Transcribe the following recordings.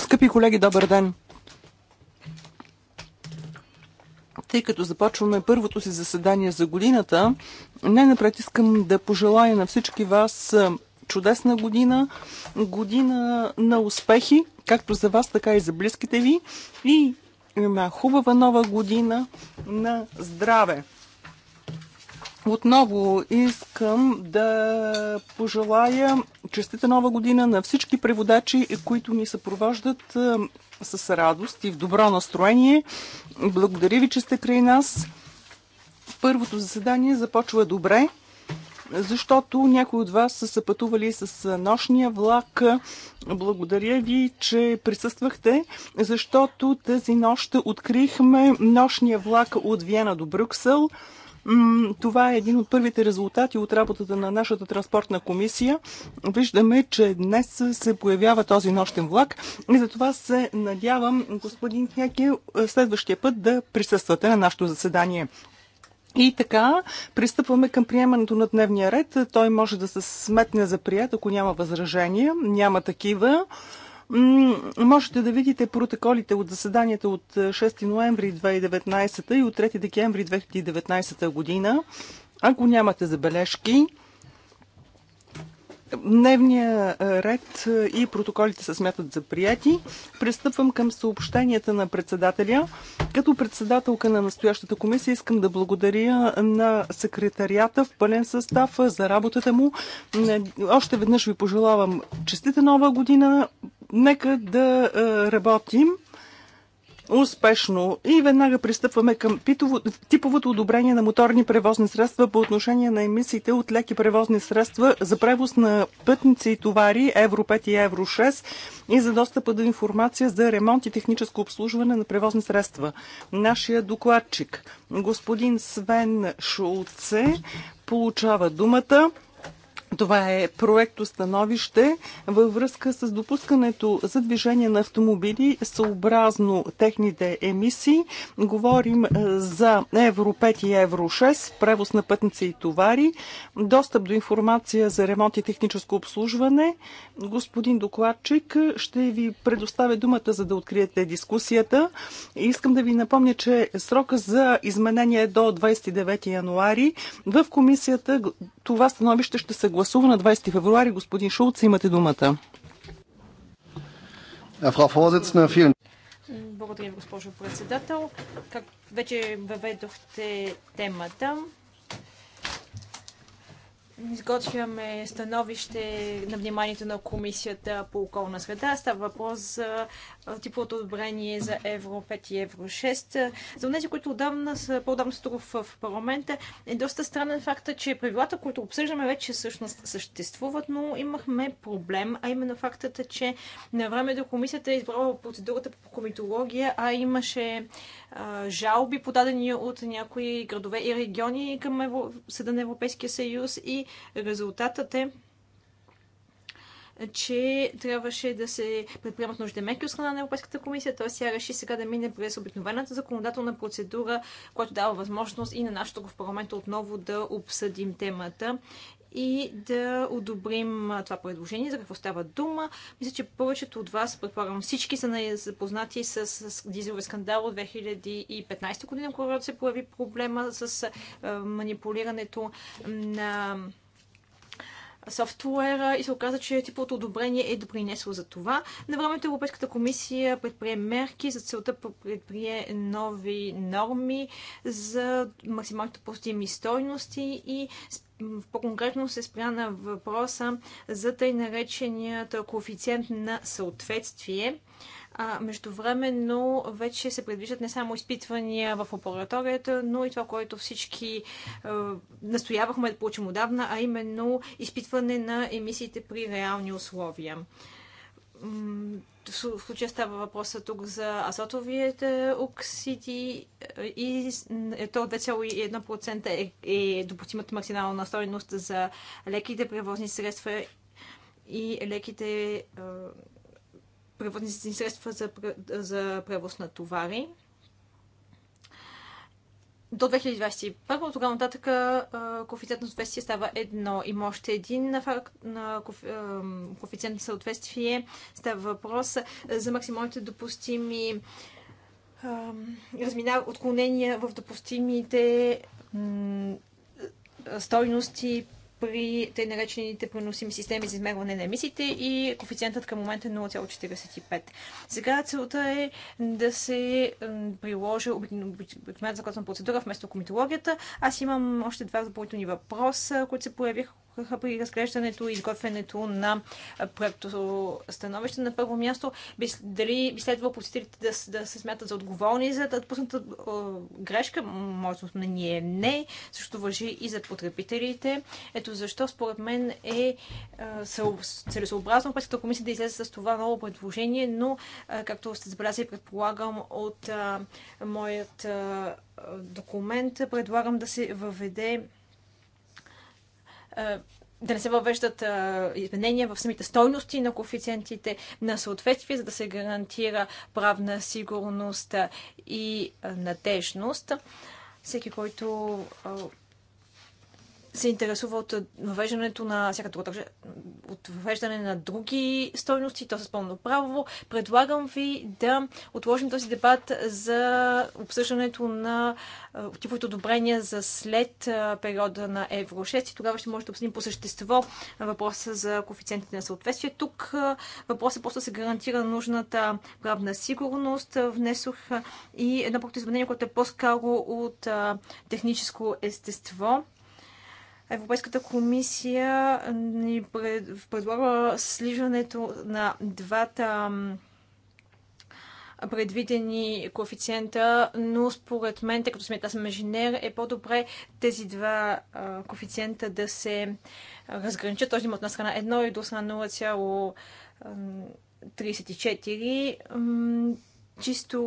Скъпи колеги, добър ден! Тъй като започваме първото си заседание за годината, най-напред искам да пожелая на всички вас чудесна година, година на успехи, както за вас, така и за близките ви и на хубава нова година на здраве. Отново искам да пожелая честита нова година на всички преводачи, които ни съпровождат е, с радост и в добро настроение. Благодаря ви, че сте край нас. Първото заседание започва добре, защото някои от вас са пътували с нощния влак. Благодаря ви, че присъствахте, защото тази нощ открихме нощния влак от Виена до Брюксел. Това е един от първите резултати от работата на нашата транспортна комисия. Виждаме, че днес се появява този нощен влак и затова се надявам, господин Хеки, следващия път да присъствате на нашето заседание. И така, пристъпваме към приемането на дневния ред. Той може да се сметне за прият, ако няма възражения. Няма такива. Можете да видите протоколите от заседанията от 6 е, ноември 2019 и от 3 декември 2019 година. Ако нямате забележки, Дневния е, ред е, и протоколите се смятат за прияти. Пристъпвам към съобщенията на председателя. Като председателка на настоящата комисия искам да благодаря на секретарията в пълен състав за работата му. Още веднъж ви пожелавам честита нова година, Нека да е, работим успешно и веднага пристъпваме към питово, типовото одобрение на моторни превозни средства по отношение на емисиите от леки превозни средства за превоз на пътници и товари Евро 5 и Евро 6 и за достъпа до информация за ремонт и техническо обслужване на превозни средства. Нашия докладчик, господин Свен Шулце, получава думата. Това е проекто становище във връзка с допускането за движение на автомобили съобразно техните емисии. Говорим е, за Евро 5 и Евро 6, превоз на пътници и товари, достъп до информация за ремонт и техническо обслужване. Господин докладчик, ще ви предоставя думата, за да откриете дискусията. Искам да ви напомня, че срока за изменение е до 29 януари. В комисията това становище ще се гласува на 20 февруари. Господин Шулц, имате думата. Е, Благодаря, госпожо председател. Как вече въведохте темата, изготвяме становище на вниманието на Комисията по околна среда. Става въпрос за типовото одобрение за Евро 5 и Евро 6. За тези, които отдавна са по-давно тук в парламента, е доста странен факта, че правилата, които обсъждаме вече всъщност съществуват, но имахме проблем, а именно фактата, че на време до комисията е избрала процедурата по комитология, а имаше а, жалби подадени от някои градове и региони към Евро... Съда на Европейския съюз и Резултатът е, че трябваше да се предприемат нужде меки от страна на Европейската комисия, т.е. тя реши сега да мине през обикновената законодателна процедура, която дава възможност и на нашото в парламента отново да обсъдим темата и да одобрим това предложение, за какво става дума. Мисля, че повечето от вас, предполагам всички, са запознати с, с скандал от 2015 година, когато се появи проблема с манипулирането на софтуера и се оказа, че типовото одобрение е допринесло за това. На времето Европейската комисия предприе мерки за целта предприе нови норми за максималните постими стойности и по-конкретно се спря на въпроса за тъй нареченият коефициент на съответствие. А междувременно вече се предвиждат не само изпитвания в лабораторията, но и това, което всички е, настоявахме да получим отдавна, а именно изпитване на емисиите при реални условия в случая става въпроса тук за азотовият оксиди и е, то 2,1% е, е допустимата максимална стойност за леките превозни средства и леките е, превозни средства за, за превоз на товари до 2021, тогава нататък коефициент на съответствие става едно. Има още един факт на коефициент на съответствие. Става въпрос за максималните допустими разминава отклонения в допустимите стойности при тъй наречените преносими системи за измерване на емисиите и коефициентът към момента е 0,45. Сега целта е да се приложи обикновената законна процедура вместо комитологията. Аз имам още два допълнителни въпроса, които се появиха, участваха при разглеждането и изготвянето на проекто становище. На първо място, дали би следвало посетителите да, да се смятат за отговорни за да отпусната грешка? Моето мнение не. Също въжи и за потребителите. Ето защо, според мен, е целесообразно Пътската комисия да излезе с това ново предложение, но, както сте забелязали, предполагам от а, моят а, документ, предлагам да се въведе да не се въвеждат а, изменения в самите стойности на коефициентите на съответствие, за да се гарантира правна сигурност и надежност. Всеки, който се интересува от въвеждането на всяка друга държава, от въвеждане на други стойности, то с пълно право. Предлагам ви да отложим този дебат за обсъждането на типовите одобрения за след периода на Евро 6 и тогава ще може да обсъдим по същество въпроса за коефициентите на съответствие. Тук въпросът просто се гарантира нужната правна сигурност. Внесох и едно проекто изменение, което е по скаро от техническо естество Европейската комисия ни предлага сливането на двата предвидени коефициента, но според мен, тъй като сме, аз съм инженер, е по-добре тези два а, коефициента да се разграничат. Този има от една страна 1 и до страна 0,34. Чисто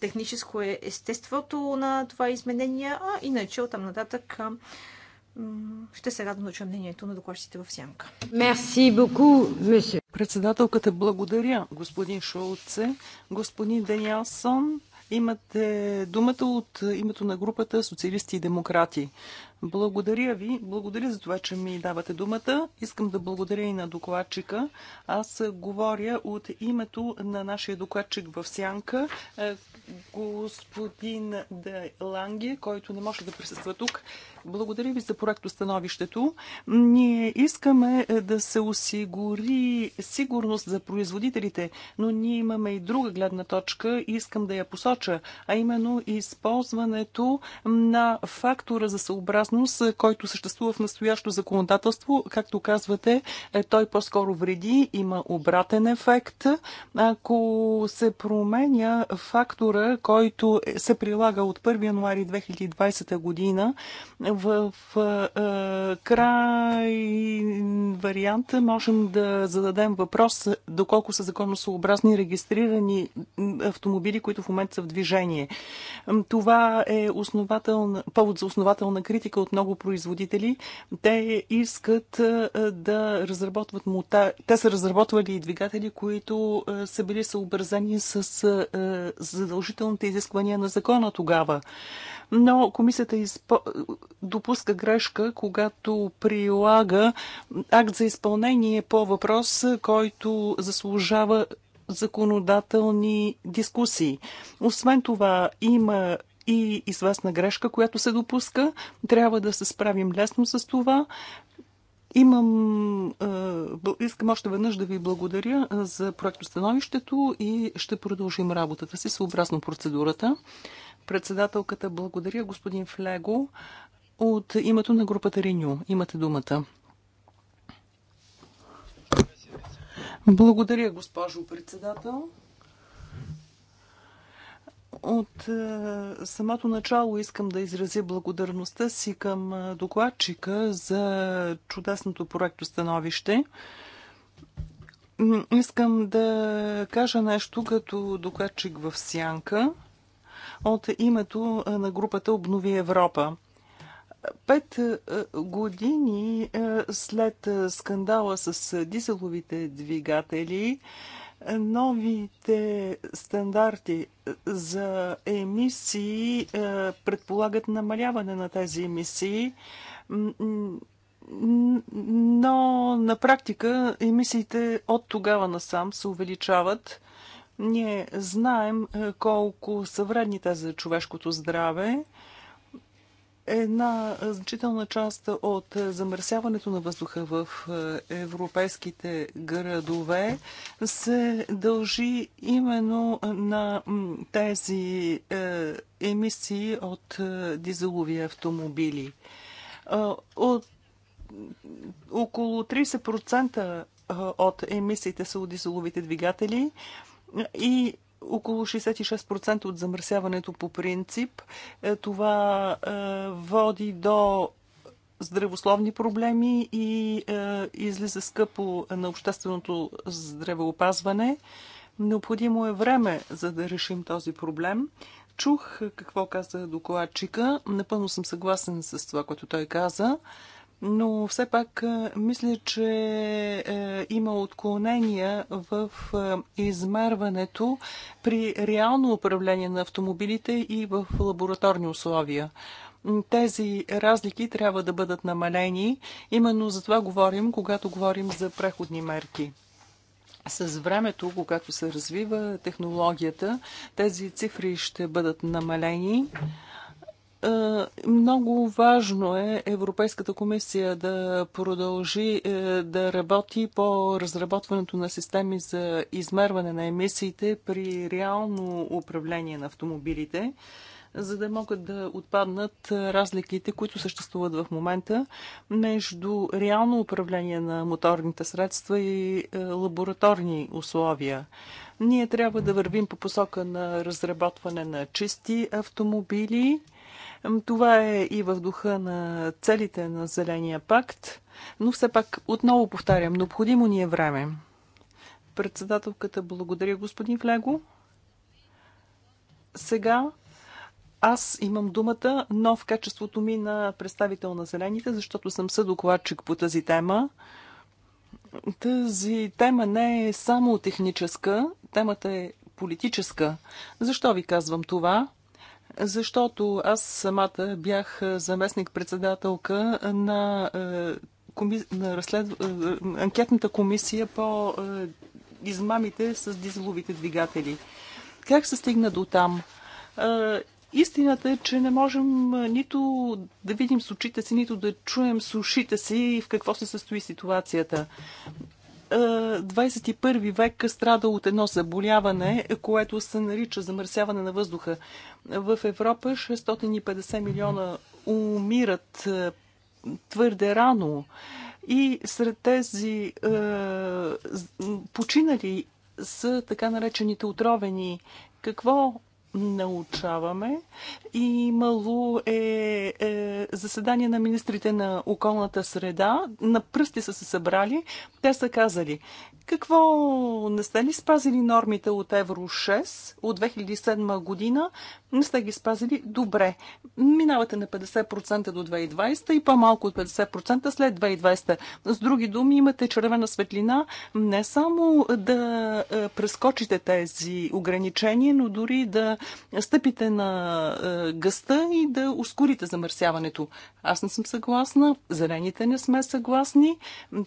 техническо е естеството на това изменение, а иначе оттам нататък ще се радвам да чуя мнението на докладчиците в сянка. Мерси боку, Председателката благодаря, господин Шоуце, господин Даниелсон. Имате думата от името на групата Социалисти и демократи. Благодаря ви. Благодаря за това, че ми давате думата. Искам да благодаря и на докладчика. Аз говоря от името на нашия докладчик в Сянка, е, господин Де Ланге, който не може да присъства тук. Благодаря ви за проектостановището. Ние искаме е, да се осигури сигурност за производителите, но ние имаме и друга гледна точка и искам да я посоча, а именно използването на фактора за съобразност опасност, е, който съществува в настоящо законодателство. Както казвате, е, той по-скоро вреди, има обратен ефект. Ако се променя фактора, който е, се прилага от 1 януари 2020 година, в край варианта, можем да зададем въпрос доколко са законосообразни регистрирани автомобили, които в момента са в движение. Това е повод за основателна критика от много производители. Те искат да разработват мота... Те са разработвали и двигатели, които са били съобразени с задължителните изисквания на закона тогава. Но комисията изпо... допуска грешка, когато прилага акт за изпълнение по въпрос, който заслужава законодателни дискусии. Освен това, има и известна грешка, която се допуска. Трябва да се справим лесно с това. Имам, е, искам още веднъж да ви благодаря за проектостановището и ще продължим работата си съобразно процедурата. Председателката благодаря господин Флего от името на групата Реню. Имате думата. Благодаря, госпожо председател. От е, самото начало искам да изразя благодарността си към е, докладчика за чудесното проекто становище. Искам да кажа нещо като докладчик в Сянка от името е, на групата Обнови Европа. Пет години след скандала с дизеловите двигатели, Новите стандарти за емисии е, предполагат намаляване на тези емисии, но на практика емисиите от тогава насам се увеличават. Ние знаем е, колко са вредни те за човешкото здраве една значителна част от замърсяването на въздуха в е, европейските градове се дължи именно на тези е, емисии от е, дизелови автомобили. От около 30% от емисиите са от дизеловите двигатели и около 66% от замърсяването по принцип. Е, това е, води до здравословни проблеми и е, излиза скъпо на общественото здравеопазване. Необходимо е време, за да решим този проблем. Чух какво каза докладчика. Напълно съм съгласен с това, което той каза но все пак е, мисля, че е, има отклонения в е, измерването при реално управление на автомобилите и в лабораторни условия тези разлики трябва да бъдат намалени. Именно за това говорим, когато говорим за преходни мерки. С времето, когато се развива технологията, тези цифри ще бъдат намалени. Е, много важно е Европейската комисия да продължи е, да работи по разработването на системи за измерване на емисиите при реално управление на автомобилите, за да могат да отпаднат разликите, които съществуват в момента между реално управление на моторните средства и е, лабораторни условия. Ние трябва да вървим по посока на разработване на чисти автомобили това е и в духа на целите на Зеления пакт, но все пак отново повтарям, необходимо ни е време. Председателката благодаря господин Флего. Сега аз имам думата, но в качеството ми на представител на Зелените, защото съм съдокладчик по тази тема. Тази тема не е само техническа, темата е политическа. Защо ви казвам това? защото аз самата бях е, заместник-председателка на, е, коми... на разслед... Е, анкетната комисия по измамите с дизеловите двигатели. Как се стигна до там? Истината е, че не можем нито да видим с очите си, нито да чуем с ушите си в какво се състои ситуацията. 21 е, век страда от едно заболяване, което се нарича замърсяване на въздуха. В Европа 650 милиона умират е, твърде рано. И сред тези е, починали са така наречените отровени. Какво научаваме. Имало е, е заседание на министрите на околната среда. На пръсти са се събрали. Те са казали, какво не сте ли спазили нормите от Евро 6 от 2007 година? Не сте ги спазили? Добре. Минавате на 50% до 2020 и по-малко от 50% след 2020. С други думи, имате червена светлина не само да е, прескочите тези ограничения, но дори да стъпите на е, гъста и да ускорите замърсяването. Аз не съм съгласна, зелените не сме съгласни.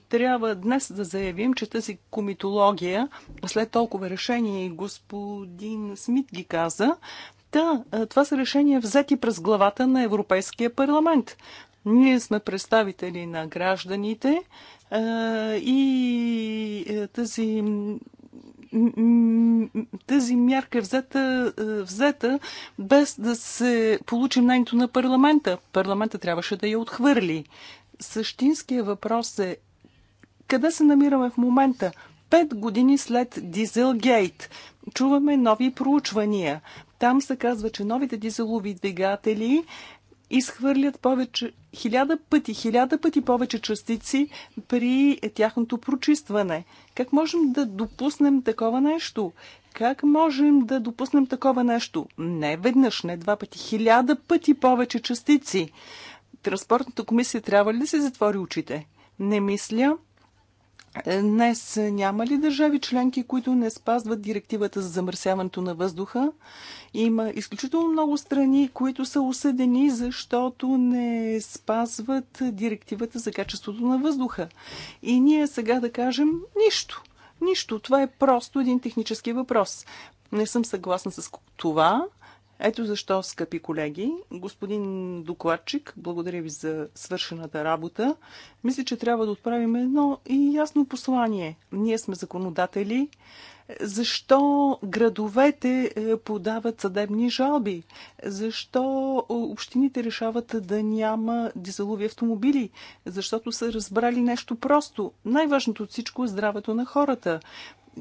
Трябва днес да заявим, че тази комитология, след толкова решение, господин Смит ги каза, да, е, това са решения взети през главата на Европейския парламент. Ние сме представители на гражданите е, и тази тази мярка е взета, е, взета без да се получи мнението на парламента. Парламента трябваше да я отхвърли. Същинския въпрос е къде се намираме в момента? Пет години след Дизелгейт чуваме нови проучвания. Там се казва, че новите дизелови двигатели изхвърлят повече, хиляда пъти, хиляда пъти повече частици при тяхното прочистване. Как можем да допуснем такова нещо? Как можем да допуснем такова нещо? Не веднъж, не два пъти, хиляда пъти повече частици. Транспортната комисия трябва ли да се затвори очите? Не мисля. Днес няма ли държави членки, които не спазват директивата за замърсяването на въздуха? Има изключително много страни, които са осъдени, защото не спазват директивата за качеството на въздуха. И ние сега да кажем нищо. Нищо. Това е просто един технически въпрос. Не съм съгласна с това. Ето защо, скъпи колеги, господин докладчик, благодаря ви за свършената работа. Мисля, че трябва да отправим едно и ясно послание. Ние сме законодатели. Защо градовете е, подават съдебни жалби? Защо е, общините решават да няма дизелови автомобили? Защото са разбрали нещо просто. Най-важното от всичко е здравето на хората.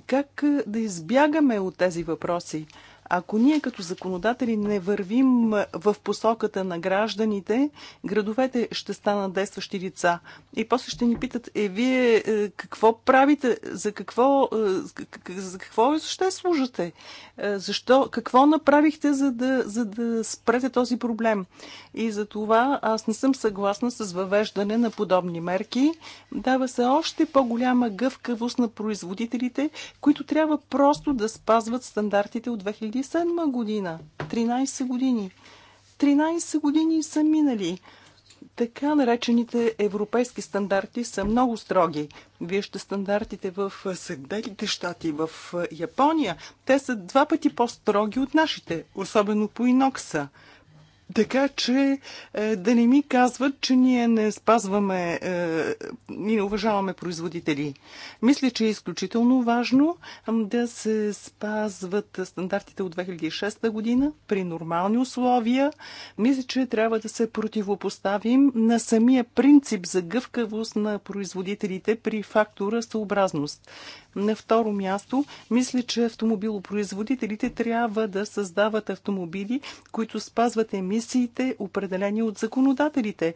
Как е, да избягаме от тези въпроси? Ако ние като законодатели не вървим в посоката на гражданите, градовете ще станат действащи лица. И после ще ни питат, е, вие е, какво правите, за какво, е, за какво ще служате, е, защо, какво направихте, за да, за да спрете този проблем. И за това аз не съм съгласна с въвеждане на подобни мерки. Дава се още по-голяма гъвкавост на производителите, които трябва просто да спазват стандартите от 2000 2007 година. 13 години. 13 години са минали. Така наречените европейски стандарти са много строги. Вижте стандартите в Съединените щати, в Япония. Те са два пъти по-строги от нашите, особено по инокса. Така че е, да не ми казват, че ние не спазваме е, и не уважаваме производители. Мисля, че е изключително важно да се спазват стандартите от 2006 година при нормални условия. Мисля, че трябва да се противопоставим на самия принцип за гъвкавост на производителите при фактора съобразност. На второ място, мисля, че автомобилопроизводителите трябва да създават автомобили, които спазват емисиите, определени от законодателите.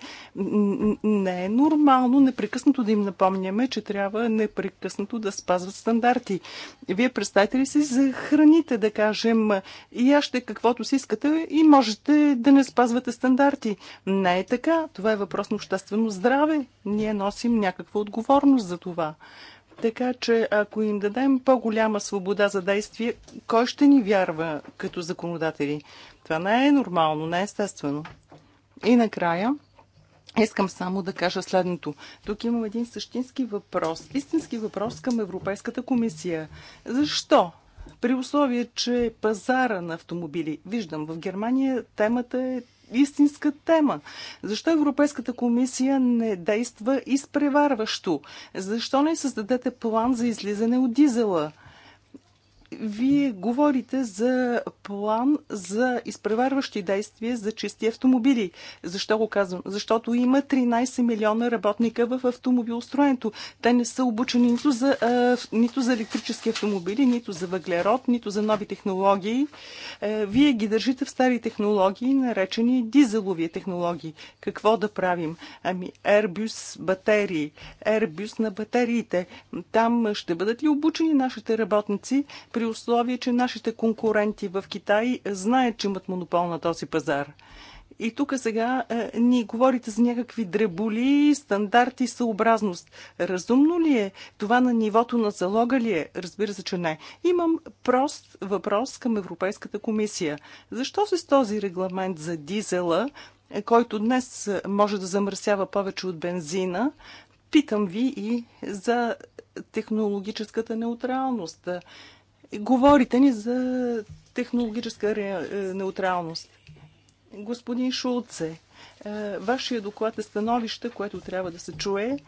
Не е нормално непрекъснато да им напомняме, че трябва непрекъснато да спазват стандарти. Вие представите ли си за храните, да кажем, и ще каквото си искате и можете да не спазвате стандарти? Не е така. Това е въпрос на обществено здраве. Ние носим някаква отговорност за това. Така че, ако им дадем по-голяма свобода за действие, кой ще ни вярва като законодатели? Това не е нормално, не е естествено. И накрая, искам само да кажа следното. Тук имам един същински въпрос, истински въпрос към Европейската комисия. Защо? При условие, че пазара на автомобили, виждам, в Германия темата е истинска тема. Защо Европейската комисия не действа изпреварващо? Защо не създадете план за излизане от дизела? Вие говорите за план за изпреварващи действия за чисти автомобили. Защо го казвам? Защото има 13 милиона работника в автомобилостроенето. Те не са обучени нито за, а, нито за електрически автомобили, нито за въглерод, нито за нови технологии. А, е, вие ги държите в стари технологии, наречени дизелови технологии. Какво да правим? Ами, Airbus батерии, Airbus на батериите. Там ще бъдат ли обучени нашите работници? при условие, че нашите конкуренти в Китай знаят, че имат монопол на този пазар. И тук сега е, ни говорите за някакви дреболи, стандарти, съобразност. Разумно ли е? Това на нивото на залога ли е? Разбира се, че не. Имам прост въпрос към Европейската комисия. Защо се с този регламент за дизела, е, който днес е, може да замърсява повече от бензина, питам ви и за технологическата неутралност. Говорите ни за технологическа е, неутралност. Господин Шулце, е, вашия доклад е становище, което трябва да се чуе.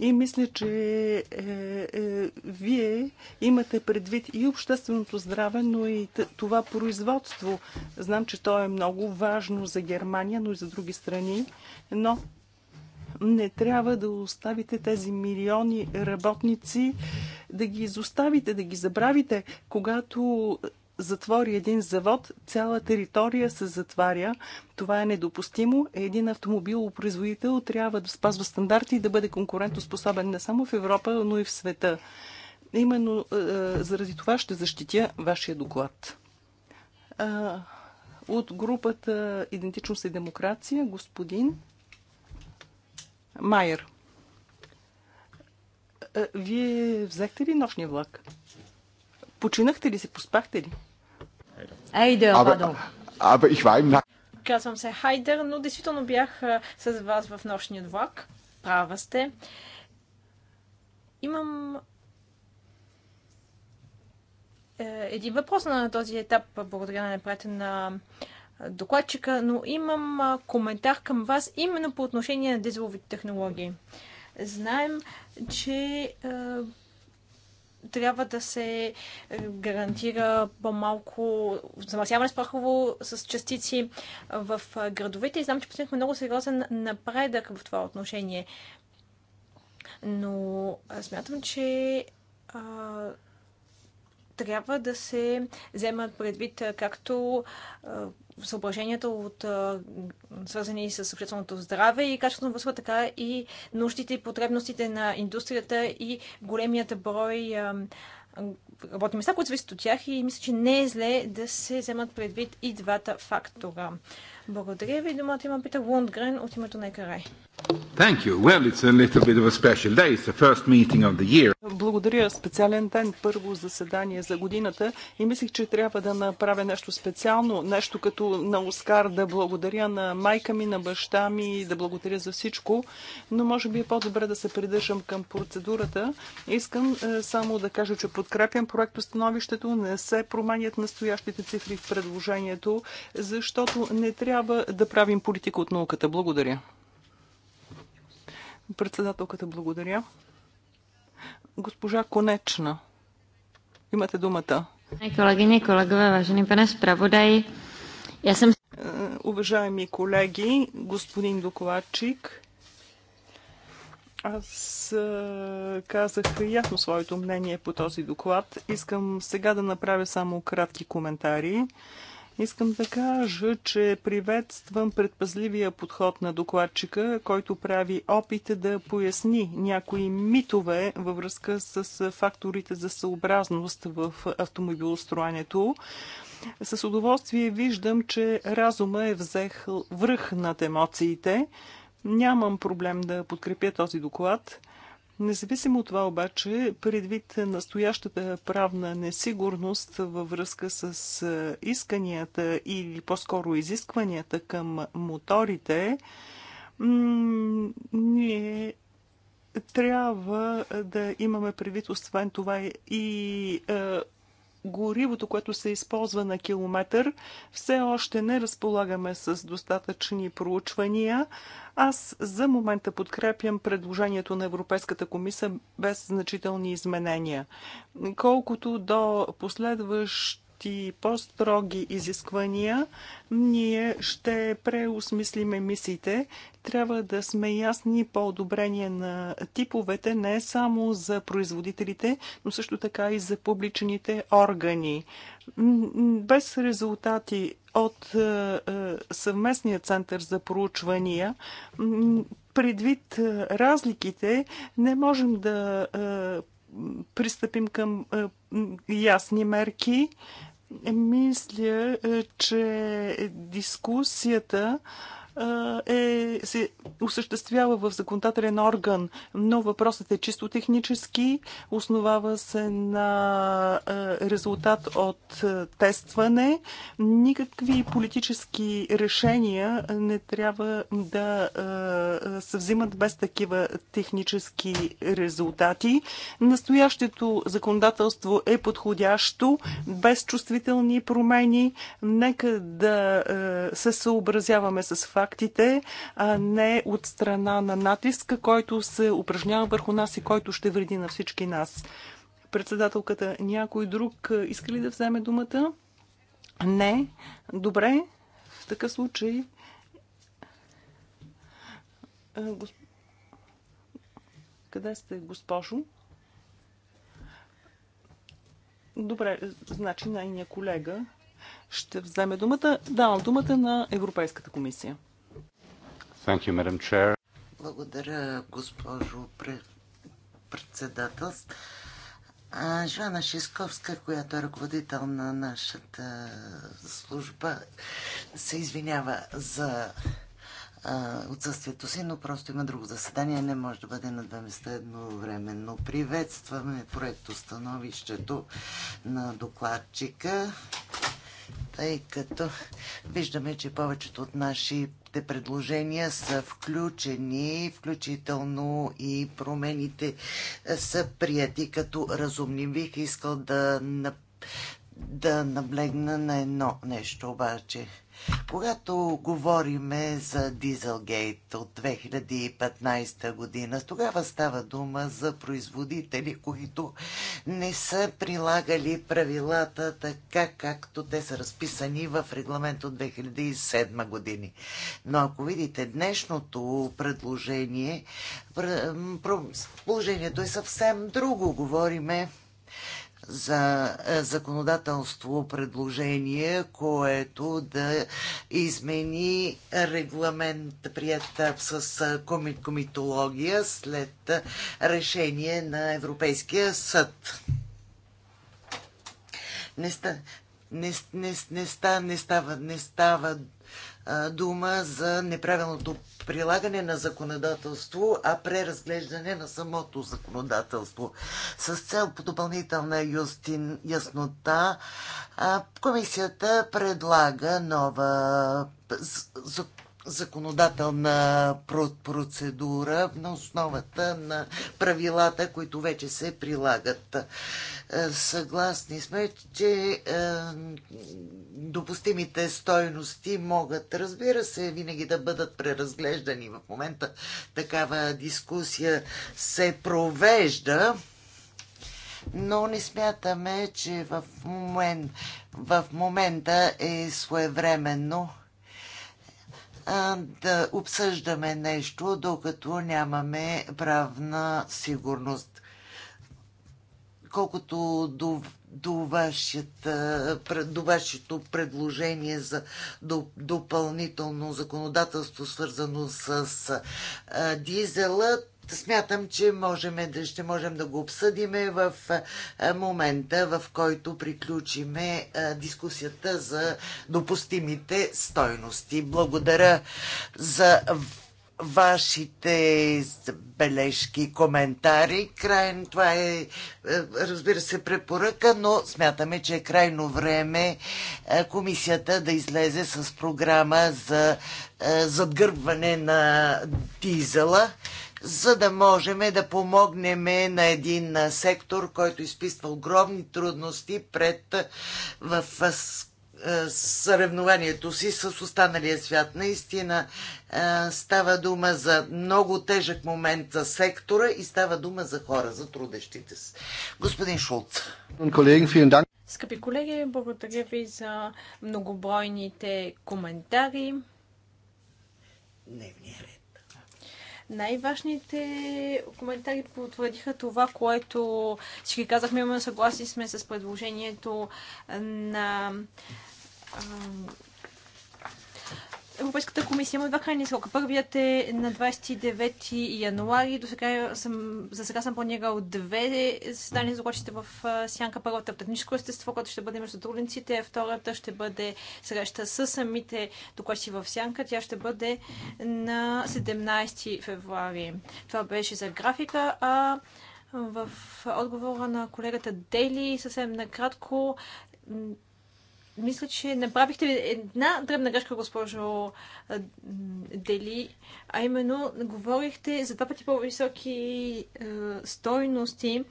И мисля, че е, е, вие имате предвид и общественото здраве, но и това производство. Знам, че то е много важно за Германия, но и за други страни. Но не трябва да оставите тези милиони работници, да ги изоставите, да ги забравите. Когато затвори един завод, цяла територия се затваря. Това е недопустимо. Един автомобилопроизводител трябва да спазва стандарти и да бъде конкурентоспособен не само в Европа, но и в света. Именно е, е, заради това ще защитя вашия доклад. Е, от групата Идентичност и демокрация, господин Майер. Е, вие взехте ли нощния влак? Починахте ли се? Поспахте ли? Айде, Абе, абе, ich Казвам се Хайдер, но действително бях е, с вас в нощния влак. Права сте. Имам е, един въпрос на този етап, благодаря на непрете на докладчика, но имам коментар към вас именно по отношение на дизеловите технологии. Знаем, че трябва да се гарантира по-малко замърсяване с прахово с частици в градовете. И знам, че постигнахме много сериозен напредък в това отношение. Но смятам, че трябва да се вземат предвид както а, съображенията от свързани с общественото здраве и качеството на въздуха, така и нуждите и потребностите на индустрията и големият брой работни места, които зависят от тях и мисля, че не е зле да се вземат предвид и двата фактора. Благодаря ви. Думата има Питър Лундгрен от името на Екарай. Thank you. Well, it's a little bit of a special day. It's the first meeting of the year. Благодаря. Специален ден. Първо заседание за годината. И мислих, че трябва да направя нещо специално. Нещо като на Оскар да благодаря на майка ми, на баща ми, да благодаря за всичко. Но може би е по-добре да се придържам към процедурата. Искам е, само да кажа, че подкрепям проекто становището. Не се променят настоящите цифри в предложението, защото не трябва да правим политика от науката. Благодаря. Председателката благодаря. Госпожа Конечна, имате думата. Kolegyně, kolegové, важни пане справодай. Я съм... Е, уважаеми колеги, господин докладчик, аз е, казах ясно своето мнение по този доклад. Искам сега да направя само кратки коментари. Искам да кажа, че приветствам предпазливия подход на докладчика, който прави опит да поясни някои митове във връзка с факторите за съобразност в автомобилостроенето. С удоволствие виждам, че разума е взех връх над емоциите. Нямам проблем да подкрепя този доклад. Независимо от това обаче, предвид настоящата правна несигурност във връзка с исканията или по-скоро изискванията към моторите, ние трябва да имаме предвид, освен това и е, горивото, което се използва на километър, все още не разполагаме с достатъчни проучвания. Аз за момента подкрепям предложението на Европейската комисия без значителни изменения. Колкото до последващ и по-строги изисквания, ние ще преосмислим мисиите. Трябва да сме ясни по одобрение на типовете не само за производителите, но също така и за публичните органи. Без резултати от е, е, съвместния център за проучвания, предвид е, разликите, не можем да пристъпим към е, ясни мерки. Мисля, е, че дискусията е, се осъществява в законодателен орган, но въпросът е чисто технически, основава се на е, резултат от е, тестване. Никакви политически решения не трябва да е, се взимат без такива технически резултати. Настоящето законодателство е подходящо, без чувствителни промени. Нека да се съобразяваме с факта, фактите, а не от страна на натиска, който се упражнява върху нас и който ще вреди на всички нас. Председателката, някой друг иска ли да вземе думата? Не. Добре. В такъв случай. Къде сте, госпожо? Добре, значи най-ния колега ще вземе думата. Давам думата на Европейската комисия. Thank you, Madam Chair. Благодаря, госпожо председател. Жоана Шисковска, която е ръководител на нашата служба, се извинява за отсъствието си, но просто има друго заседание, не може да бъде на две места едновременно. Приветстваме проекто становището на докладчика тъй като виждаме, че повечето от нашите предложения са включени, включително и промените са прияти като разумни. Бих искал да, да наблегна на едно нещо обаче – когато говориме за Дизелгейт от 2015 година, тогава става дума за производители, които не са прилагали правилата така, както те са разписани в регламент от 2007 години. Но ако видите днешното предложение, положението е съвсем друго. Говориме за е, законодателство предложение, което да измени регламент прият е, с е, комитология след решение на Европейския съд. Не, ста, не, не, не, ста, не става, не става дума за неправилното прилагане на законодателство, а преразглеждане на самото законодателство. С цел по допълнителна яснота, комисията предлага нова законодателна процедура на основата на правилата, които вече се прилагат. Е, съгласни сме, че е, допустимите стойности могат, разбира се, винаги да бъдат преразглеждани. В момента такава дискусия се провежда но не смятаме, че в, момент, в момента е своевременно да обсъждаме нещо, докато нямаме правна сигурност. Колкото до, до, вашата, до вашето предложение за допълнително законодателство, свързано с а, дизела, смятам, че можем да, ще можем да го обсъдиме в момента, в който приключиме дискусията за допустимите стойности. Благодаря за вашите бележки, коментари. Крайно, това е, е, разбира се, препоръка, но смятаме, че е крайно време е, комисията да излезе с програма за е, задгърбване на дизела, за да можем да помогнем на един сектор, който изписва огромни трудности пред в е, съревнованието си с останалия свят. Наистина е, става дума за много тежък момент за сектора и става дума за хора, за трудещите се. Господин Шулц. Скъпи колеги, благодаря ви за многобройните коментари. Дневния ред. Най-важните коментари потвърдиха това, което всички казахме, имаме съгласи сме с предложението на Европейската комисия има два крайни срока. Първият е на 29 януари. До сега съм, за сега съм планирал две заседания за гостите в Сянка. Първата е техническо естество, което ще бъде между трудниците, а втората ще бъде среща с самите докладчици в Сянка. Тя ще бъде на 17 февруари. Това беше за графика, а в отговора на колегата Дели съвсем накратко мисля, че направихте една дръбна грешка, госпожо Дели, а именно говорихте за два пъти по-високи стойности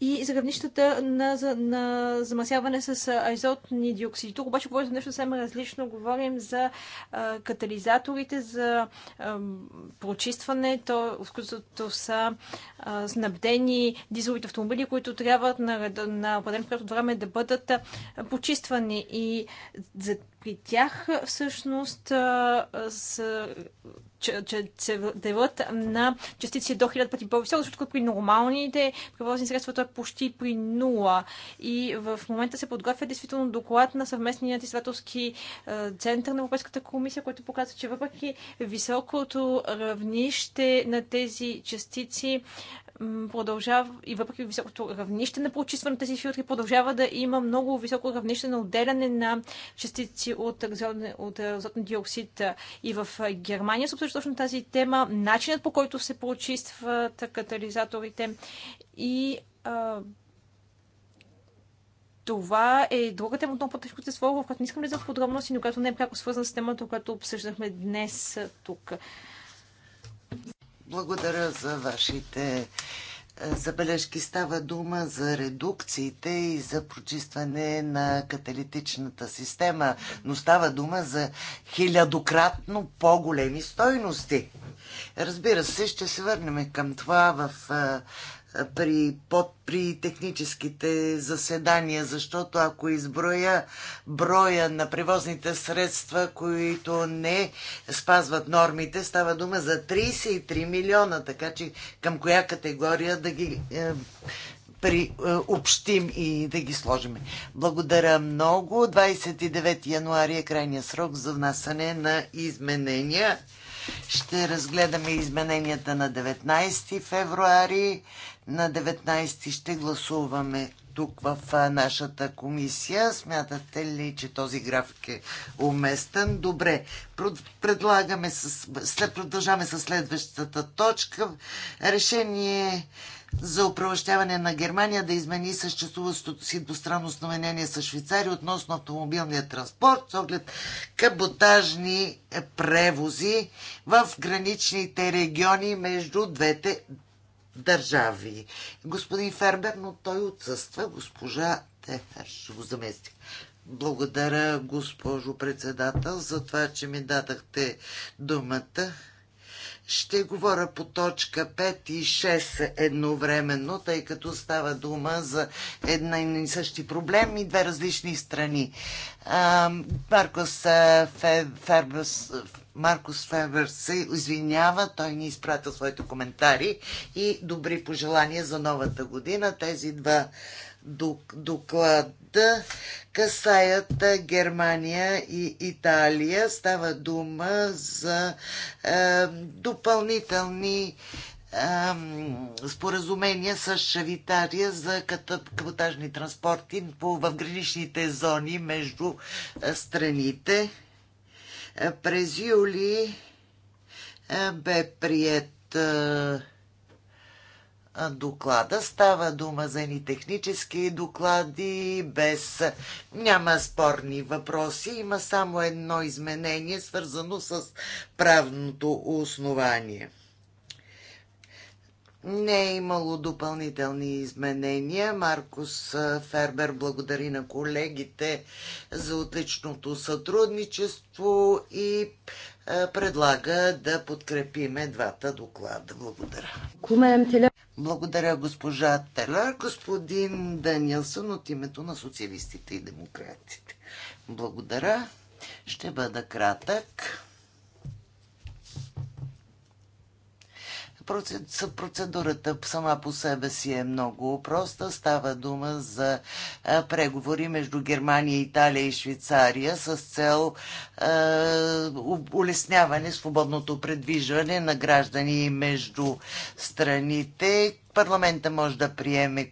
и за равнищата на, за, на замърсяване с азотни диоксиди. Тук обаче говорим за нещо съвсем различно. Говорим за а, катализаторите, за а, прочистване, то, в които са а, снабдени дизеловите автомобили, които трябва на, на определен период от време да бъдат почиствани. И за при тях всъщност са, че, че, се делят на частици до 1000 пъти по-високо, защото при нормалните превозни средства той е почти при нула. И в момента се подготвя действително доклад на съвместният изследователски център на Европейската комисия, който показва, че въпреки високото равнище на тези частици, продължава и въпреки високото равнище на прочистване на тези филтри, продължава да има много високо равнище на отделяне на частици от, азотен, от азотен диоксид. И в Германия се точно тази тема, начинът по който се прочистват катализаторите и това е друга тема отново по-тежко слово, в която не искам да за подробности, но която не е пряко свързана с темата, която обсъждахме днес тук. Благодаря за вашите е, забележки. Става дума за редукциите и за прочистване на каталитичната система, но става дума за хилядократно по-големи стойности. Разбира се, ще се върнем към това в е, при, под, при техническите заседания, защото ако изброя броя на превозните средства, които не спазват нормите, става дума за 33 милиона, така че към коя категория да ги е, при, е, и да ги сложим. Благодаря много. 29 януари е крайния срок за внасане на изменения. Ще разгледаме измененията на 19 февруари на 19 ще гласуваме тук в нашата комисия. Смятате ли, че този график е уместен? Добре. Предлагаме с, след, продължаваме с следващата точка. Решение за управляване на Германия да измени съществуващото си двустранно знаменение с Швейцария относно автомобилния транспорт с оглед каботажни превози в граничните региони между двете държави. Господин Фербер, но той отсъства. Госпожа Тефер ще го замести. Благодаря, госпожо председател, за това, че ми дадахте думата. Ще говоря по точка 5 и 6 едновременно, тъй като става дума за една и същи проблем и две различни страни. Маркос Фербер Маркус Февер се извинява, той ни изпратил своите коментари и добри пожелания за новата година. Тези два доклада касаят Германия и Италия. Става дума за е, допълнителни е, споразумения с Швейцария за каботажни транспорти в граничните зони между е, страните. През юли е, бе прият е, доклада. Става дума за ни технически доклади, без... Няма спорни въпроси, има само едно изменение, свързано с правното основание. Не е имало допълнителни изменения. Маркус Фербер благодари на колегите за отличното сътрудничество и предлага да подкрепиме двата доклада. Благодаря. Благодаря госпожа Телер, господин Данилсън от името на социалистите и демократите. Благодаря. Ще бъда кратък. Процедурата сама по себе си е много проста. Става дума за преговори между Германия, Италия и Швейцария с цел е, улесняване свободното предвижване на граждани между страните. Парламента може да приеме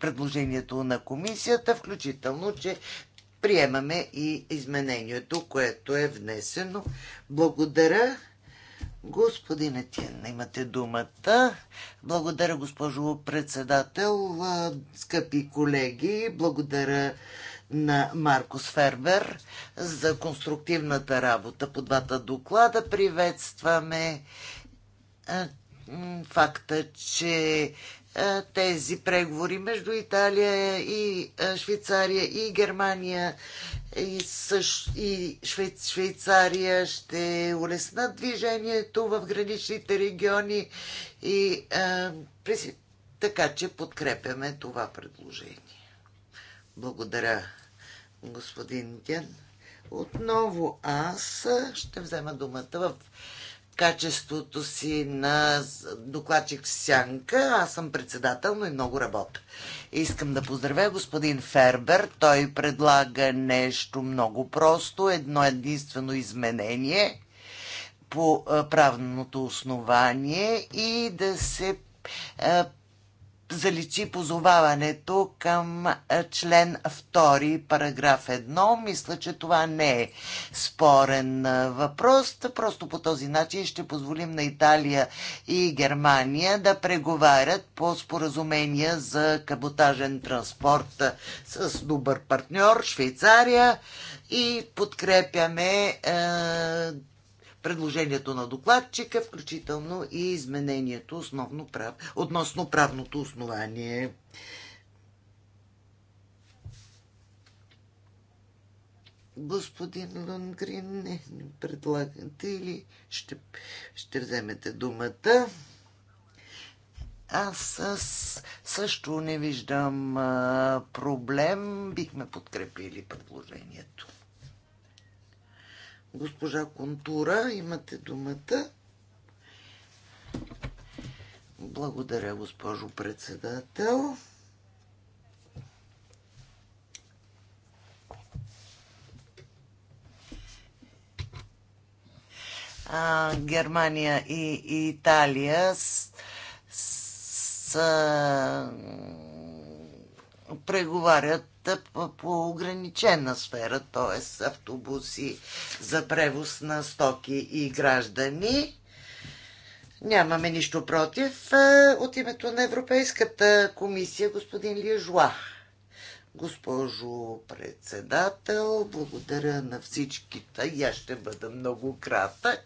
предложението на комисията, включително, че приемаме и изменението, което е внесено. Благодаря. Господин не имате думата. Благодаря, госпожо председател, скъпи колеги. Благодаря на Маркус Фербер за конструктивната работа по двата доклада. Приветстваме факта, че е, тези преговори между Италия и е, Швейцария и Германия и, също, и Швейцария ще улеснат движението в граничните региони и а, е, така че подкрепяме това предложение. Благодаря, господин Ген. Отново аз ще взема думата в качеството си на докладчик Сянка. Аз съм председател, но и много работя. Искам да поздравя господин Фербер. Той предлага нещо много просто, едно единствено изменение по правното основание и да се заличи позоваването към член 2, параграф 1. Мисля, че това не е спорен въпрос. Просто по този начин ще позволим на Италия и Германия да преговарят по споразумения за каботажен транспорт с добър партньор Швейцария и подкрепяме е, предложението на докладчика, включително и изменението основно прав... относно правното основание. Господин Лунгрин, не, не предлагате или ще, ще вземете думата? Аз, също не виждам а, проблем. Бихме подкрепили предложението. Госпожа Контура, имате думата. Благодаря, госпожо председател. А, Германия и, и Италия с, с, с преговарят достъп по ограничена сфера, т.е. автобуси за превоз на стоки и граждани. Нямаме нищо против. От името на Европейската комисия, господин Лежуа. Госпожо председател, благодаря на всичките. Я аз ще бъда много кратък.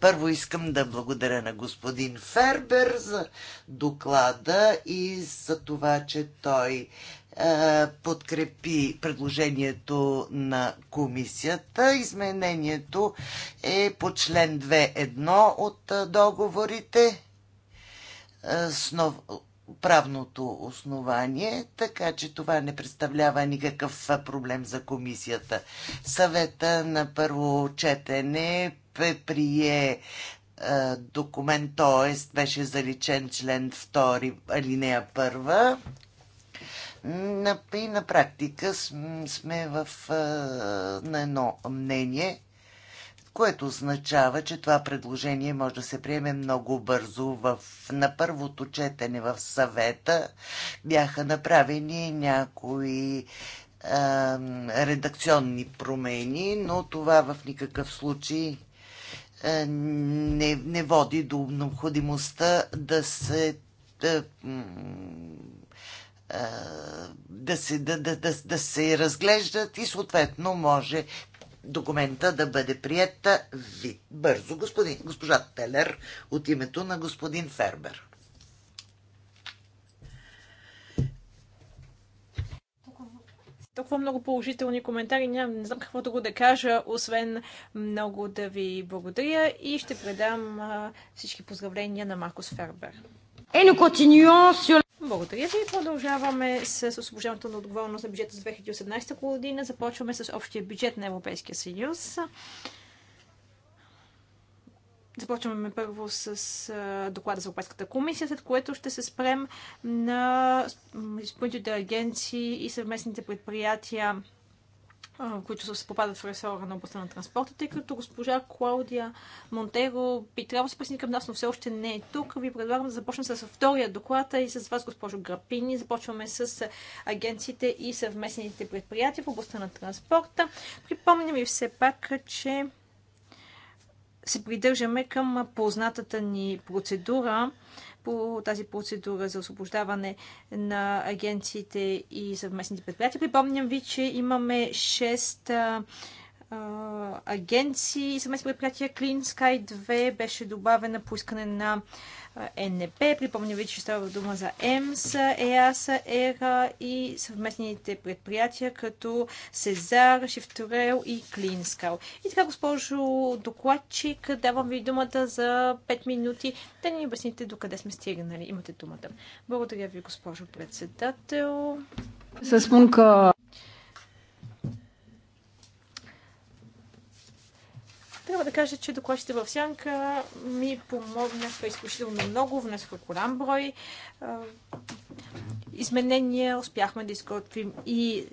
Първо искам да благодаря на господин Фербер за доклада и за това, че той е, подкрепи предложението на комисията. Изменението е по член 2.1 от е, договорите е, с нов... правното основание, така че това не представлява никакъв проблем за комисията. Съвета на първо четене прие документ, т.е. беше заличен член 2, алинея 1 и на практика сме в, на едно мнение, което означава, че това предложение може да се приеме много бързо. В, на първото четене в съвета бяха направени някои а, редакционни промени, но това в никакъв случай а, не, не води до необходимостта да се да, да се, да, да, да, да се разглеждат и съответно може документа да бъде приета ви. Бързо, господин, госпожа Телер, от името на господин Фербер. толкова много положителни коментари. Нямам не знам какво друго да кажа, освен много да ви благодаря и ще предам а, всички поздравления на Маркус Фербер. Е, благодаря ви. Продължаваме с освобождаването на отговорност на бюджета за 2018 година. Започваме с общия бюджет на Европейския съюз. Започваме първо с доклада за Европейската комисия, след което ще се спрем на изпълнителните агенции и съвместните предприятия които се попадат в ресора на областта на транспорта, тъй като госпожа Клаудия Монтеро би трябвало да се присъедини към нас, но все още не е тук. Ви предлагам да започнем с втория доклад и с вас, госпожо Грапини. Започваме с агенциите и съвместните предприятия в областта на транспорта. Припомням ви все пак, че се придържаме към познатата ни процедура по тази процедура за освобождаване на агенциите и съвместните предприятия. Припомням ви, че имаме 6 агенции и съвместни предприятия. Clean Sky 2 беше добавена по искане на е, НП. Припомня ви, че става дума за ЕМС, ЕАС, ЕРА и съвместните предприятия като Сезар, Шифторел и Клинскал. И така, госпожо докладчик, давам ви думата за 5 минути да ни обясните докъде сме стигнали. Имате думата. Благодаря ви, госпожо председател. С spun Трябва да кажа, че докладчите в Сянка ми помогнаха изключително много, внесоха голям брой изменения, успяхме да изготвим и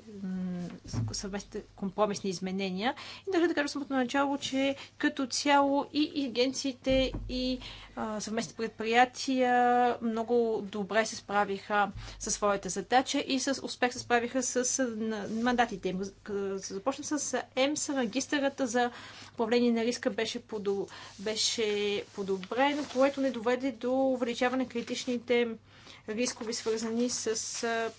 съвместни компромисни изменения. И държа да кажа самото начало, че като цяло и агенциите, и съвместни предприятия много добре се справиха със своята задача и с успех се справиха с мандатите им. Започна с ЕМС, магистрата за управление на риска беше, подо, беше подобрен, което не доведе до увеличаване на критичните рискове, свързани с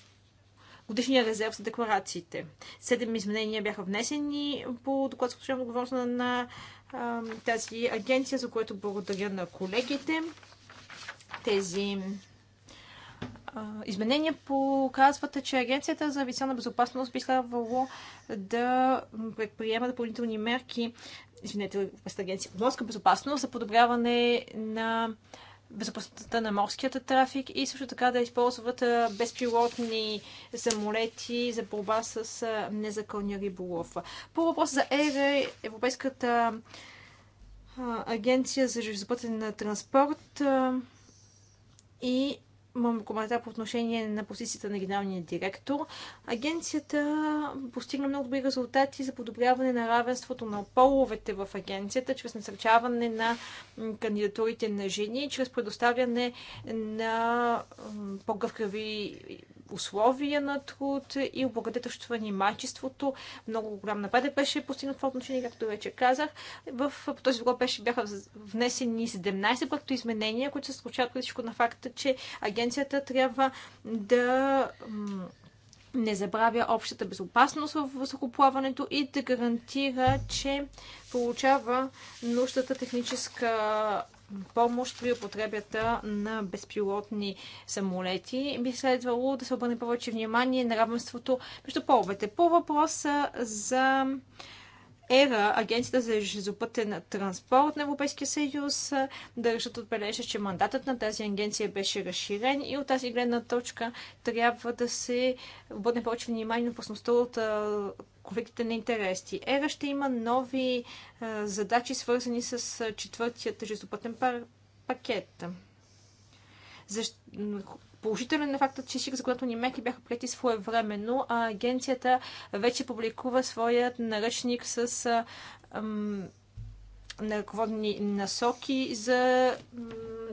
годишния резерв за декларациите. Седем изменения бяха внесени по доклад с отговорност на, на а, тази агенция, за което благодаря на колегите. Тези изменения показвате, че Агенцията за авиационна безопасност би следвало да предприема допълнителни мерки, извинете, агенция по морска безопасност, за подобряване на безопасността на морският трафик и също така да използват безпилотни самолети за борба с незаконния риболов. По въпрос за ЕРА, Европейската агенция за железопътен транспорт и имам коментар по отношение на позицията на генералния директор. Агенцията постигна много добри резултати за подобряване на равенството на половете в агенцията, чрез насърчаване на кандидатурите на жени, чрез предоставяне на по-гъвкави условия на труд и облагодетелствани майчеството. Много голям напредък беше постигнат в отношение, както вече казах. В, по този доклад беше, бяха внесени 17 проекто изменения, които се случават всичко на факта, че агенцията трябва да не забравя общата безопасност в въздухоплаването и да гарантира, че получава нуждата техническа помощ при употребята на безпилотни самолети. Би следвало да се обърне повече внимание на равенството между половете. По въпроса за ЕРА, Агенцията за железопътен транспорт на Европейския съюз. Държат отбележа, че мандатът на тази агенция беше разширен и от тази гледна точка трябва да се бъде повече внимание на опасността от конфликтите на интереси. ЕРА ще има нови задачи, свързани с четвъртият железопътен пакет. Защ... Положителен е фактът, че законодателни меки бяха плети своевременно, а агенцията вече публикува своят наръчник с ам, на ръководни насоки за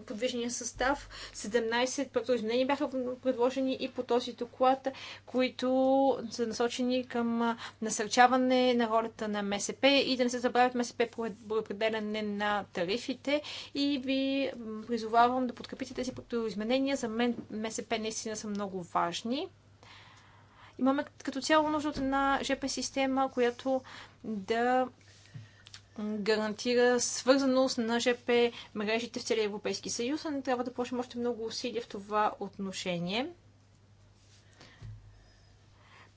подвижния състав. 17 изменения бяха предложени и по този доклад, които са насочени към насърчаване на ролята на МСП и да не се забравят МСП по е-, определяне на тарифите. И ви призовавам да подкрепите тези изменения. За мен МСП наистина са много важни имаме като цяло нужда от една ЖП система, която да гарантира свързаност на ЖП мрежите в целия Европейски съюз, а не трябва да почнем още много усилия в това отношение.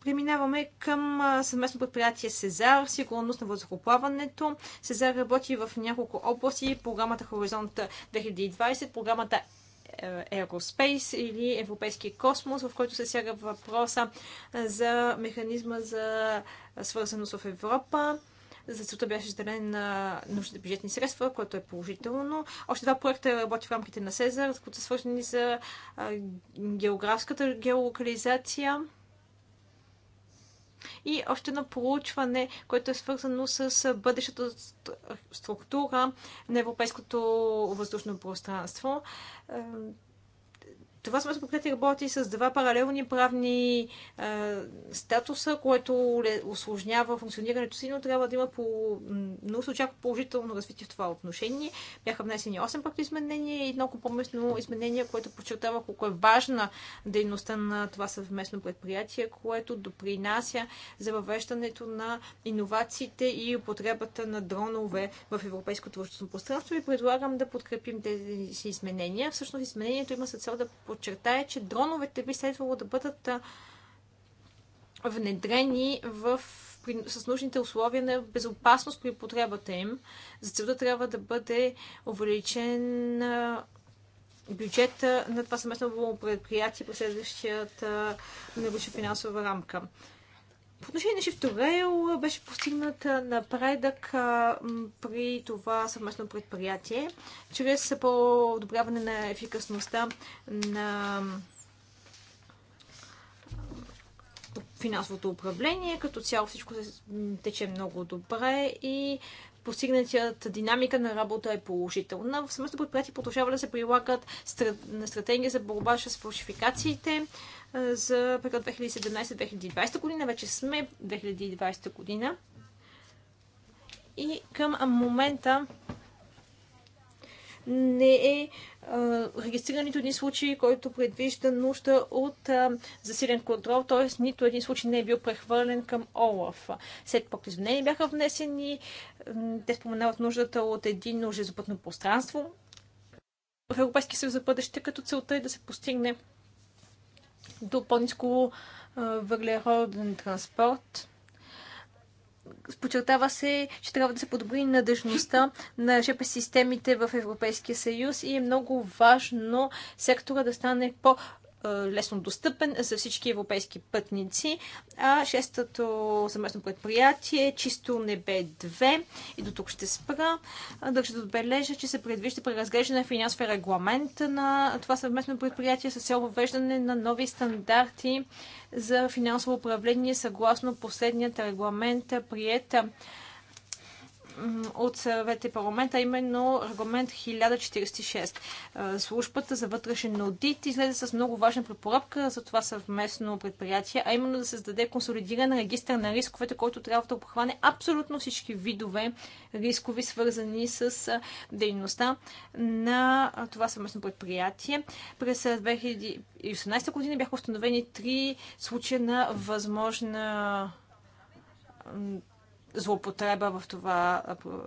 Преминаваме към съвместно предприятие Сезар, сигурност на въздухоплаването. Сезар работи в няколко области. Програмата Хоризонт 2020, програмата е, Aerospace или Европейския космос, в който се сяга въпроса за механизма за свързаност в Европа за целта беше заделен на нужните бюджетни средства, което е положително. Още два проекта работи в рамките на СЕЗАР, които са свързани за географската геолокализация. И още едно проучване, което е свързано с бъдещата структура на европейското въздушно пространство. Това сме покритие работи с два паралелни правни а, статуса, което осложнява функционирането си, но трябва да има по... но се очаква положително развитие в това отношение. Бяха внесени 8 пъти изменения и едно компромисно изменение, което подчертава колко е важна дейността на това съвместно предприятие, което допринася за въвеждането на иновациите и употребата на дронове в европейското въздушно пространство и предлагам да подкрепим тези изменения. Всъщност изменението има за цел да подчертая, че дроновете би следвало да бъдат внедрени в, при, с нужните условия на безопасност при потребата им. За целта трябва да бъде увеличен бюджета на това съместно предприятие през следващата многодишна финансова рамка. По отношение на Rail беше постигнат напредък при това съвместно предприятие, чрез по-одобряване на ефикасността на финансовото управление. Като цяло всичко се тече много добре и постигнатият динамика на работа е положителна. В съвместно предприятие продължава да се прилагат стратегия за борба с фалшификациите, за период 2017-2020 година. Вече сме 2020 година. И към момента не е регистриран нито един случай, който предвижда нужда от засилен контрол, т.е. нито един случай не е бил прехвърлен към ОЛАФ. След пък изменения бяха внесени, те споменават нуждата от единно железопътно пространство в Европейския съюз за бъдеще, като целта е да се постигне до по-низко въглероден транспорт. Почертава се, че трябва да се подобри надъжността на ЖП системите в Европейския съюз и е много важно сектора да стане по- е, лесно достъпен за всички европейски пътници. А шестото съместно предприятие чисто небе 2 и до тук ще спра. Държа да отбележа, че се предвижда преразглеждане на финансов регламент на това съвместно предприятие с цел въвеждане на нови стандарти за финансово управление съгласно последният регламент, приета от съвета и парламента, именно регламент 1046. Е, службата за вътрешен аудит излезе с много важна препоръка за това съвместно предприятие, а именно да създаде консолидиран регистр на рисковете, който трябва да обхване абсолютно всички видове рискови, свързани с дейността на това съвместно предприятие. През 2018 година бяха установени три случая на възможна злоупотреба в това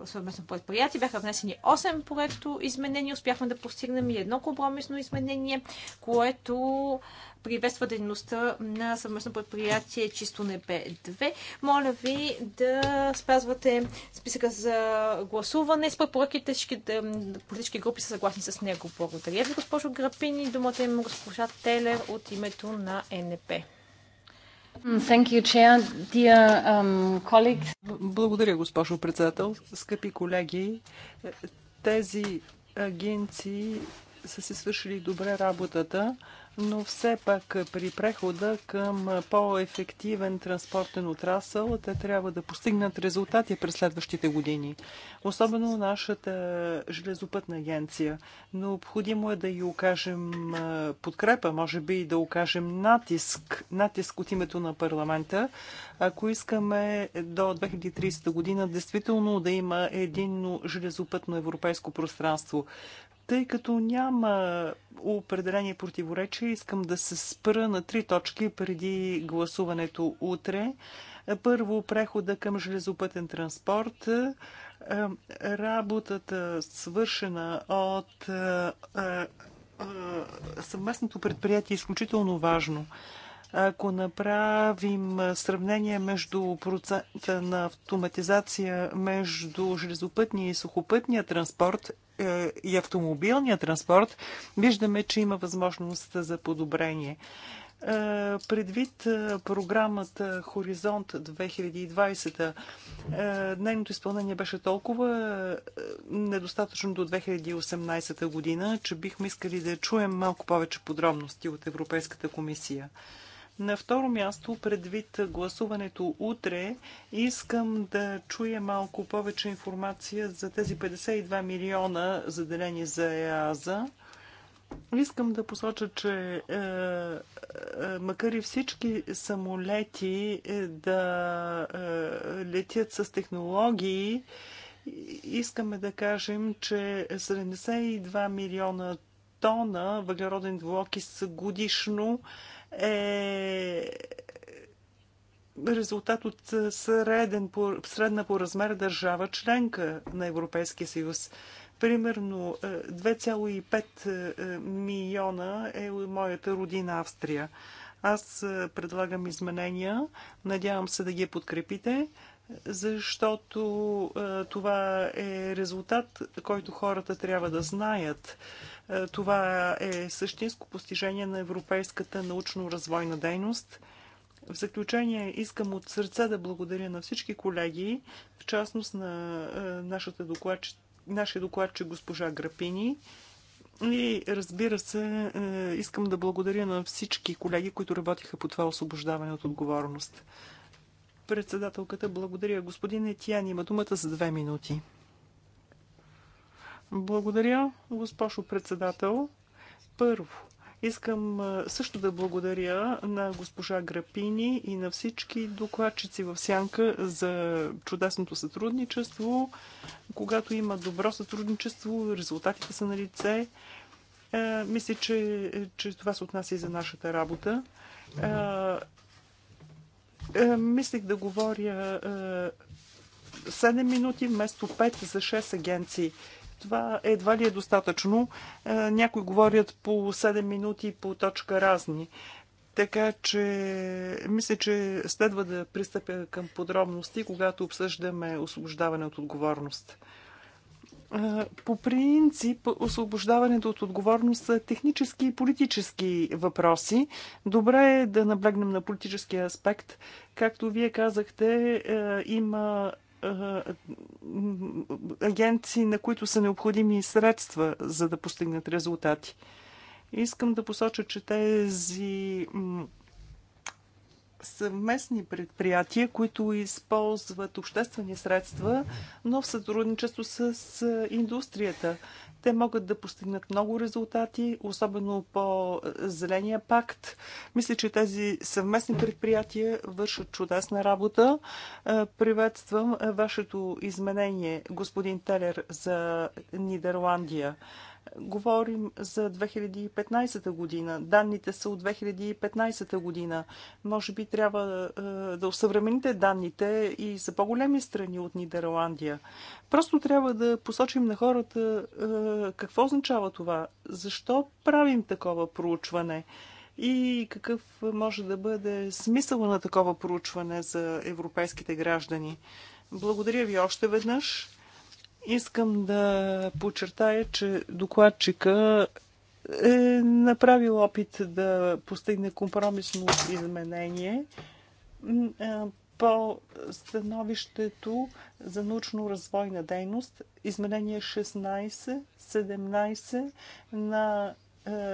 съвместно предприятие. Бяха внесени 8 проекто изменения. Успяхме да постигнем и едно компромисно изменение, което приветства дейността на съвместно предприятие Чисто небе 2. Моля ви да спазвате списъка за гласуване. С препоръките политически групи са съгласни с него. Благодаря ви, госпожо Грапини. Думата има госпожа Телер от името на НП. You, Dear, um, Благодаря, госпожо председател. Скъпи колеги, тези агенции са се свършили добре работата но все пак при прехода към по-ефективен транспортен отрасъл те трябва да постигнат резултати през следващите години. Особено нашата железопътна агенция. Необходимо е да й окажем подкрепа, може би и да окажем натиск, натиск от името на парламента, ако искаме до 2030 година действително да има единно железопътно европейско пространство. Тъй като няма определени противоречия, искам да се спра на три точки преди гласуването утре. Първо, прехода към железопътен транспорт е, е, работата свършена от е, съвместното предприятие е изключително важно. Ако направим сравнение между процента на автоматизация между железопътния и сухопътния транспорт е, и автомобилния транспорт, виждаме, че има възможност за подобрение. Е, предвид е, програмата Хоризонт 2020, нейното изпълнение беше толкова недостатъчно до 2018 година, че бихме искали да чуем малко повече подробности от Европейската комисия. На второ място, предвид гласуването утре, искам да чуя малко повече информация за тези 52 милиона заделени за ЕАЗа. Искам да посоча, че е, е макар и всички самолети е, да е, летят с технологии, искаме да кажем, че 72 милиона тона въглероден двуокис годишно е резултат от е, среден по, средна по размер държава членка на Европейския съюз. Примерно 2,5 е, е, милиона е моята родина Австрия. Аз предлагам изменения. Надявам се да ги подкрепите, защото това е резултат, който хората трябва да знаят. Е, това е същинско постижение на европейската научно-развойна дейност. В заключение искам от сърце да благодаря на всички колеги, в частност на е, нашата докладчи, нашия докладчик госпожа Грапини. И разбира се, е, искам да благодаря на всички колеги, които работиха по това освобождаване от отговорност. Председателката благодаря. Господин Етиян има думата за две минути. Благодаря, госпожо председател. Първо, Искам също да благодаря на госпожа Грапини и на всички докладчици в Сянка за чудесното сътрудничество. Когато има добро сътрудничество, резултатите са на лице. Е, мисля, че, че това се отнася и за нашата работа. Е, е, Мислих да говоря 7 минути вместо 5 за 6 агенции. Това едва ли е достатъчно. Е, някои говорят по 7 минути по точка разни. Така че мисля, че следва да пристъпя към подробности, когато обсъждаме освобождаване от отговорност. Е, по принцип, освобождаването от отговорност са технически и политически въпроси. Добре е да наблегнем на политическия аспект. Както вие казахте, е, има агенции, на които са необходими средства, за да постигнат резултати. Искам да посоча, че тези съвместни предприятия, които използват обществени средства, но в сътрудничество с индустрията. Те могат да постигнат много резултати, особено по Зеления пакт. Мисля, че тези съвместни предприятия вършат чудесна работа. Е, приветствам е, вашето изменение, господин Телер, за Нидерландия. Говорим за 2015 година. Данните са от 2015 година. Може би трябва е, да усъвремените данните и за по-големи страни от Нидерландия. Просто трябва да посочим на хората е, какво означава това, защо правим такова проучване и какъв може да бъде смисъл на такова проучване за европейските граждани. Благодаря ви още веднъж. Искам да подчертая, че докладчика е направил опит да постигне компромисно изменение по становището за научно-развойна дейност, изменение 16-17 на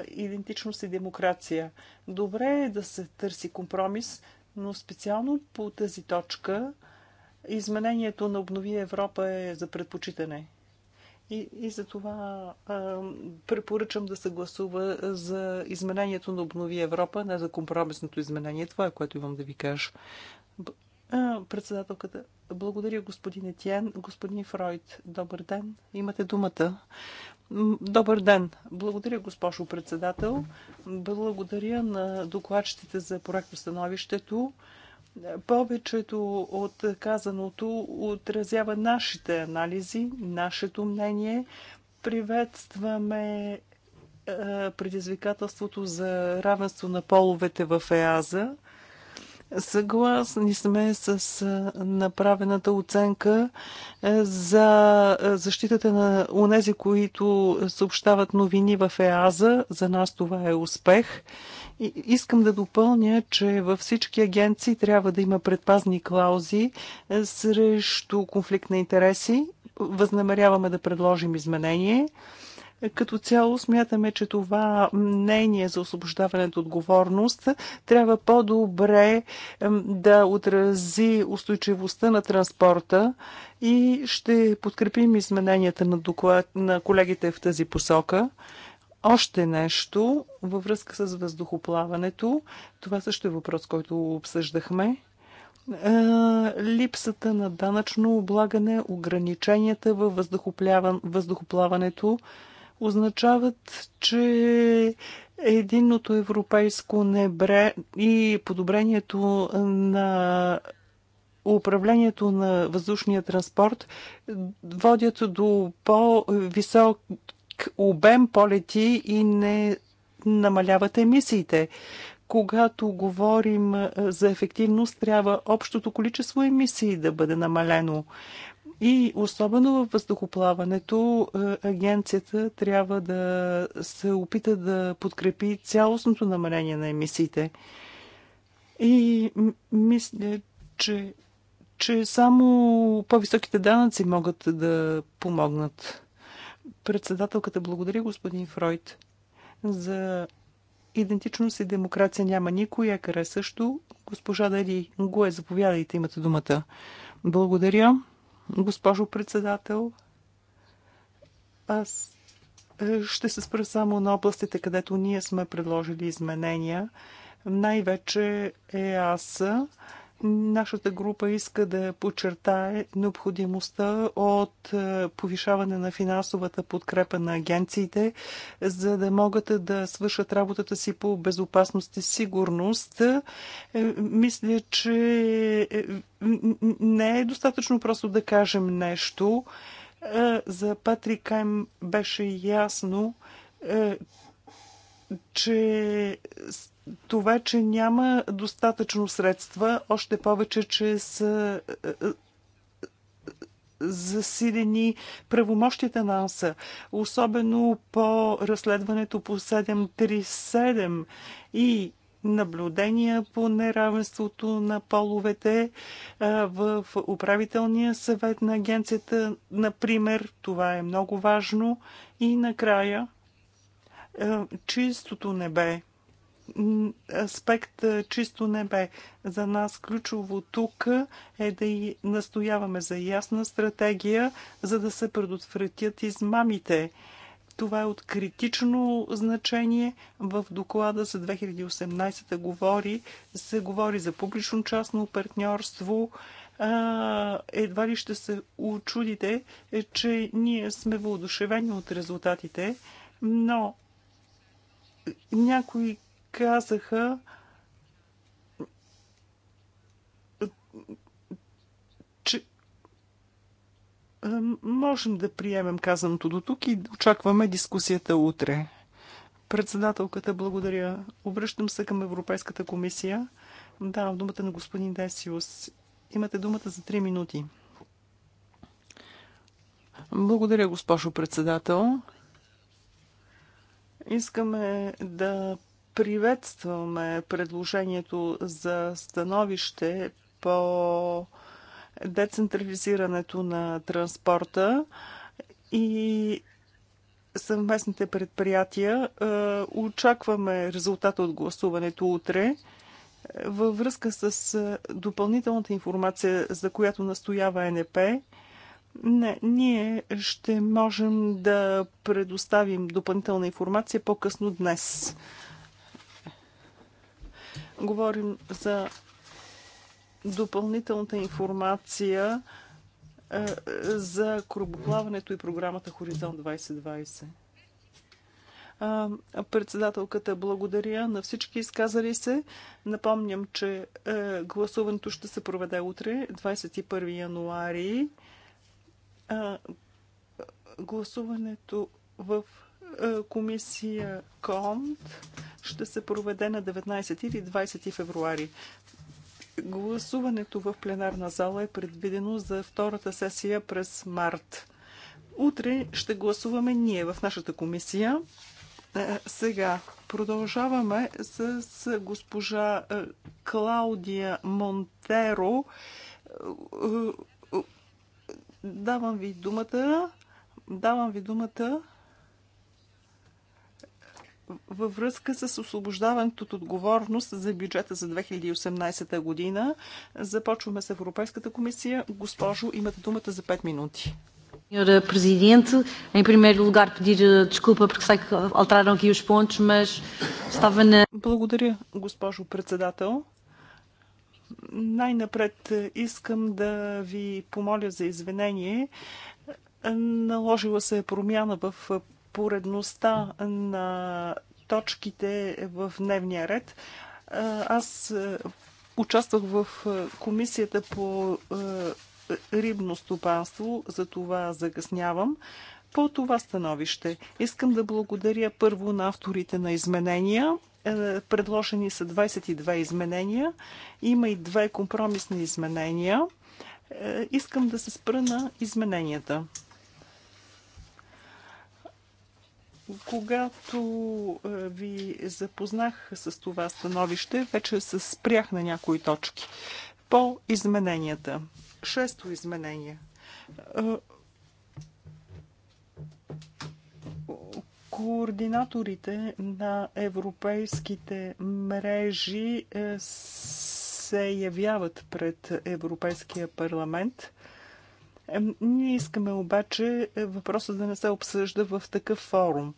идентичност и демокрация. Добре е да се търси компромис, но специално по тази точка – изменението на Обнови Европа е за предпочитане. И, и за това а, препоръчам да се гласува за изменението на Обнови Европа, не за компромисното изменение. Това е което имам да ви кажа. А, председателката, благодаря господин Етиен, господин Фройд. Добър ден, имате думата. Добър ден. Благодаря, госпожо председател. Благодаря на докладчите за проектостановището. становището. Повечето от казаното отразява нашите анализи, нашето мнение. Приветстваме е, предизвикателството за равенство на половете в ЕАЗа. Съгласни сме с е, направената оценка е, за защитата на онези, които съобщават новини в ЕАЗа. За нас това е успех. Искам да допълня, че във всички агенции трябва да има предпазни клаузи е, срещу конфликт на интереси. Възнамеряваме да предложим изменение. Като цяло смятаме, че това мнение за освобождаването отговорност трябва по-добре да отрази устойчивостта на транспорта и ще подкрепим измененията на, доклад, на колегите в тази посока. Още нещо във връзка с въздухоплаването. Това също е въпрос, който обсъждахме е, липсата на данъчно облагане, ограниченията във въздухоплаването означават, че единното европейско небре и подобрението на управлението на въздушния транспорт водят до по-висок обем полети и не намаляват емисиите. Когато говорим за ефективност, трябва общото количество емисии да бъде намалено. И особено във въздухоплаването агенцията трябва да се опита да подкрепи цялостното намаление на емисиите. И мисля, че, че само по-високите данъци могат да помогнат. Председателката благодари господин Фройд за идентичност и демокрация няма никой. Екара също. Госпожа Дали го е. Заповядайте, имате думата. Благодаря, госпожо председател. Аз е, ще се спра само на областите, където ние сме предложили изменения. Най-вече е аз. Нашата група иска да подчертае необходимостта от е, повишаване на финансовата подкрепа на агенциите, за да могат да свършат работата си по безопасност и сигурност. Е, мисля, че е, не е достатъчно просто да кажем нещо. За Патрик Кайм беше ясно, че това, че няма достатъчно средства, още повече, че са е, е, засилени правомощите на АНСА, особено по разследването по 737 и наблюдения по неравенството на половете е, в управителния съвет на агенцията, например. Това е много важно. И накрая е, чистото небе, аспект е, чисто небе. За нас ключово тук е да и настояваме за ясна стратегия, за да се предотвратят измамите. Това е от критично значение. В доклада за 2018 говори, се говори за публично-частно партньорство. едва ли ще се очудите, е, че ние сме въодушевени от резултатите, но някои казаха, че е, можем да приемем казаното до тук и очакваме дискусията утре. Председателката, благодаря. Обръщам се към Европейската комисия. Да, в думата на господин Десиус. Имате думата за 3 минути. Благодаря, госпожо председател. Искаме да приветстваме предложението за становище по децентрализирането на транспорта и съвместните предприятия. Е, очакваме резултата от гласуването утре. Е, във връзка с е, допълнителната информация, за която настоява НП, не, ние ще можем да предоставим допълнителна информация по-късно днес. Говорим за допълнителната информация е, за корабоплаването и програмата Хоризонт 2020. Председателката благодаря на всички изказали се. Напомням, че е, гласуването ще се проведе утре, 21 януари гласуването в комисия КОНТ ще се проведе на 19 или 20 февруари. Гласуването в пленарна зала е предвидено за втората сесия през март. Утре ще гласуваме ние в нашата комисия. Сега продължаваме с госпожа Клаудия Монтеро Давам ви думата. Давам ви думата във връзка с освобождаването от отговорност за бюджета за 2018 година. Започваме с Европейската комисия. Госпожо, имате думата за 5 минути. Senhora Presidente, em primeiro lugar pedir eh, desculpa porque sei que alteraram aqui os pontos, mas estava na... Благодаря, госпожо председател. Най-напред искам да ви помоля за извинение. Наложила се е промяна в поредността на точките в дневния ред. Аз участвах в комисията по е, рибно стопанство, за това закъснявам. По това становище искам да благодаря първо на авторите на изменения, е, предложени са 22 изменения. Има и две компромисни изменения. Е, искам да се спра на измененията. Когато е, ви запознах с това становище, вече се спрях на някои точки. По измененията. Шесто изменение. Координаторите на европейските мрежи е, се явяват пред Европейския парламент. Ние искаме обаче въпросът да не се обсъжда в такъв форум.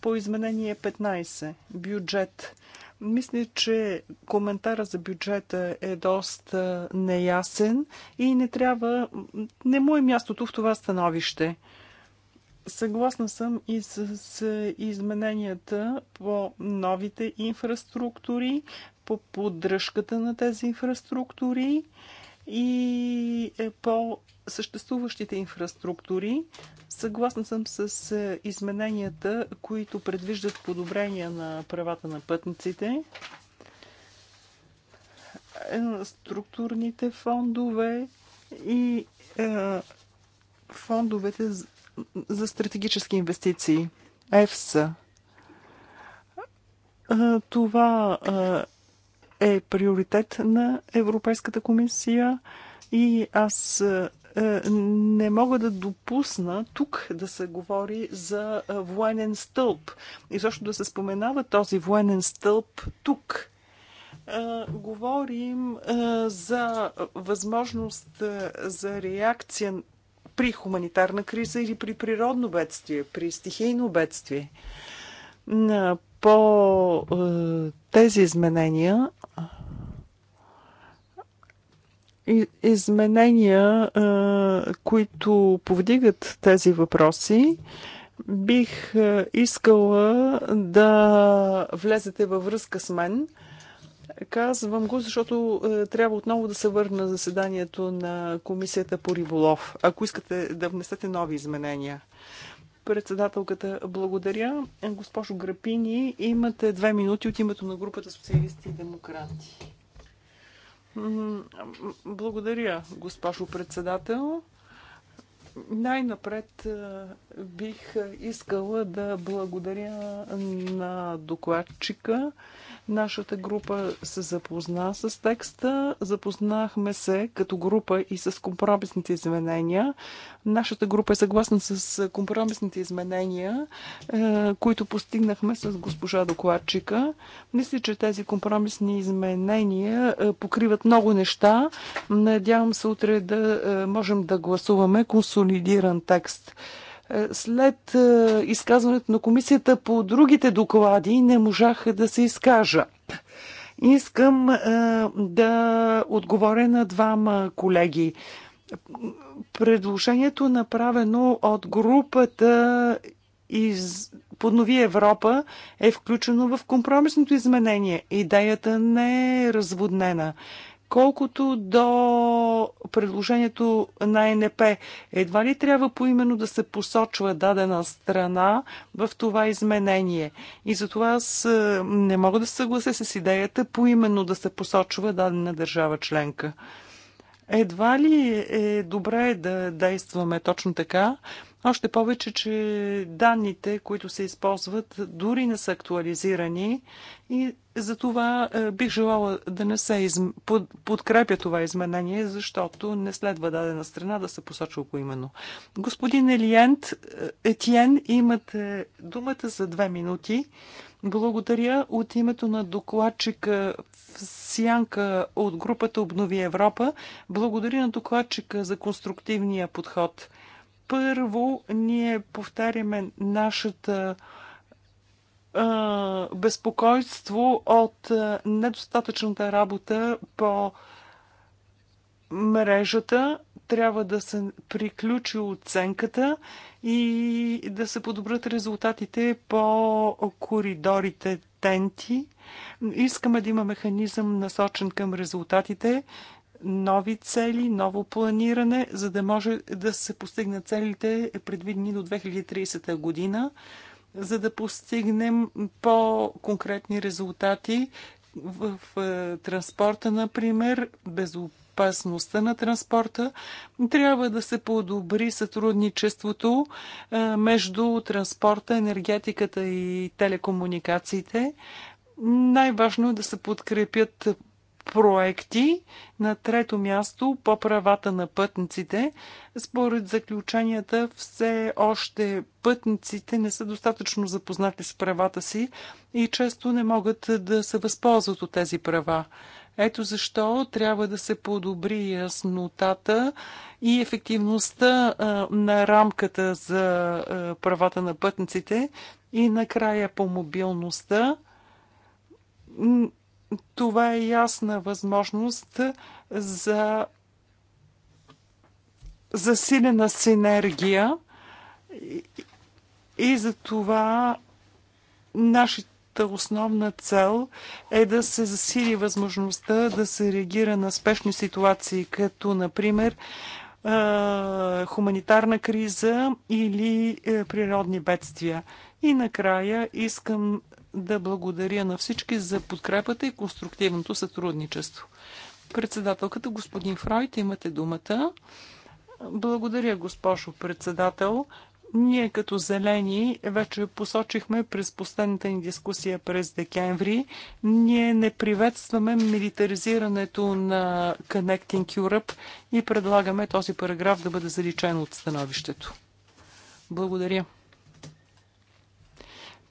По изменение 15. Бюджет. Мисля, че коментара за бюджета е доста неясен и не трябва. Не му е мястото в това становище. Съгласна съм и с, с измененията по новите инфраструктури, по поддръжката на тези инфраструктури и е, по съществуващите инфраструктури. Съгласна съм с е, измененията, които предвиждат подобрения на правата на пътниците. Е, структурните фондове и фондовете за за стратегически инвестиции, ЕФСА. Това е приоритет на Европейската комисия и аз не мога да допусна тук да се говори за военен стълб. И също да се споменава този военен стълб тук. Говорим за възможност за реакция при хуманитарна криза или при природно бедствие, при стихийно бедствие. По е, тези изменения изменения, е, които повдигат тези въпроси, бих е, искала да влезете във връзка с мен – Казвам го, защото е, трябва отново да се върна на заседанието на Комисията по риболов, ако искате да внесете нови изменения. Председателката, благодаря. Госпожо Грапини, имате две минути от името на групата Социалисти и Демократи. Благодаря, госпожо председател. Най-напред е, бих искала да благодаря на докладчика. Нашата група се запозна с текста. Запознахме се като група и с компромисните изменения. Нашата група е съгласна с компромисните изменения, е, които постигнахме с госпожа докладчика. Мисля, че тези компромисни изменения е, покриват много неща. Надявам се утре да можем да гласуваме консолидирано консолидиран текст. Е, след е, изказването на комисията по другите доклади не можах да се изкажа. Искам е, да отговоря на двама колеги. Предложението направено от групата из... Поднови Европа е включено в компромисното изменение. Идеята не е разводнена. Колкото до предложението на НП, едва ли трябва поименно да се посочва дадена страна в това изменение? И затова аз е, не мога да се съглася с идеята поименно да се посочва дадена държава членка. Едва ли е добре да действаме точно така, още повече, че данните, които се използват, дори не са актуализирани и за това е, бих желала да не се из... подкрепя това изменение, защото не следва дадена страна да се посочва поименно. Господин Елиент, е, Етиен, имате думата за две минути. Благодаря от името на докладчика Сянка от групата Обнови Европа. Благодаря на докладчика за конструктивния подход. Първо, ние повтаряме нашата безпокойство от недостатъчната работа по мрежата. Трябва да се приключи оценката и да се подобрят резултатите по коридорите тенти. Искаме да има механизъм насочен към резултатите нови цели, ново планиране, за да може да се постигнат целите предвидени до 2030 година, за да постигнем по-конкретни резултати в е, транспорта, например, безопасността на транспорта. Трябва да се подобри сътрудничеството е, между транспорта, енергетиката и телекомуникациите. Най-важно е да се подкрепят проекти. На трето място по правата на пътниците. Според заключенията, все още пътниците не са достатъчно запознати с правата си и често не могат да се възползват от тези права. Ето защо трябва да се подобри яснотата и ефективността на рамката за правата на пътниците и накрая по мобилността това е ясна възможност за засилена синергия и за това нашата основна цел е да се засили възможността да се реагира на спешни ситуации, като например хуманитарна криза или е, природни бедствия. И накрая искам да благодаря на всички за подкрепата и конструктивното сътрудничество. Председателката, господин Фройт, имате думата. Благодаря, госпожо председател. Ние като зелени вече посочихме през последната ни дискусия през декември. Ние не приветстваме милитаризирането на Connecting Europe и предлагаме този параграф да бъде заличен от становището. Благодаря.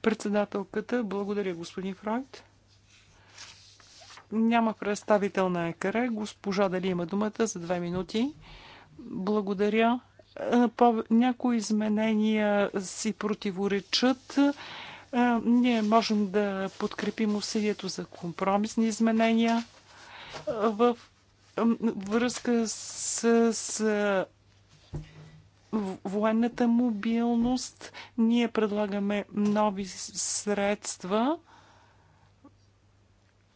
Председателката, благодаря господин Фройд. Няма представител на екаре. Госпожа дали има думата за две минути. Благодаря. Е, някои изменения си противоречат е, ние можем да подкрепим усилието за компромисни изменения е, в връзка с, с военната мобилност. Ние предлагаме нови средства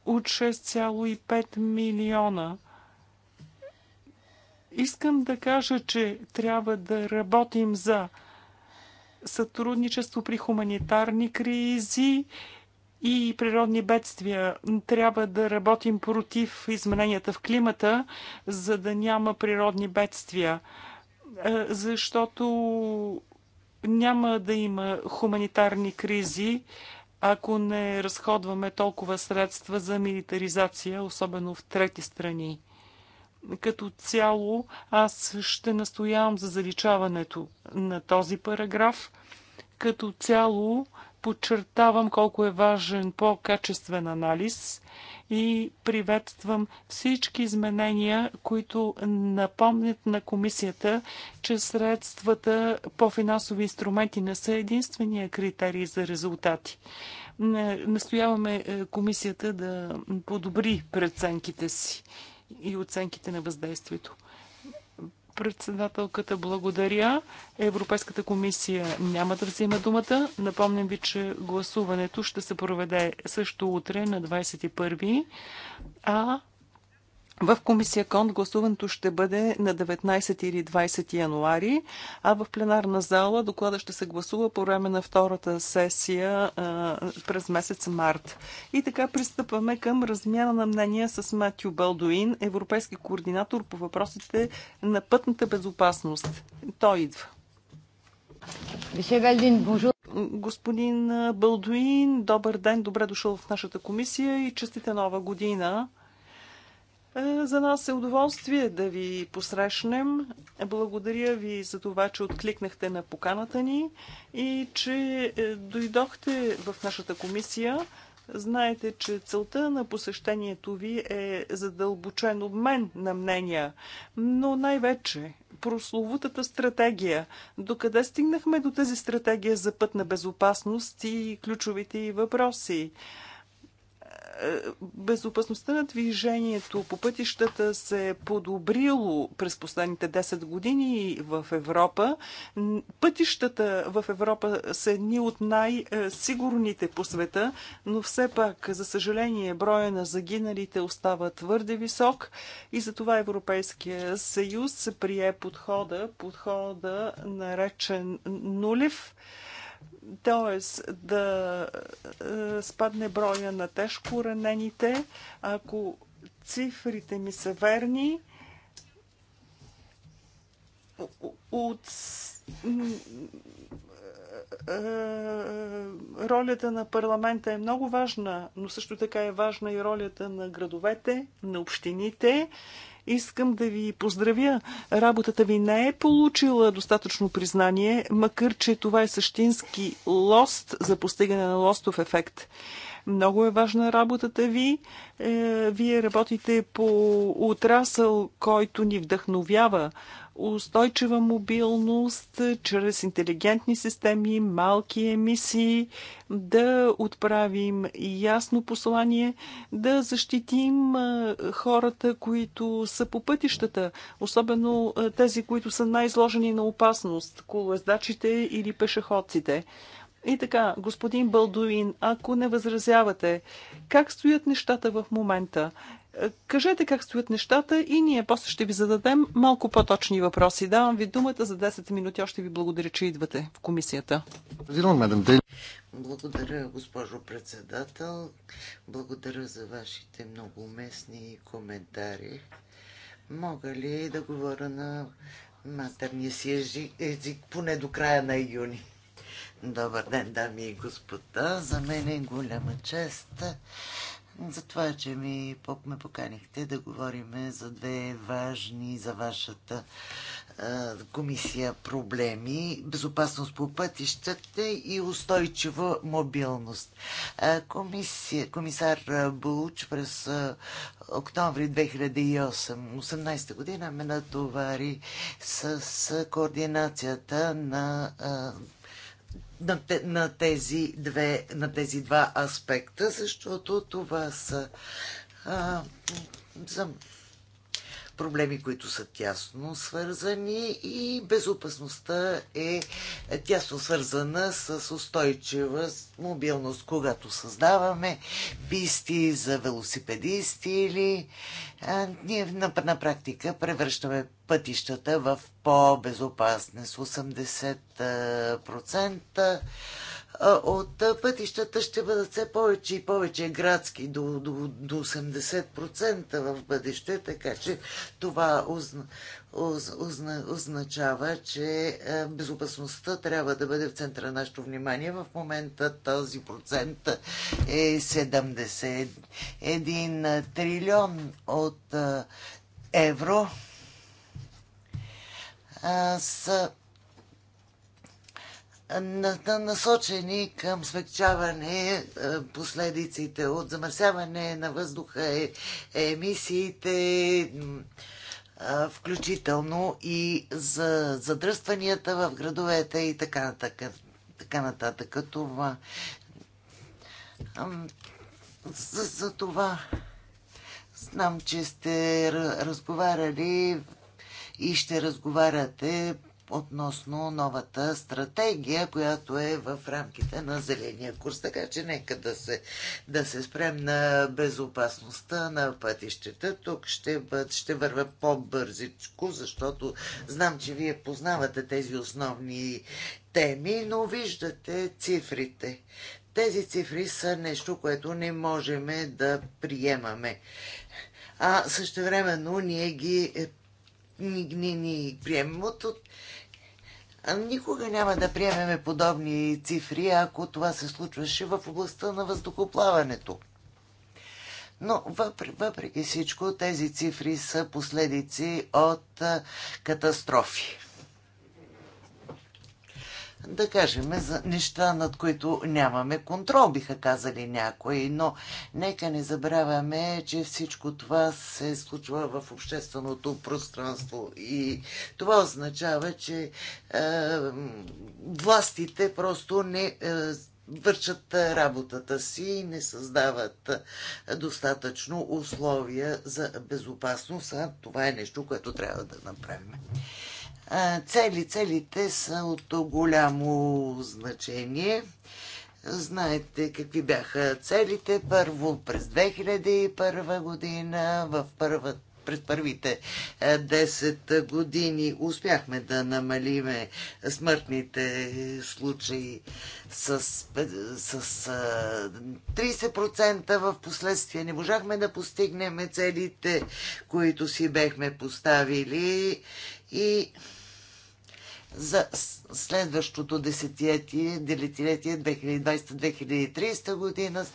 от 6,5 милиона. Искам да кажа, че трябва да работим за сътрудничество при хуманитарни кризи и природни бедствия. Трябва да работим против измененията в климата, за да няма природни бедствия защото няма да има хуманитарни кризи, ако не разходваме толкова средства за милитаризация, особено в трети страни. Като цяло, аз ще настоявам за заличаването на този параграф. Като цяло, Подчертавам колко е важен по-качествен анализ и приветствам всички изменения, които напомнят на комисията, че средствата по финансови инструменти не са единствения критерий за резултати. Настояваме е, комисията да подобри преценките си и оценките на въздействието. Председателката благодаря. Европейската комисия няма да взима думата. Напомням ви, че гласуването ще се проведе също утре на 21 а в комисия Конт гласуването ще бъде на 19 или 20 януари, а в пленарна зала доклада ще се гласува по време на втората сесия а, през месец март. И така пристъпваме към размяна на мнения с Матю Балдуин, европейски координатор по въпросите на пътната безопасност. Той идва. Господин Балдуин, добър ден, добре дошъл в нашата комисия и честите нова година. Е, за нас е удоволствие да ви посрещнем. Благодаря ви за това, че откликнахте на поканата ни и че е, дойдохте в нашата комисия. Знаете, че целта на посещението ви е задълбочен обмен на мнения, но най-вече прословутата стратегия. Докъде стигнахме до тази стратегия за път на безопасност и ключовите въпроси? безопасността на движението по пътищата се е подобрило през последните 10 години в Европа. Пътищата в Европа са едни от най-сигурните по света, но все пак, за съжаление, броя на загиналите остава твърде висок и затова Европейския съюз се прие подхода, подхода наречен нулев т.е. да е, спадне броя на тежко ранените, ако цифрите ми са верни, от е, е, ролята на парламента е много важна, но също така е важна и ролята на градовете, на общините Искам да ви поздравя. Работата ви не е получила достатъчно признание, макар че това е същински лост за постигане на лостов ефект. Много е важна работата ви. Е, вие работите по отрасъл, който ни вдъхновява устойчива мобилност, е, чрез интелигентни системи, малки емисии, да отправим ясно послание, да защитим е, хората, които са по пътищата, особено е, тези, които са най-изложени на опасност, колоездачите или пешеходците. И така, господин Балдуин, ако не възразявате, как стоят нещата в момента? Кажете как стоят нещата и ние после ще ви зададем малко по-точни въпроси. Давам ви думата за 10 минути. Още ви благодаря, че идвате в комисията. Благодаря, госпожо председател. Благодаря за вашите много уместни коментари. Мога ли да говоря на матерния си език, поне до края на юни? Добър ден, дами и господа. За мен е голяма чест за това, че ми ме поканихте да говорим за две важни за вашата комисия проблеми, безопасност по пътищата и устойчива мобилност. Комисия, комисар Булч през октомври 2008, 18 година ме натовари с координацията на на, те, на, тези две, на тези два аспекта, защото това са а, за проблеми, които са тясно свързани и безопасността е тясно свързана с устойчива мобилност, когато създаваме писти за велосипедисти или а, ние на, на практика превръщаме пътищата в по безопасни с 80% от пътищата ще бъдат все повече и повече градски, до, до, до 80% в бъдеще, така че това озна, уз, озна, означава, че безопасността трябва да бъде в центъра на нашето внимание. В момента този процент е 71 трилион от евро. с насочени към смягчаване е, последиците от замърсяване на въздуха, е, е, емисиите, включително и за задръстванията в градовете и така нататък. Така нататък. Това, за, за това знам, че сте разговаряли и ще разговаряте относно новата стратегия, която е в рамките на зеления курс. Така че нека да се, да се спрем на безопасността на пътищата. Тук ще, бъд, ще вървя по-бързичко, защото знам, че вие познавате тези основни теми, но виждате цифрите. Тези цифри са нещо, което не можем да приемаме. А също времено ние ги ни, ни, ни приемем от, от Никога няма да приемеме подобни цифри, ако това се случваше в областта на въздухоплаването. Но въпреки всичко, тези цифри са последици от катастрофи да кажем, за неща, над които нямаме контрол, биха казали някои, но нека не забравяме, че всичко това се случва в общественото пространство и това означава, че е, властите просто не е, вършат работата си и не създават е, достатъчно условия за безопасност, а това е нещо, което трябва да направим цели. Целите са от голямо значение. Знаете какви бяха целите. Първо през 2001 година, в първа, през първите 10 години успяхме да намалиме смъртните случаи с, с 30%. В последствие не можахме да постигнем целите, които си бехме поставили и за следващото десетилетие, десетилетие 2020-2030 година.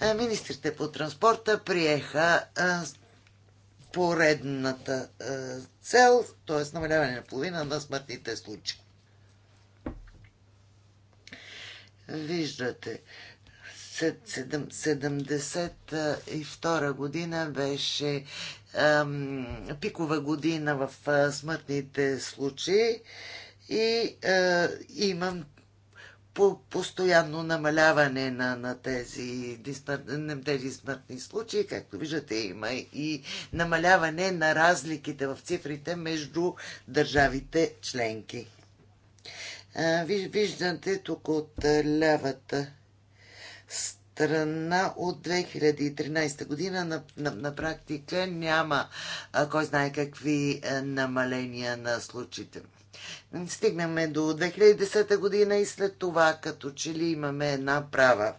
Е, министрите по транспорта приеха е, поредната е, цел, т.е. намаляване на половина на смъртните случаи. Виждате, 1972 година беше пикова година в смъртните случаи и е, имам по постоянно намаляване на, на, тези, дисмър, тези смъртни случаи. Както виждате, има и намаляване на разликите в цифрите между държавите членки. Е, виждате тук от лявата страна от 2013 година на, на, на практика няма кой знае какви е, намаления на случаите стигнаме до 2010 година и след това като че ли имаме една права.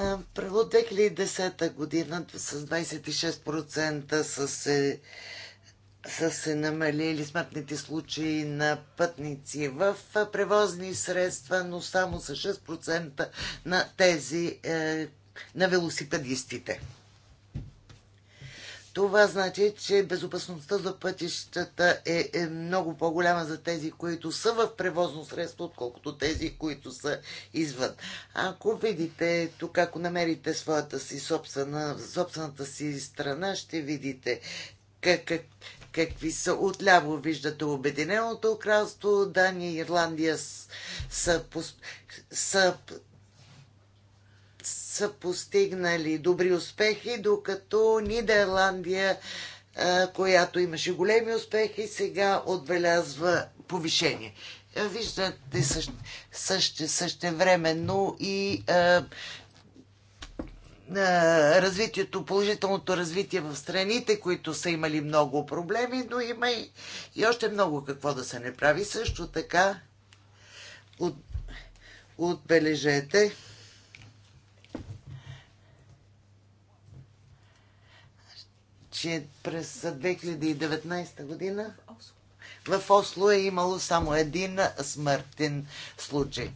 От 2010 година с 26% са се, са се намалили смъртните случаи на пътници в превозни средства, но само с 6% на тези е, на велосипедистите. Това значи, че безопасността за пътищата е, е много по-голяма за тези, които са в превозно средство, отколкото тези, които са извън. Ако видите тук, ако намерите своята си собствена, собствената си страна, ще видите как, как, какви са. Отляво виждате Обединеното кралство, Дания и Ирландия са, са, са са постигнали добри успехи, докато Нидерландия, е, която имаше големи успехи, сега отбелязва повишение. Е, виждате също, също, същевременно и е, развитието, положителното развитие в страните, които са имали много проблеми, но има и, и още много какво да се не прави. Също така от, отбележете, че през 2019 година в Осло е имало само един смъртен случай.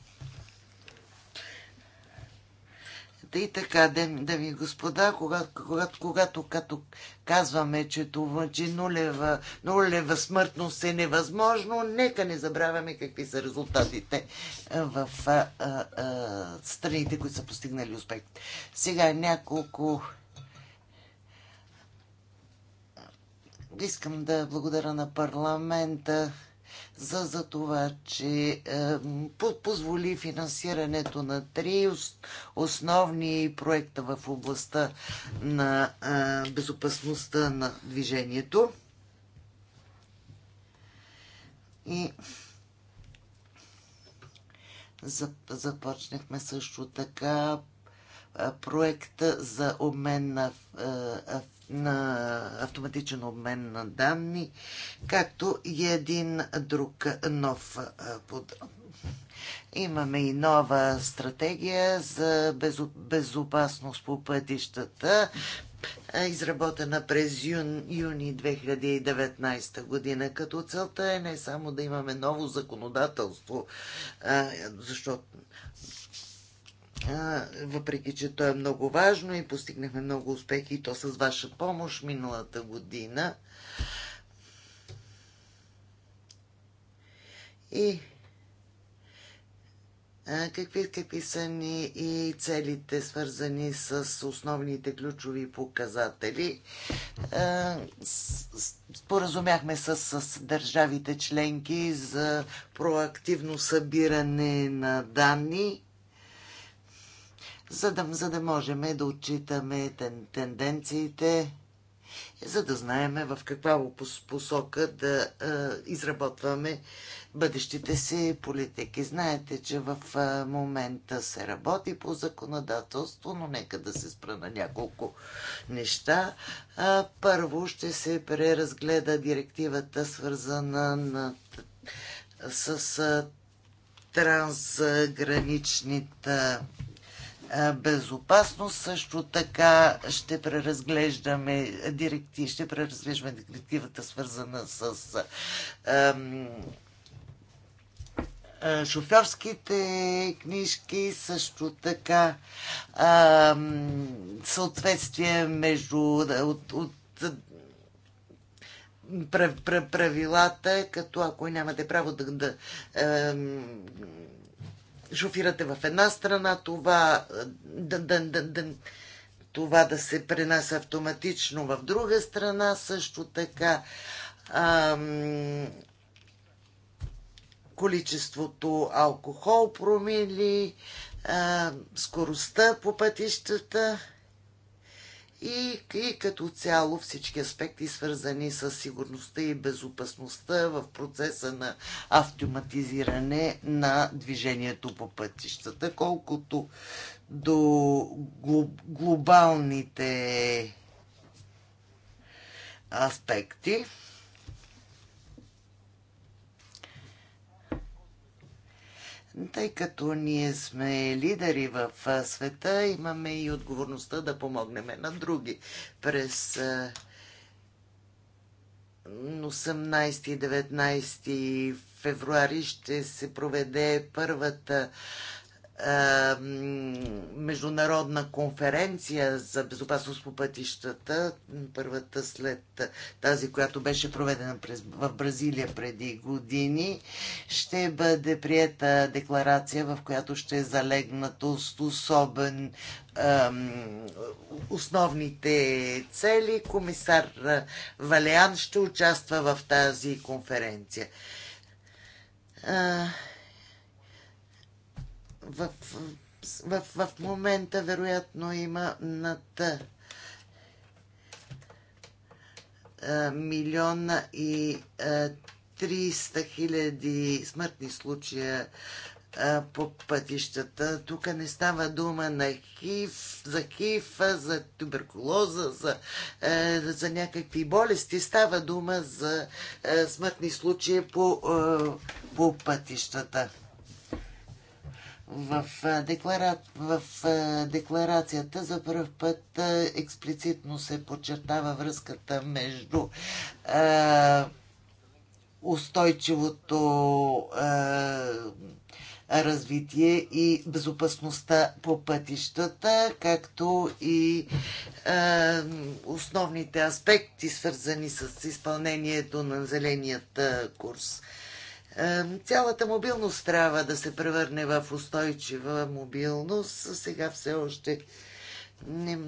И така, да да и господа, когато, когато, когато като казваме, че това, че нулева, нулева смъртност е невъзможно, нека не забравяме какви са резултатите в а, а, страните, които са постигнали успех. Сега няколко искам да благодаря на парламента за, за това, че е, позволи финансирането на три основни проекта в областта на е, безопасността на движението. И започнахме също така е, проекта за обмен на е, на автоматичен обмен на данни, както и един друг нов подход. Имаме и нова стратегия за безопасност по пътищата, изработена през юни 2019 година, като целта е не само да имаме ново законодателство, защото въпреки че то е много важно и постигнахме много успехи и то с ваша помощ миналата година. И какви, какви са ни и целите, свързани с основните ключови показатели. Споразумяхме с, с държавите членки за проактивно събиране на данни за да, за да можем да отчитаме тен, тенденциите, за да знаем в каква посока да а, изработваме бъдещите си политики. Знаете, че в а, момента се работи по законодателство, но нека да се спра на няколко неща. А, първо ще се преразгледа директивата, свързана на, с а, трансграничните безопасност. Също така ще преразглеждаме, директи, ще преразглеждаме директивата, свързана с ам, шофьорските книжки, също така ам, съответствие между от, от правилата, като ако нямате право да, да, шофирате в една страна, това да, да, да, да, това да се пренася автоматично в друга страна, също така ам, количеството алкохол промили, а, скоростта по пътищата и, и като цяло всички аспекти, свързани с сигурността и безопасността в процеса на автоматизиране на движението по пътищата, колкото до глобалните аспекти. Тъй като ние сме лидери в света, имаме и отговорността да помогнем на други. През 18-19 февруари ще се проведе първата международна конференция за безопасност по пътищата, първата след тази, която беше проведена през, в Бразилия преди години, ще бъде приета декларация, в която ще е залегнат особен основните цели. Комисар Валеан ще участва в тази конференция в, в, в, в момента вероятно има над милиона и 300 хиляди смъртни случая по пътищата. Тук не става дума на хиф, за хив, за туберкулоза, за, а, за някакви болести. Става дума за а, смъртни случаи по, а, по пътищата. В, деклара... в декларацията за първ път експлицитно се подчертава връзката между е, устойчивото е, развитие и безопасността по пътищата, както и е, основните аспекти, свързани с изпълнението на зеленият курс. Цялата мобилност трябва да се превърне в устойчива мобилност. Сега все още не,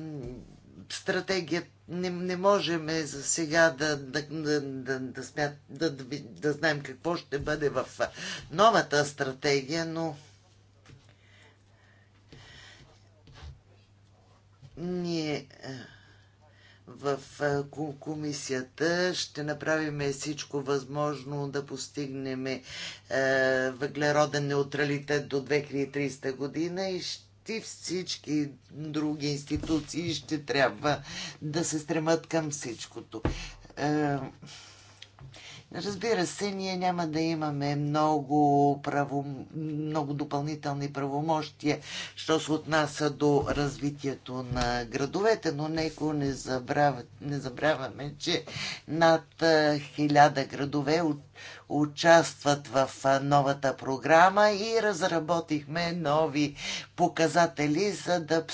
стратегия не, не можем за сега да, да, да, да, да, смят, да, да, да знаем какво ще бъде в новата стратегия, но ние в комисията. Ще направим всичко възможно да постигнем въглероден неутралитет до 2030 година и ще и всички други институции ще трябва да се стремат към всичкото. Е, Разбира се, ние няма да имаме много, право, много допълнителни правомощия, що се отнася до развитието на градовете, но неко не, забравя, не забравяме, че над хиляда градове участват в новата програма и разработихме нови показатели, за да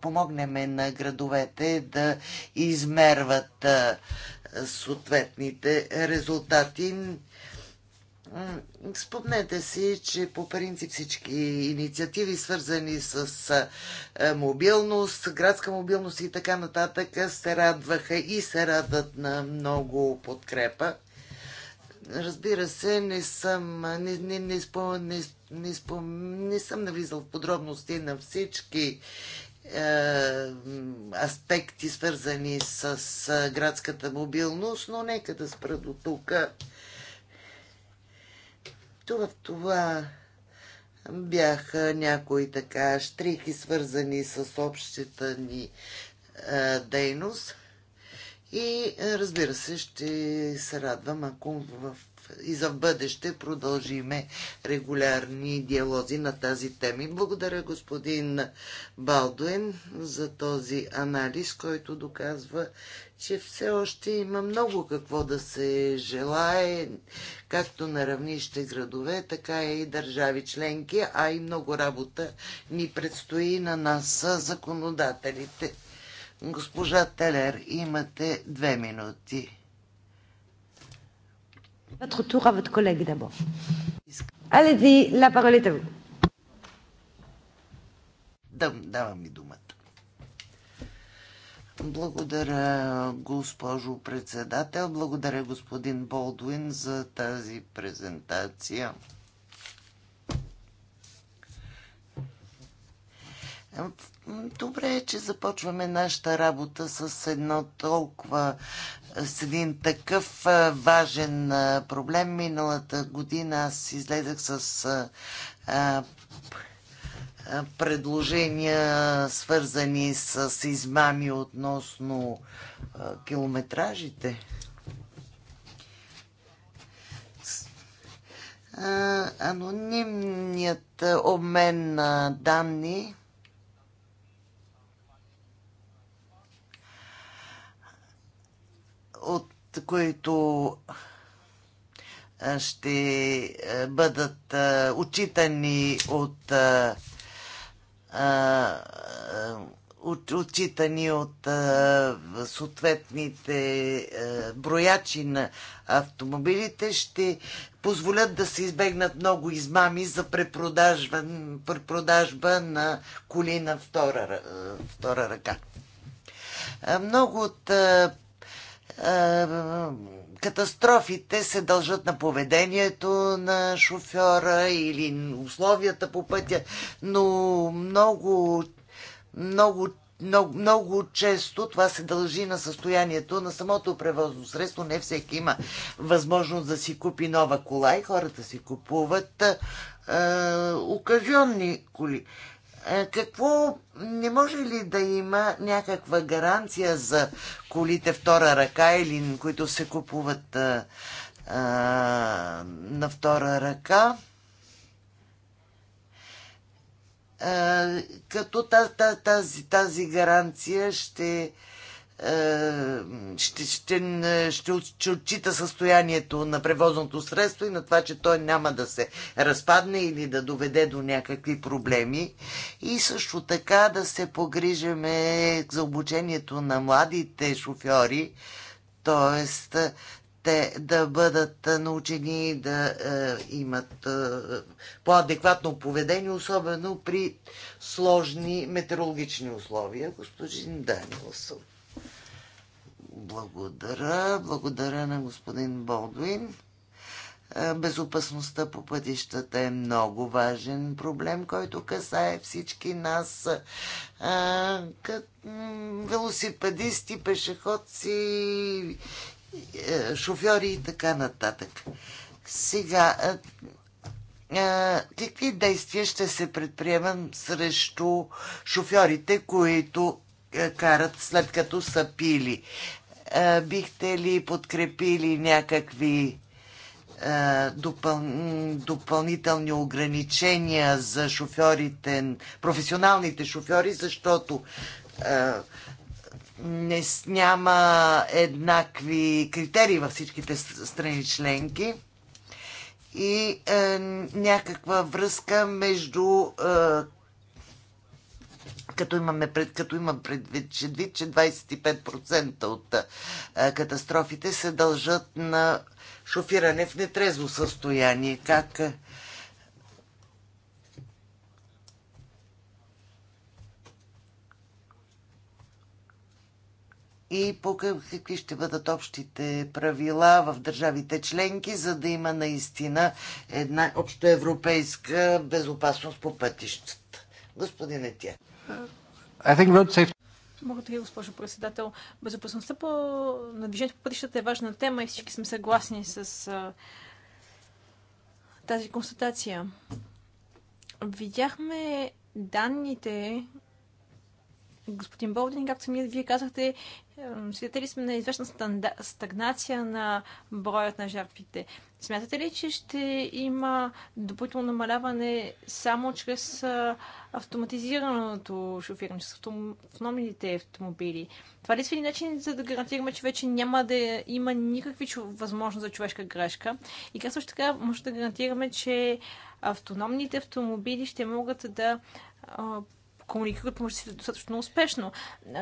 помогнем на градовете да измерват съответните резултати. Спомнете си, че по принцип всички инициативи, свързани с мобилност, градска мобилност и така нататък, се радваха и се радват на много подкрепа. Разбира се, не съм, не, не, не, спо, не, не, не съм навлизал в подробности на всички е, аспекти, свързани с е, градската мобилност, но нека да спра до тук. Това, това бяха някои така штрихи, свързани с общата ни а, е, дейност. И разбира се, ще се радвам, ако в и за в бъдеще продължиме регулярни диалози на тази тема. Благодаря господин Балдуин за този анализ, който доказва, че все още има много какво да се желае, както на равнище градове, така и държави членки, а и много работа ни предстои на нас, законодателите. Госпожа Телер, имате две минути. Votre tour à votre collègue d'abord. Allez-y, la parole est à vous. Благодаря, госпожо председател. Благодаря, господин Болдуин, за тази презентация. В Добре е, че започваме нашата работа с едно толкова с един такъв важен проблем. Миналата година аз излезах с предложения, свързани с измами относно километражите. Анонимният обмен на данни от които ще бъдат отчитани от отчитани от съответните броячи на автомобилите, ще позволят да се избегнат много измами за препродажба, препродажба на коли на втора, втора ръка. Много от е, катастрофите се дължат на поведението на шофьора или условията по пътя, но много, много, много, много често това се дължи на състоянието на самото превозно средство. Не всеки има възможност да си купи нова кола и хората си купуват е, оказионни коли. Е, какво не може ли да има някаква гаранция за колите втора ръка или които се купуват а, е, а, е, на втора ръка? А, като тази, тази, тази гаранция ще е, ще, ще, ще, ще отчита състоянието на превозното средство и на това, че той няма да се разпадне или да доведе до някакви проблеми. И също така да се погрижиме за обучението на младите шофьори, т.е. те да бъдат научени да е, имат е, по-адекватно поведение, особено при сложни метеорологични условия. Господин Данилсон. Благодаря. Благодаря на господин Болдуин. Е, безопасността по пътищата е много важен проблем, който касае всички нас, е, като велосипедисти, пешеходци, е, шофьори и така нататък. Сега, какви действия ще се предприемам срещу шофьорите, които карат след като са пили. Е, бихте ли подкрепили някакви е, допъл... допълнителни ограничения за шофьорите, професионалните шофьори, защото е, не, няма еднакви критерии във всичките страни членки и е, някаква връзка между е, като, имаме пред, като имам предвид, че 25% от а, катастрофите се дължат на шофиране в нетрезво състояние. Как, и по какви ще бъдат общите правила в държавите членки, за да има наистина една общоевропейска безопасност по пътищата. Господин Етия. I think road safety... Благодаря, госпожо председател. Безопасността по... на движението по пътищата е важна тема и всички сме съгласни с а, тази констатация. Видяхме данните, господин Болдин, както самият вие казахте, свидетели сме на известна станда... стагнация на броят на жертвите. Смятате ли, че ще има допълнително намаляване само чрез автоматизираното шофиране, с автономните автомобили? Това ли е начин за да гарантираме, че вече няма да има никакви възможност за човешка грешка? И как също така може да гарантираме, че автономните автомобили ще могат да комуникират помежду си достатъчно успешно.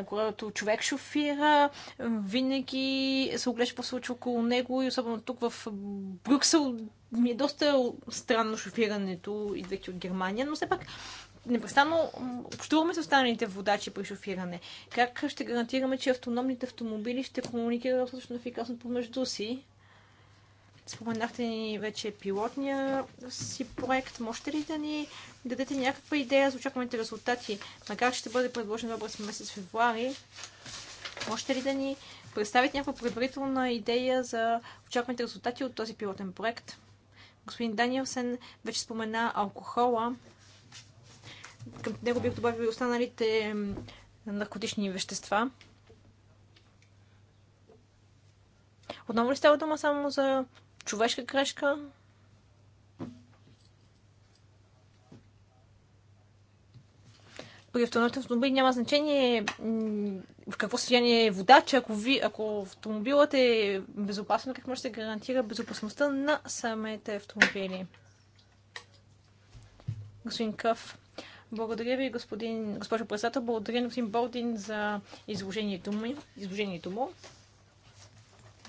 Когато човек шофира, винаги се оглежда какво случва около него и особено тук в Брюксел ми е доста странно шофирането, идвайки от Германия, но все пак непрестанно общуваме с останалите водачи при шофиране. Как ще гарантираме, че автономните автомобили ще комуникират достатъчно ефикасно помежду си? Споменахте ни вече пилотния си проект. Можете ли да ни дадете някаква идея за очакваните резултати? Макар ще бъде предложен образ месец февруари, можете ли да ни представите някаква предварителна идея за очакваните резултати от този пилотен проект? Господин Даниелсен вече спомена алкохола. Към него бих добавил и останалите наркотични вещества. Отново ли става дума само за човешка грешка. При автономните автомобили няма значение в какво състояние е водача. Ако, ви, ако автомобилът е безопасен, как може да се гарантира безопасността на самите автомобили? Господин Къв. Благодаря ви, господин, госпожо председател. Благодаря на господин Бордин за изложението му. Изложението му.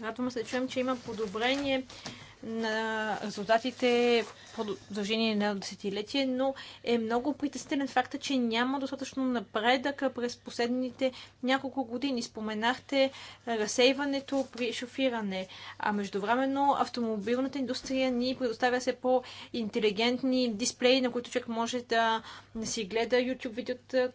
Радваме се да чуем, че има подобрение на резултатите продължение на десетилетие, но е много притеснен факта, че няма достатъчно напредък през последните няколко години. Споменахте разсейването при шофиране, а междувременно автомобилната индустрия ни предоставя все по-интелигентни дисплеи, на които човек може да си гледа YouTube видеота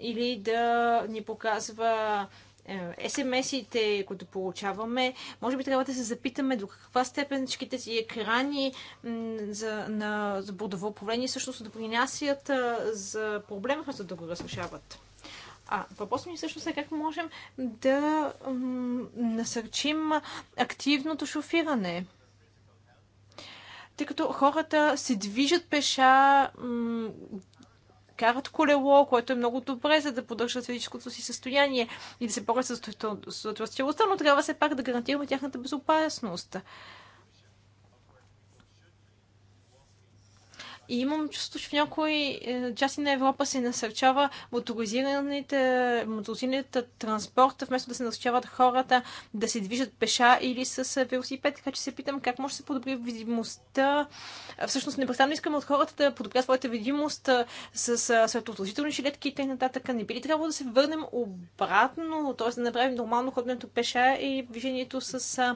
или да ни показва е, СМС-ите, които получаваме, може би трябва да се запитаме до каква степен всичките си екрани за, на, за бордово управление всъщност допринасят за проблема, за да го разрешават. А въпросът ми всъщност е как можем да насърчим активното шофиране тъй като хората се движат пеша, карат колело, което е много добре, за да поддържат физическото си състояние и да се борят с отвръстилостта, но трябва все пак да гарантираме тяхната безопасност. И имам чувство, че в някои е, части на Европа се насърчава моторизираните транспорта, вместо да се насърчават хората да се движат пеша или с е, велосипед. Така че се питам как може да се подобри видимостта. Всъщност непрестанно искаме от хората да подобрят своята видимост е, с светоотложителни жилетки и т.н. Не би ли трябвало да се върнем обратно, т.е. да направим нормално ходенето пеша и движението с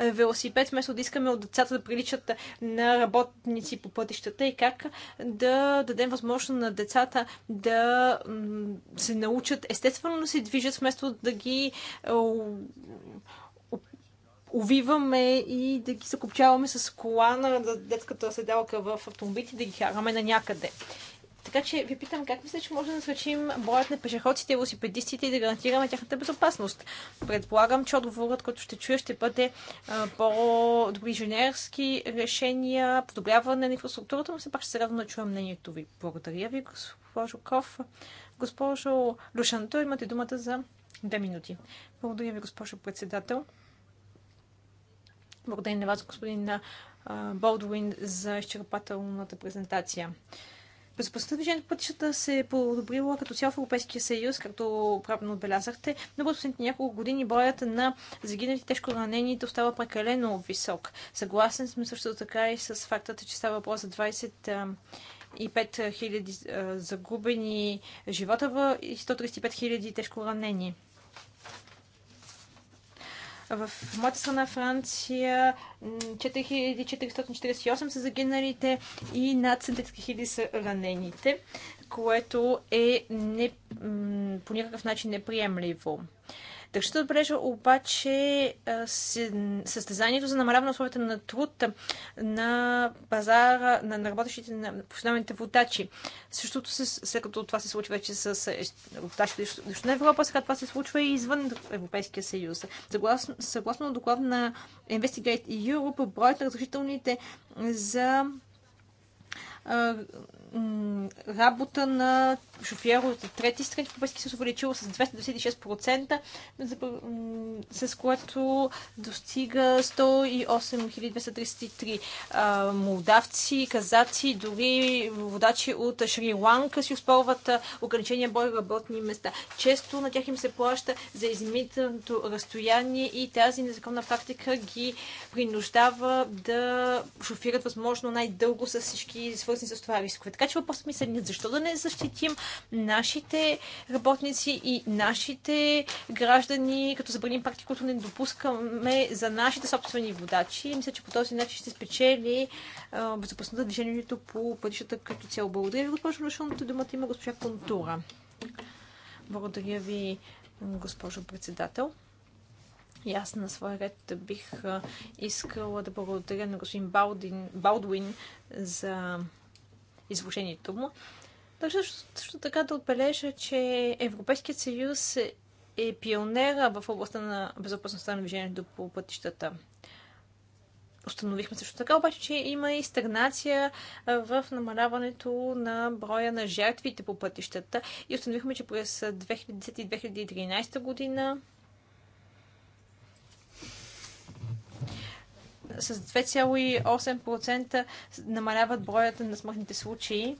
велосипед, вместо да искаме от децата да приличат на работници по пътищата и как как да дадем възможност на децата да се научат естествено да се движат, вместо да ги увиваме и да ги закопчаваме с кола на детската седалка в автомобилите, да ги караме на някъде. Така че ви питам, как мисля, че може да насръчим броят на пешеходците и велосипедистите и да гарантираме тяхната безопасност? Предполагам, че отговорът, който ще чуя, ще бъде по-добри инженерски решения, подобряване на инфраструктурата, но все пак ще се радвам да чуя мнението ви. Благодаря ви, госпожо Ков. Госпожо Лушанто, имате думата за две минути. Благодаря ви, госпожо председател. Благодаря на вас, господин Болдуин, за изчерпателната презентация. Безопасността на движението пътищата се е подобрила като цял в Европейския съюз, както правилно отбелязахте, но последните няколко години броят на загиналите тежко ранените остава прекалено висок. Съгласен сме също така и с фактът, че става въпрос за 25 000 загубени живота и 135 000 тежко ранени. В моята страна Франция 4448 са загиналите и над 7000 са ранените, което е не, по никакъв начин неприемливо. Така ще отбележа обаче състезанието за намаляване на условията на труд на пазара на, на работещите на професионалните водачи. Същото след като това се случва вече с е, водачите на Европа, сега това се случва и извън Европейския съюз. Съгласно, съгласно доклад на Investigate Europe, броят на разрешителните за работа на шофьори от трети страни в Европейския съюз увеличила с 296%, с което достига 108 233 молдавци, казаци, дори водачи от Шри-Ланка си успорват ограничения бой работни места. Често на тях им се плаща за измитаното разстояние и тази незаконна практика ги принуждава да шофират възможно най-дълго с всички свързани с това рискове. Така че въпросът ми седнят, защо да не защитим нашите работници и нашите граждани, като забраним практики, които не допускаме за нашите собствени водачи. Мисля, че по този начин ще спечели безопасността движението по пътищата като цяло. Благодаря ви, госпожо Лешоното. Думата има госпожа Контура. Благодаря ви, госпожо председател. И аз на своя ред бих искала да благодаря на господин Балдин, Балдуин за изложението му. Държа също така да отбележа, че Европейският съюз е пионера в областта на безопасността на движението по пътищата. Установихме също така, обаче, че има и стагнация в намаляването на броя на жертвите по пътищата и установихме, че през 2010 и 2013 година с 2,8% намаляват броят на смъртните случаи,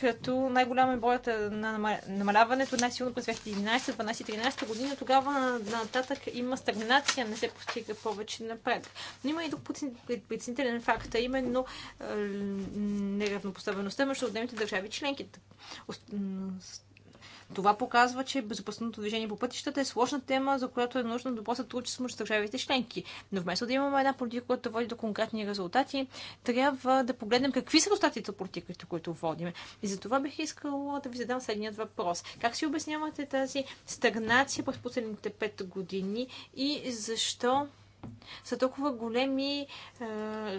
като най-голям е броят на намаляването, най-силно през 2011, 2013 година. Тогава нататък има стагнация, не се постига повече напред. Но има и друг притеснителен факт, а именно е, неравнопоставеността между отделните държави членки това показва, че безопасното движение по пътищата е сложна тема, за която е нужно добро сътрудничество с държавите членки. Но вместо да имаме една политика, която води до конкретни резултати, трябва да погледнем какви са резултатите от политиката, които водим. И за това бих искала да ви задам следният въпрос. Как си обяснявате тази стагнация през последните 5 години и защо са толкова големи е,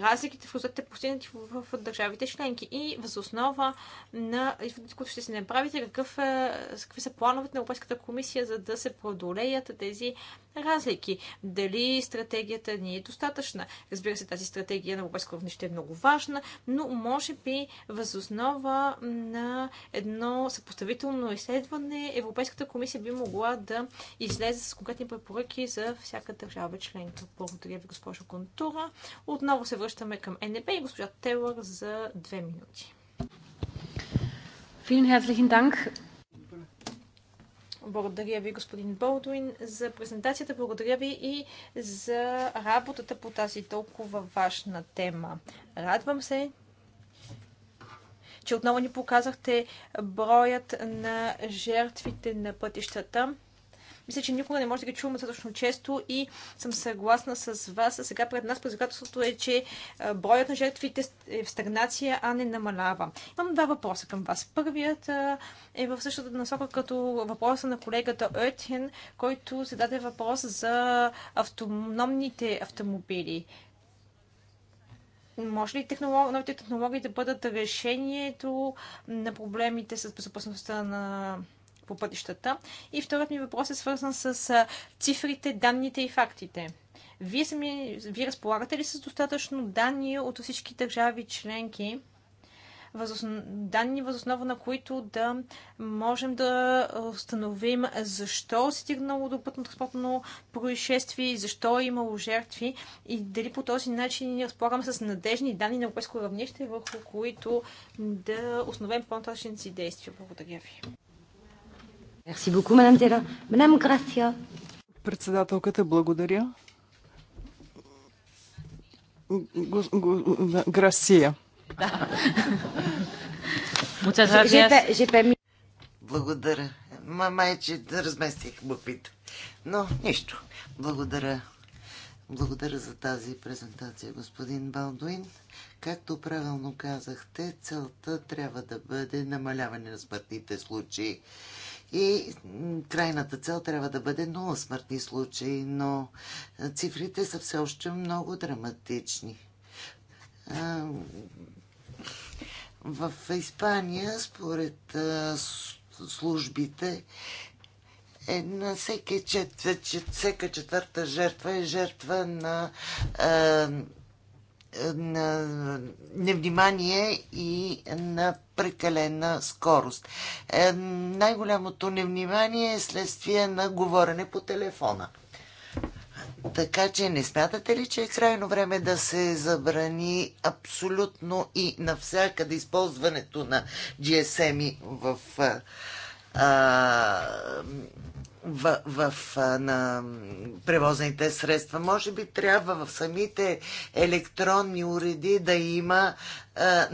разликите в резултатите постигнати в, в, в държавите членки и въз основа на изводите, които ще се направите, какъв, е, какви са плановете на Европейската комисия, за да се преодолеят тези разлики. Дали стратегията ни е достатъчна? Разбира се, тази стратегия на европейско равнище е много важна, но може би възоснова на едно съпоставително изследване Европейската комисия би могла да излезе с конкретни препоръки за всяка държава членка. Благодаря ви, госпожо Контура. Отново се връщаме към НДП и госпожа Телър за две минути. Vielen herzlichen Dank. Благодаря ви, господин Болдуин, за презентацията. Благодаря ви и за работата по тази толкова важна тема. Радвам се, че отново ни показахте броят на жертвите на пътищата. Мисля, че никога не може да ги чуваме достатъчно често и съм съгласна с вас. Сега пред нас предизвикателството е, че броят на жертвите е в стагнация, а не намалява. Имам два въпроса към вас. Първият е в същата насока като въпроса на колегата Ойтхен, който се даде въпрос за автономните автомобили. Може ли технолог... новите технологии да бъдат решението на проблемите с безопасността на по пътищата. И вторият ми въпрос е свързан с цифрите, данните и фактите. Вие, сами, вие разполагате ли с достатъчно данни от всички държави членки, данни, възоснова на които да можем да установим защо се стигнало до пътно-транспортно происшествие, защо е имало жертви и дали по този начин ние разполагаме с надежни данни на европейско равнище, върху които да основем по-нататъчните си действия. Благодаря ви. Мерси beaucoup, мадам Тера. Мадам Грация. Председателката, благодаря. Грасия. Да. Благодаря. Мама е, че да разместих бупите. Но нищо. Благодаря. Благодаря за тази презентация, господин Балдуин. Както правилно казахте, целта трябва да бъде намаляване на смъртните случаи и крайната цел трябва да бъде нула смъртни случаи, но цифрите са все още много драматични. В Испания, според службите, една, всеки четвър, всека четвърта жертва е жертва на на невнимание и на прекалена скорост. Е, най-голямото невнимание е следствие на говорене по телефона. Така че не смятате ли, че е крайно време да се забрани абсолютно и навсякъде използването на GSM в а, в, в на превозните средства. Може би трябва в самите електронни уреди да има а,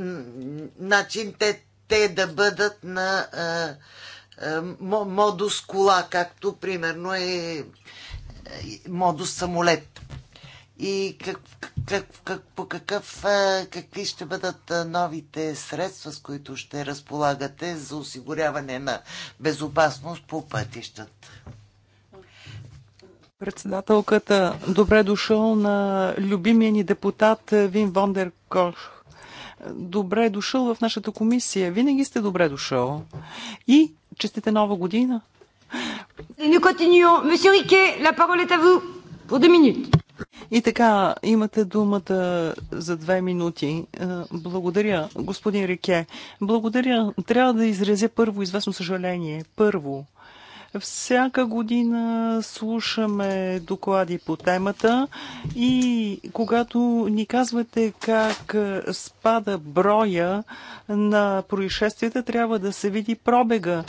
начин те, те да бъдат на а, модус кола, както примерно е, е модус самолет и как, как, как, по какъв, какви ще бъдат новите средства, с които ще разполагате за осигуряване на безопасност по пътищата? Председателката, добре дошъл на любимия ни депутат Вин Вондер Кош. Добре дошъл в нашата комисия. Винаги сте добре дошъл. И честите нова година. Nous continuons. Monsieur Riquet, la parole est à vous pour deux minutes. И така, имате думата за две минути. Е, благодаря, господин Рике. Благодаря. Трябва да изразя първо известно съжаление. Първо, всяка година слушаме доклади по темата и когато ни казвате как спада броя на происшествията, трябва да се види пробега.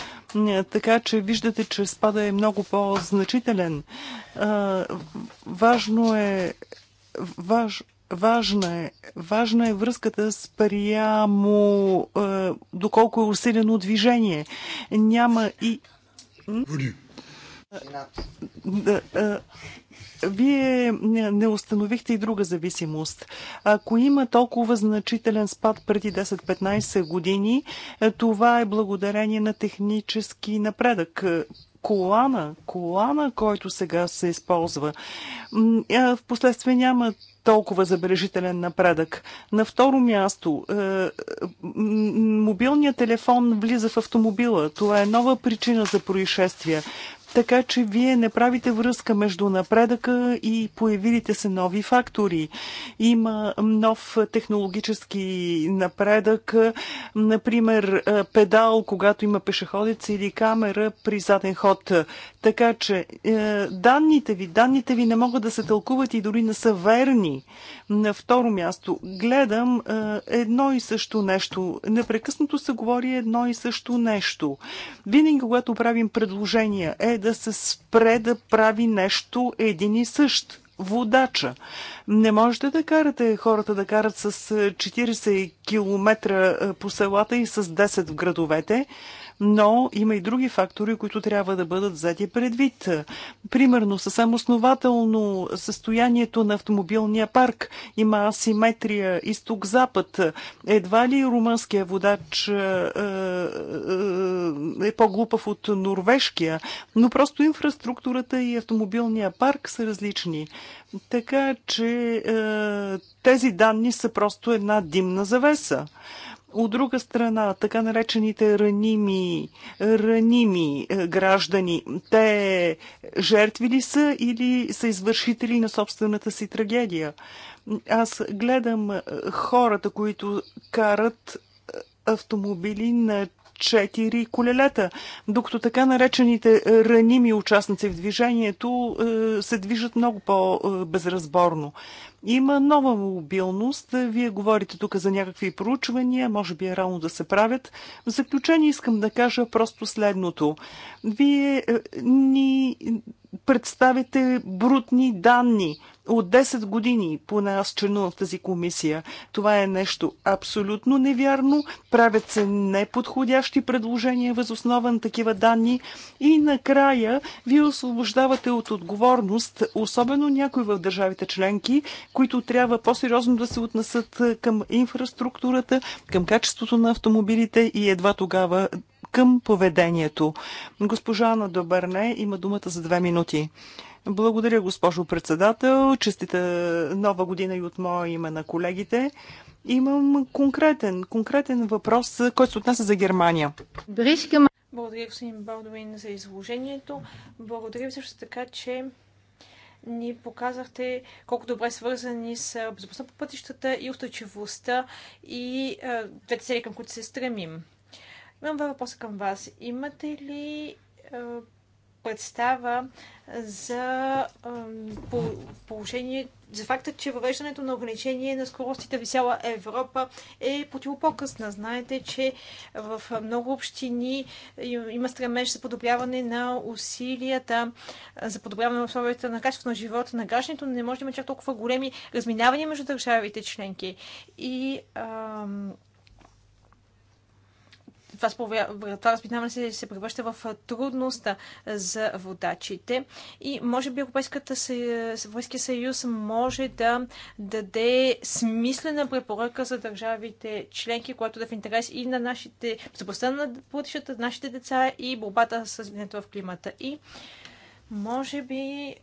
Така че виждате, че спада е много по-значителен. Важно е важ, важна е. Важна е връзката с е, доколко е усилено движение. Няма и е, е, вие не установихте и друга зависимост. Ако има толкова значителен спад преди 10-15 години, е, това е благодарение на технически напредък. Колана, колана, който сега се използва. В последствие няма толкова забележителен напредък. На второ място, е, мобилният телефон влиза в автомобила. Това е нова причина за происшествия. Така че вие не правите връзка между напредъка и появилите се нови фактори. Има нов технологически напредък, например е, педал, когато има пешеходец или камера при заден ход. Така че е, данните ви, данните ви не могат да се тълкуват и дори не са верни. На второ място, гледам е, едно и също нещо. Непрекъснато се говори едно и също нещо. Винаги, когато правим предложения, е да се спре да прави нещо един и същ водача. Не можете да карате хората да карат с 40 е, км е, по селата и с 10 в градовете но има и други фактори, които трябва да бъдат взети предвид. Примерно, съвсем основателно състоянието на автомобилния парк има асиметрия изток-запад. Едва ли румънския водач е, е, е, е по-глупав от норвежкия, но просто инфраструктурата и автомобилния парк са различни. Така че тези данни са просто една димна завеса. От друга страна, така наречените раними, раними е, граждани, те жертви ли са или са извършители на собствената си трагедия? Аз гледам е, хората, които карат е, автомобили на четири колелета, докато така наречените е, раними участници в движението е, се движат много по-безразборно. Има нова мобилност. Вие говорите тук за някакви проучвания, може би е рано да се правят. В заключение искам да кажа просто следното. Вие е, ни представите брутни данни. От 10 години поне аз членувам в тази комисия. Това е нещо абсолютно невярно. Правят се неподходящи предложения възоснова на такива данни. И накрая ви освобождавате от отговорност, особено някои в държавите членки, които трябва по-сериозно да се отнесат към инфраструктурата, към качеството на автомобилите и едва тогава към поведението. Госпожа Ана Добърне има думата за две минути. Благодаря, госпожо председател. Честита нова година и от мое име на колегите. Имам конкретен, конкретен въпрос, който се отнася за Германия. Благодаря, господин Балдуин, за изложението. Благодаря ви също така, че ни показахте колко добре свързани с безопасността по пътищата и устойчивостта и двете цели, към които се стремим. Имам два въпроса към вас. Имате ли представа за положение, за факта, че въвеждането на ограничение на скоростите в цяла Европа е противопокъсна. Знаете, че в много общини има стремеж за подобряване на усилията, за подобряване на условията на качество на живота на гражданите, но не може да има чак толкова големи разминавания между държавите членки. И ам, това, споря... това разминаване се, се превръща в трудност за водачите. И може би Европейската Европейския съюз може да даде смислена препоръка за държавите членки, която да е в интерес и на нашите, за на пътищата, нашите деца и борбата с изменението в климата. И може би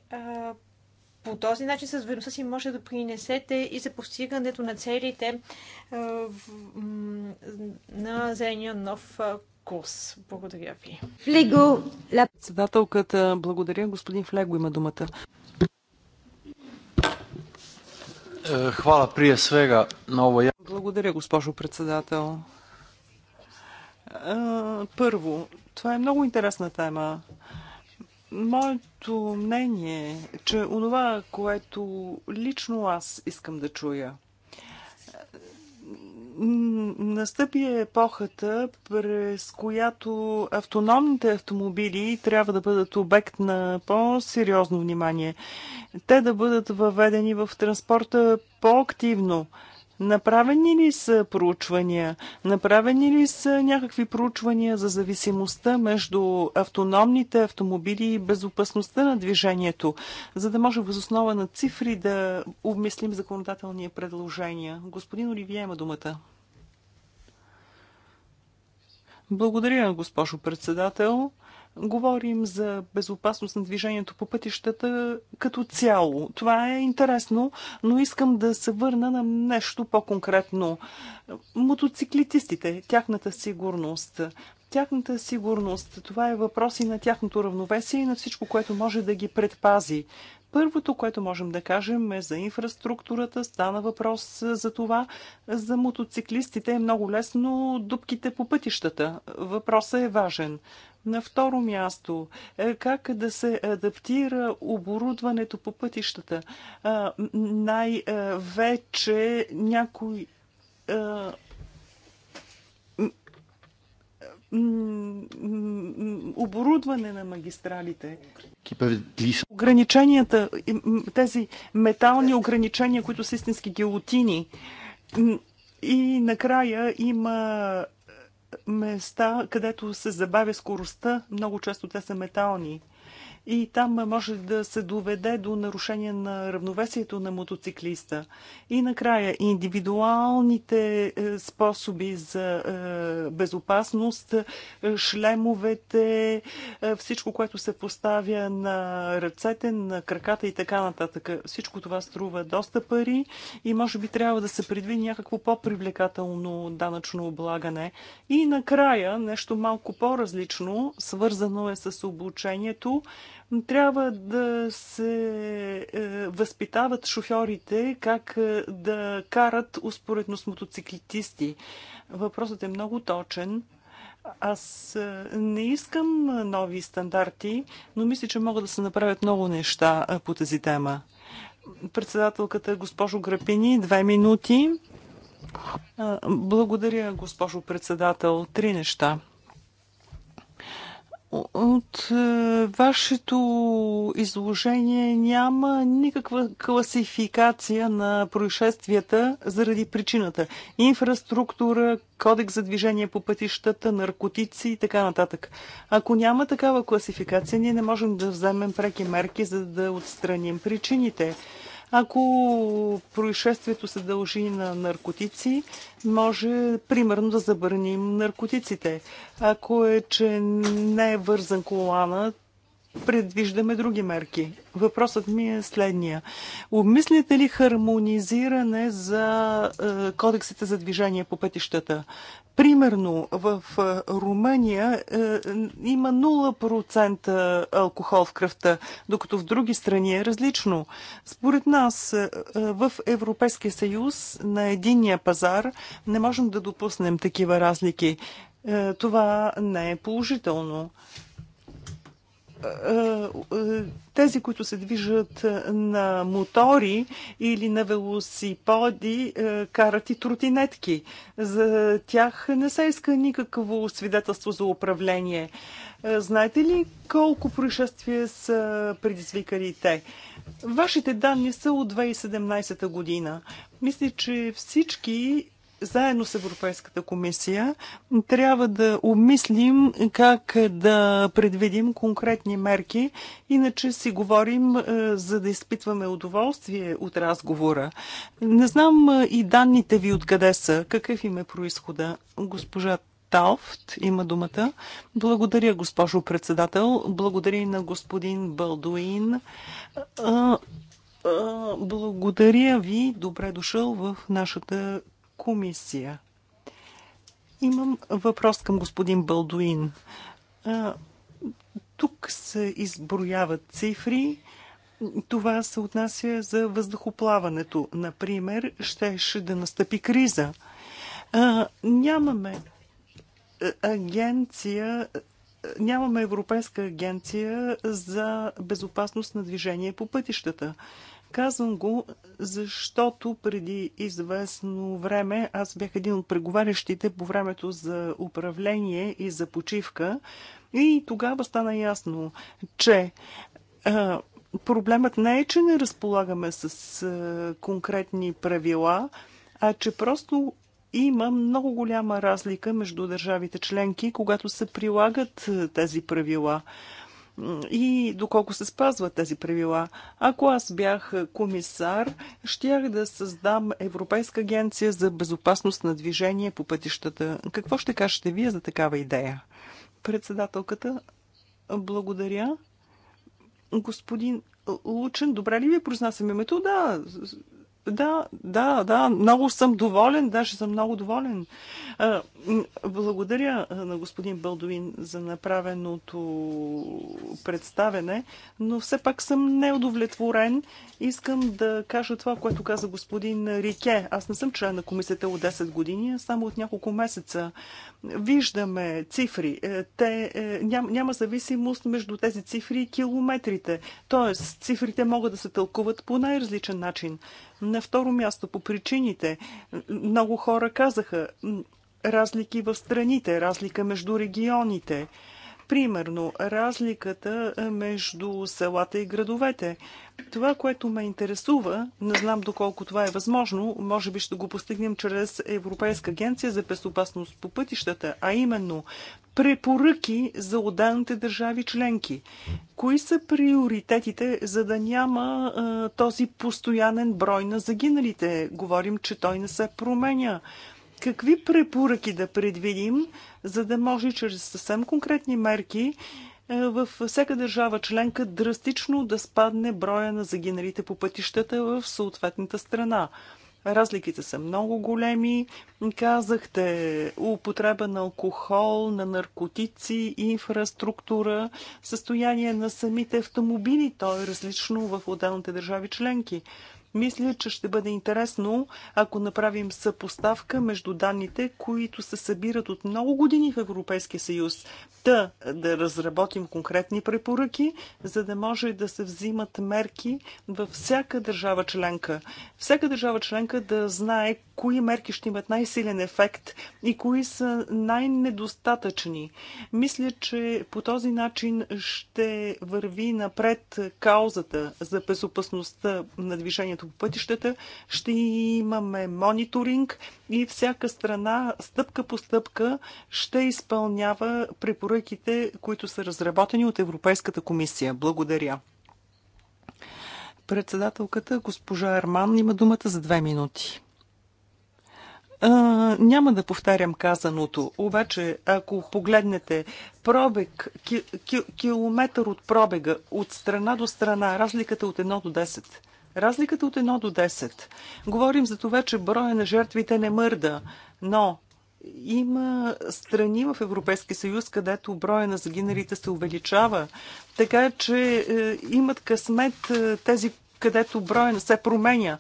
по този начин с верността си може да принесете и за постигането на целите е, на зеления нов е, курс. Благодаря ви. Флего! Председателката, благодаря. Господин Флего има думата. Е, хвала прия свега на я. Благодаря, госпожо председател. Първо, това е много интересна тема. Моето мнение е, че онова, което лично аз искам да чуя, настъпи епохата, през която автономните автомобили трябва да бъдат обект на по-сериозно внимание. Те да бъдат въведени в транспорта по-активно. Направени ли са проучвания? Направени ли са някакви проучвания за зависимостта между автономните автомобили и безопасността на движението, за да може възоснова на цифри да обмислим законодателния предложения? Господин Оливия има думата. Благодаря, госпожо председател. Говорим за безопасност на движението по пътищата като цяло. Това е интересно, но искам да се върна на нещо по-конкретно. Мотоциклетистите, тяхната сигурност. Тяхната сигурност, това е въпроси на тяхното равновесие и на всичко, което може да ги предпази. Първото, което можем да кажем е за инфраструктурата. Стана въпрос за това. За мотоциклистите е много лесно дупките по пътищата. Въпросът е важен. На второ място, е, как да се адаптира оборудването по пътищата? Е, най-вече някой е, оборудване на магистралите. Ограниченията, тези метални ограничения, които са истински гилотини. И накрая има места, където се забавя скоростта, много често те са метални и там може да се доведе до нарушение на равновесието на мотоциклиста. И накрая, индивидуалните е, способи за е, безопасност, е, шлемовете, всичко, което се поставя на ръцете, на краката и така нататък. Всичко това струва доста пари и може би трябва да се предвиди някакво по-привлекателно данъчно облагане. И накрая, нещо малко по-различно, свързано е с обучението, трябва да се е, възпитават шофьорите как е, да карат успоредно с мотоциклетисти. Въпросът е много точен. Аз е, не искам нови стандарти, но мисля, че могат да се направят много неща по тази тема. Председателката госпожо Грапини, две минути. Благодаря, госпожо председател. Три неща. От е, вашето изложение няма никаква класификация на происшествията заради причината. Инфраструктура, кодекс за движение по пътищата, наркотици и така нататък. Ако няма такава класификация, ние не можем да вземем преки мерки, за да отстраним причините. Ако происшествието се дължи на наркотици, може примерно да забраним наркотиците. Ако е, че не е вързан колана, предвиждаме други мерки. Въпросът ми е следния. Обмислите ли хармонизиране за е, кодексите за движение по пътищата? Примерно в е, Румъния е, има 0% алкохол в кръвта, докато в други страни е различно. Според нас е, е в Европейския съюз на единния пазар не можем да допуснем такива разлики. Е, това не е положително. Е, е, тези, които се движат е, на мотори или на велосиподи, карат и тротинетки. За тях не се иска никакво свидетелство за управление. Знаете ли колко происшествия са предизвикали те? Вашите данни са от 2017 година. Мисля, че всички заедно с Европейската комисия трябва да обмислим как да предвидим конкретни мерки, иначе си говорим е, за да изпитваме удоволствие от разговора. Не знам е, и данните ви откъде са, какъв им е происхода. Госпожа Талфт има думата. Благодаря, госпожо председател. Благодаря и на господин Балдуин. Е, благодаря ви. Добре дошъл в нашата комисия. Имам въпрос към господин Балдуин. Тук се изброяват цифри. Това се отнася за въздухоплаването. Например, щеше да настъпи криза. А, нямаме агенция, нямаме Европейска агенция за безопасност на движение по пътищата. Казвам го, защото преди известно време аз бях един от преговарящите по времето за управление и за почивка и тогава стана ясно, че а, проблемът не е, че не разполагаме с а, конкретни правила, а че просто има много голяма разлика между държавите членки, когато се прилагат тези правила. А, и доколко се спазват тези правила. Ако аз бях комисар, щях да създам Европейска агенция за безопасност на движение по пътищата. Какво ще кажете вие за такава идея? Председателката, благодаря. Господин Лучен, добре ли ви произнасям името? Да, да, да, да, много съм доволен, даже съм много доволен. Благодаря на господин Бълдовин за направеното представене, но все пак съм неудовлетворен. Искам да кажа това, което каза господин Рике. Аз не съм член на комисията от 10 години, а само от няколко месеца. Виждаме цифри. Е, те, е, ням, няма зависимост между тези цифри и километрите. Тоест, цифрите могат да се тълкуват по най-различен начин. На второ място по причините. Много хора казаха разлики в страните, разлика между регионите. Примерно, разликата между селата и градовете. Това, което ме интересува, не знам доколко това е възможно, може би ще го постигнем чрез Европейска агенция за безопасност по пътищата, а именно препоръки за отделните държави членки. Кои са приоритетите, за да няма а, този постоянен брой на загиналите? Говорим, че той не се променя. Какви препоръки да предвидим, за да може чрез съвсем конкретни мерки е, във всяка държава членка драстично да спадне броя на загиналите по пътищата в съответната страна? Разликите са много големи. Казахте употреба на алкохол, на наркотици, инфраструктура, състояние на самите автомобили. То е различно в отделните държави членки. Мисля, че ще бъде интересно, ако направим съпоставка между данните, които се събират от много години в Европейския съюз, да, да разработим конкретни препоръки, за да може да се взимат мерки във всяка държава членка. Всяка държава членка да знае кои мерки ще имат най-силен ефект и кои са най-недостатъчни. Мисля, че по този начин ще върви напред каузата за безопасността на движението движението по пътищата, ще имаме мониторинг и всяка страна стъпка по стъпка ще изпълнява препоръките, които са разработени от Европейската комисия. Благодаря. Председателката госпожа Арман има думата за две минути. А, няма да повтарям казаното, обаче ако погледнете пробег, ки, ки, километър от пробега, от страна до страна, разликата е от 1 до 10, Разликата от 1 до 10. Говорим за това, че броя на жертвите не мърда, но има страни в Европейския съюз, където броя на загиналите се увеличава. Така че е, имат късмет е, тези, където броя не се променя.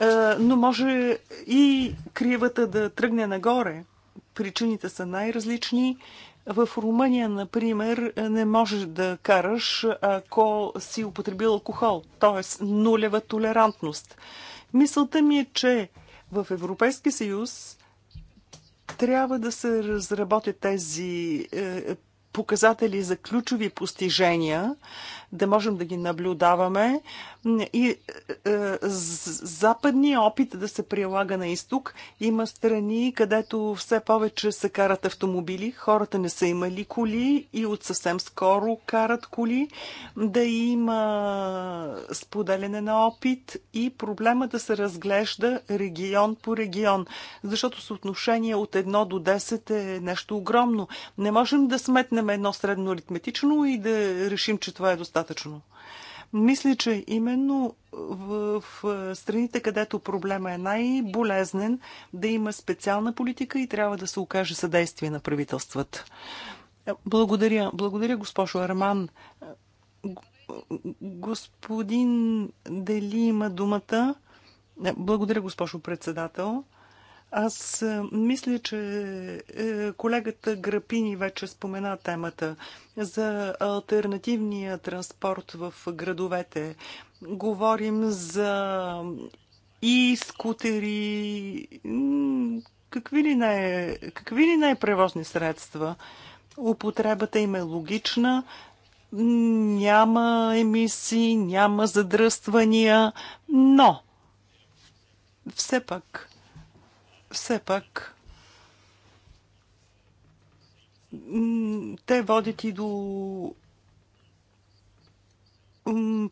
Е, но може и кривата да тръгне нагоре. Причините са най-различни в Румъния, например, не можеш да караш, ако си употребил алкохол, т.е. нулева толерантност. Мисълта ми е, че в Европейски съюз трябва да се разработят тези е, показатели за ключови постижения, да можем да ги наблюдаваме и е, е западния опит да се прилага на изток. Има страни, където все повече се карат автомобили, хората не са имали коли и от съвсем скоро карат коли, да има споделяне на опит и проблема да се разглежда регион по регион, защото съотношение от 1 до 10 е нещо огромно. Не можем да сметнем погледнем едно средно аритметично и да решим, че това е достатъчно. Мисля, че именно в, в страните, където проблема е най-болезнен, да има специална политика и трябва да се окаже съдействие на правителствата. Благодаря, благодаря, госпожо Арман. Господин Дели има думата. Благодаря, госпожо председател. Аз мисля, че е, колегата Грапини вече спомена темата за альтернативния транспорт в градовете. Говорим за и скутери, какви ли не, какви ли не е превозни средства. Употребата им е логична, няма емисии, няма задръствания, но все пак все пак те водят и до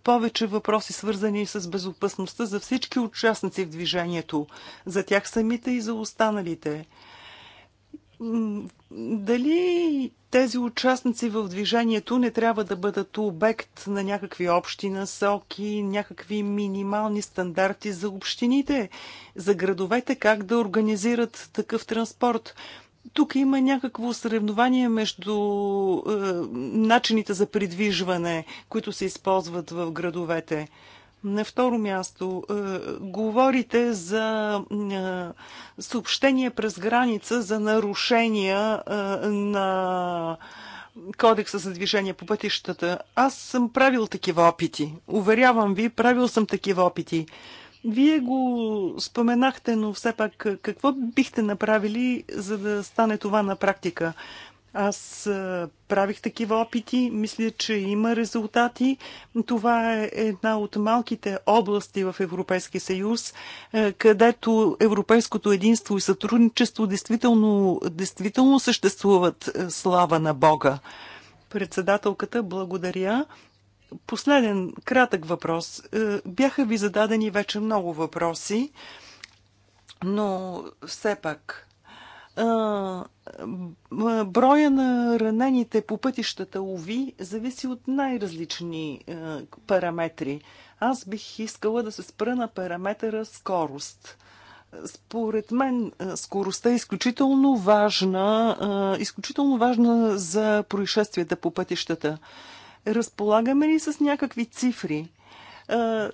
повече въпроси, свързани с безопасността за всички участници в движението, за тях самите и за останалите. Дали тези участници в движението не трябва да бъдат обект на някакви общи насоки, някакви минимални стандарти за общините, за градовете, как да организират такъв транспорт? Тук има някакво съревнование между е, начините за придвижване, които се използват в градовете. На второ място, е, говорите за е, съобщение през граница за нарушения е, на кодекса за движение по пътищата. Аз съм правил такива опити. Уверявам ви, правил съм такива опити. Вие го споменахте, но все пак какво бихте направили, за да стане това на практика? Аз правих такива опити, мисля, че има резултати. Това е една от малките области в Европейския съюз, където европейското единство и сътрудничество действително, действително съществуват слава на Бога. Председателката, благодаря. Последен кратък въпрос. Бяха ви зададени вече много въпроси, но все пак Броя на ранените по пътищата ОВИ зависи от най-различни параметри. Аз бих искала да се спра на параметъра скорост. Според мен скоростта е изключително важна, изключително важна за происшествията по пътищата. Разполагаме ли с някакви цифри?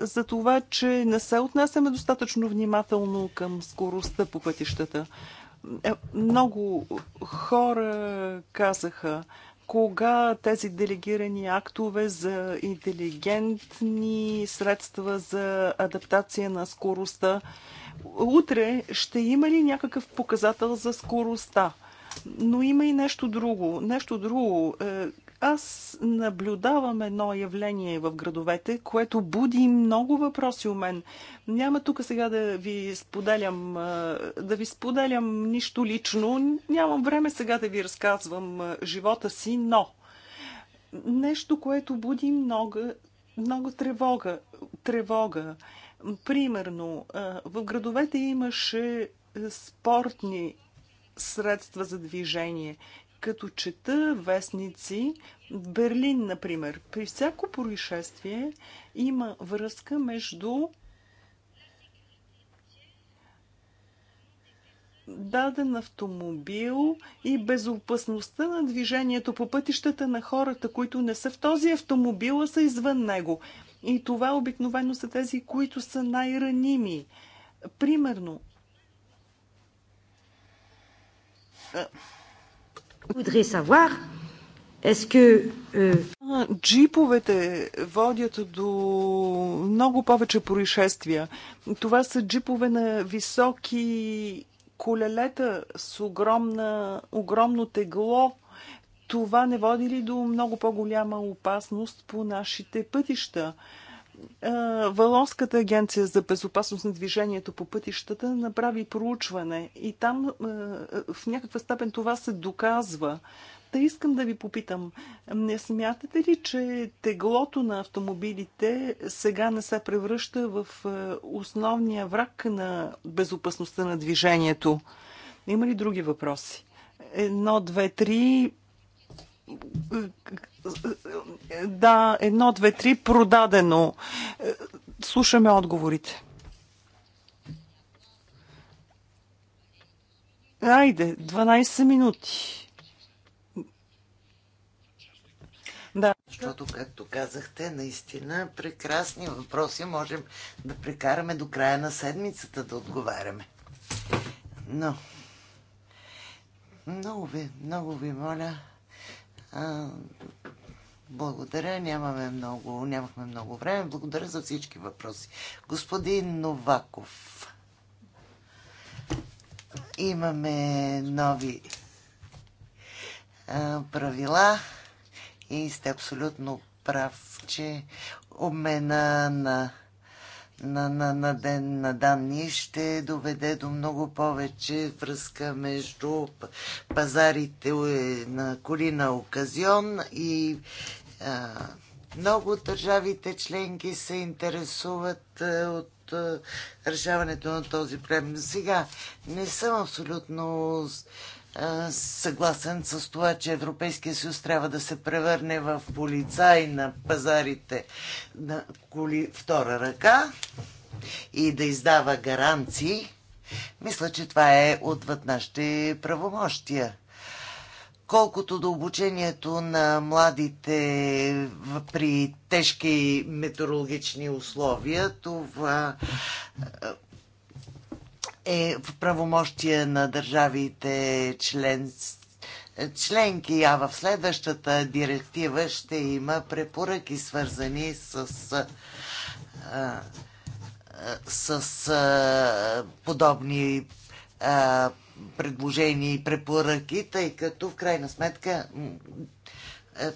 за това, че не се отнасяме достатъчно внимателно към скоростта по пътищата. Е, много хора казаха, кога тези делегирани актове за интелигентни средства за адаптация на скоростта, утре ще има ли някакъв показател за скоростта? Но има и нещо друго. Нещо друго. Е, аз наблюдавам едно явление в градовете, което буди много въпроси у мен. Няма тук сега да ви споделям, да ви споделям нищо лично. Нямам време сега да ви разказвам живота си, но нещо, което буди много, много тревога. Тревога. Примерно, в градовете имаше спортни средства за движение като чета вестници, Берлин, например, при всяко происшествие има връзка между даден автомобил и безопасността на движението по пътищата на хората, които не са в този автомобил, а са извън него. И това обикновено са тези, които са най-раними. Примерно, Euh, джиповете водят до много повече происшествия. Това са джипове на високи колелета с огромна, огромно тегло. Това не води ли до много по-голяма опасност по нашите пътища? Е, Валонската агенция за безопасност на движението по пътищата направи проучване и там е, в някаква степен това се доказва. Та искам да ви попитам, не смятате ли, че теглото на автомобилите сега не се превръща в е, основния враг на безопасността на движението? Има ли други въпроси? Едно, две, три. Да, едно, две, три, продадено. Слушаме отговорите. Айде, 12 минути. Да. Защото, както казахте, наистина прекрасни въпроси можем да прекараме до края на седмицата да отговаряме. Но, много ви, много ви моля, благодаря, нямаме много, нямахме много време. Благодаря за всички въпроси. Господин Новаков, имаме нови а, правила и сте абсолютно прав, че обмена на на, на, на ден на данни ще доведе до много повече връзка между пазарите е, на коли на оказион и а, много държавите членки се интересуват а, е, от а, е, решаването на този проблем. Сега не съм абсолютно съгласен с това, че Европейския съюз трябва да се превърне в полицай на пазарите на коли втора ръка и да издава гаранции. Мисля, че това е отвъд нашите правомощия. Колкото до обучението на младите при тежки метеорологични условия, това е в правомощия на държавите член, членки, а в следващата директива ще има препоръки, свързани с, а, с а, подобни а, предложения и препоръки, тъй като в крайна сметка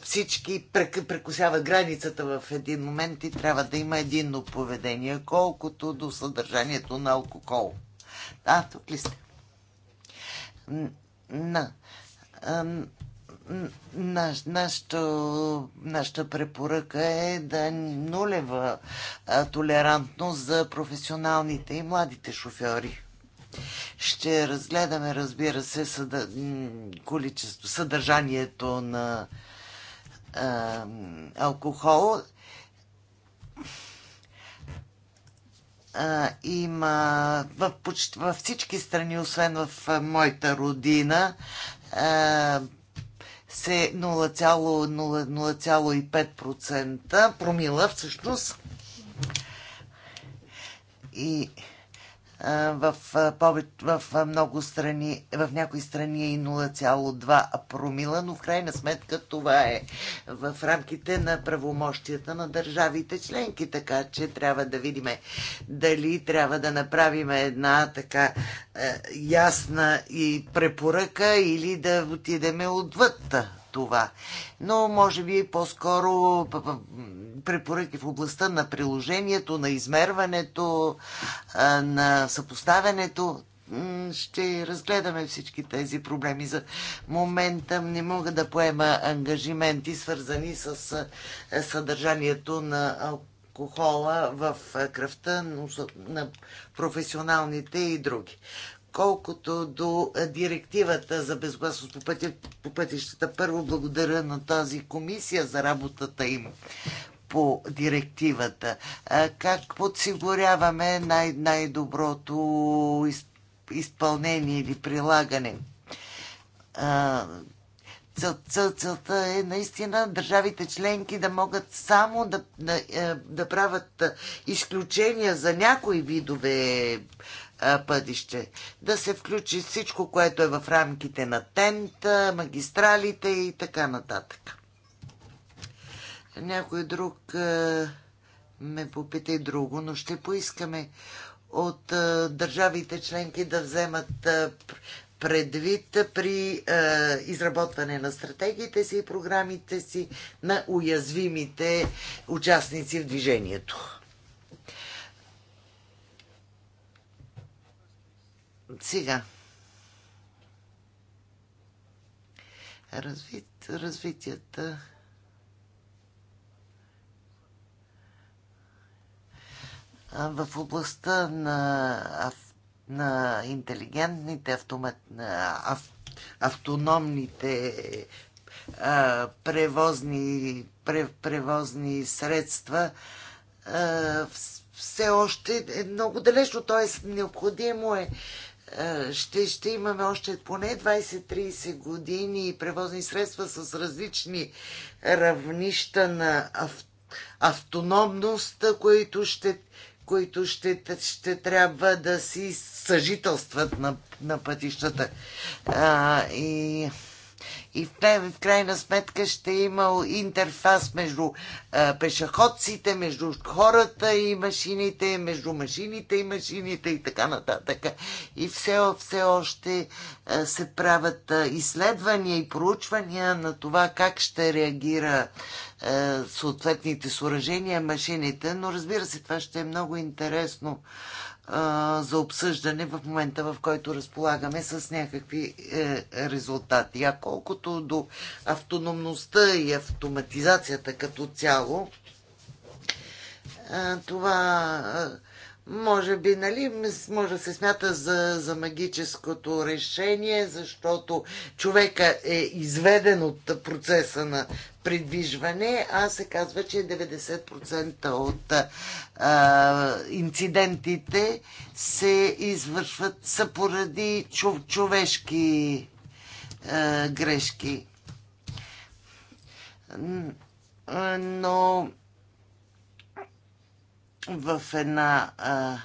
всички прекусяват границата в един момент и трябва да има единно поведение, колкото до съдържанието на алкохол. А, тук ли сте? На. Наш, нашата, нашата препоръка е да е нулева толерантност за професионалните и младите шофьори. Ще разгледаме, разбира се, съда, количество, съдържанието на а, алкохол има в, почти, във всички страни, освен в моята родина, се 0,5% промила всъщност. И в, в много страни, в някои страни е и 0,2 промила, но в крайна сметка това е в рамките на правомощията на държавите членки, така че трябва да видим дали трябва да направим една така е, ясна и препоръка или да отидеме отвъд това. Но може би по-скоро препоръки в областта на приложението, на измерването, на съпоставянето. Ще разгледаме всички тези проблеми. За момента не мога да поема ангажименти, свързани с съдържанието на алкохола в кръвта на професионалните и други. Колкото до е, директивата за безгласност по, пътя, по пътищата, първо благодаря на тази комисия за работата им по директивата. Е, как подсигуряваме най- най-доброто изпълнение или прилагане? Е, цел, цел, целта е наистина държавите членки да могат само да, да, да правят изключения за някои видове пътище. Да се включи всичко, което е в рамките на тента, магистралите и така нататък. Някой друг ме попита и друго, но ще поискаме от държавите членки да вземат предвид при е, изработване на стратегиите си и програмите си на уязвимите участници в движението. Сега. Развит, развитията в областта на, на интелигентните автомат, на ав, автономните а, превозни, превозни средства а, все още е много далечно, т.е. необходимо е е, ще, ще имаме още поне 20-30 години превозни средства с различни равнища на ав, автономност, които ще, които ще, ще трябва да си съжителстват на, на пътищата. А, и и в, в крайна сметка ще е има интерфас между а, пешеходците, между хората и машините, между машините и машините и така нататък. И все, все още а, се правят а, изследвания и проучвания на това как ще реагира а, съответните съоръжения, машините, но разбира се, това ще е много интересно за обсъждане в момента, в който разполагаме с някакви е, резултати. А колкото до автономността и автоматизацията като цяло, е, това е, може би, нали, може да се смята за, за магическото решение, защото човека е изведен от процеса на придвижване, а се казва, че 90% от а, инцидентите се извършват са поради чов, човешки а, грешки. Но в една а,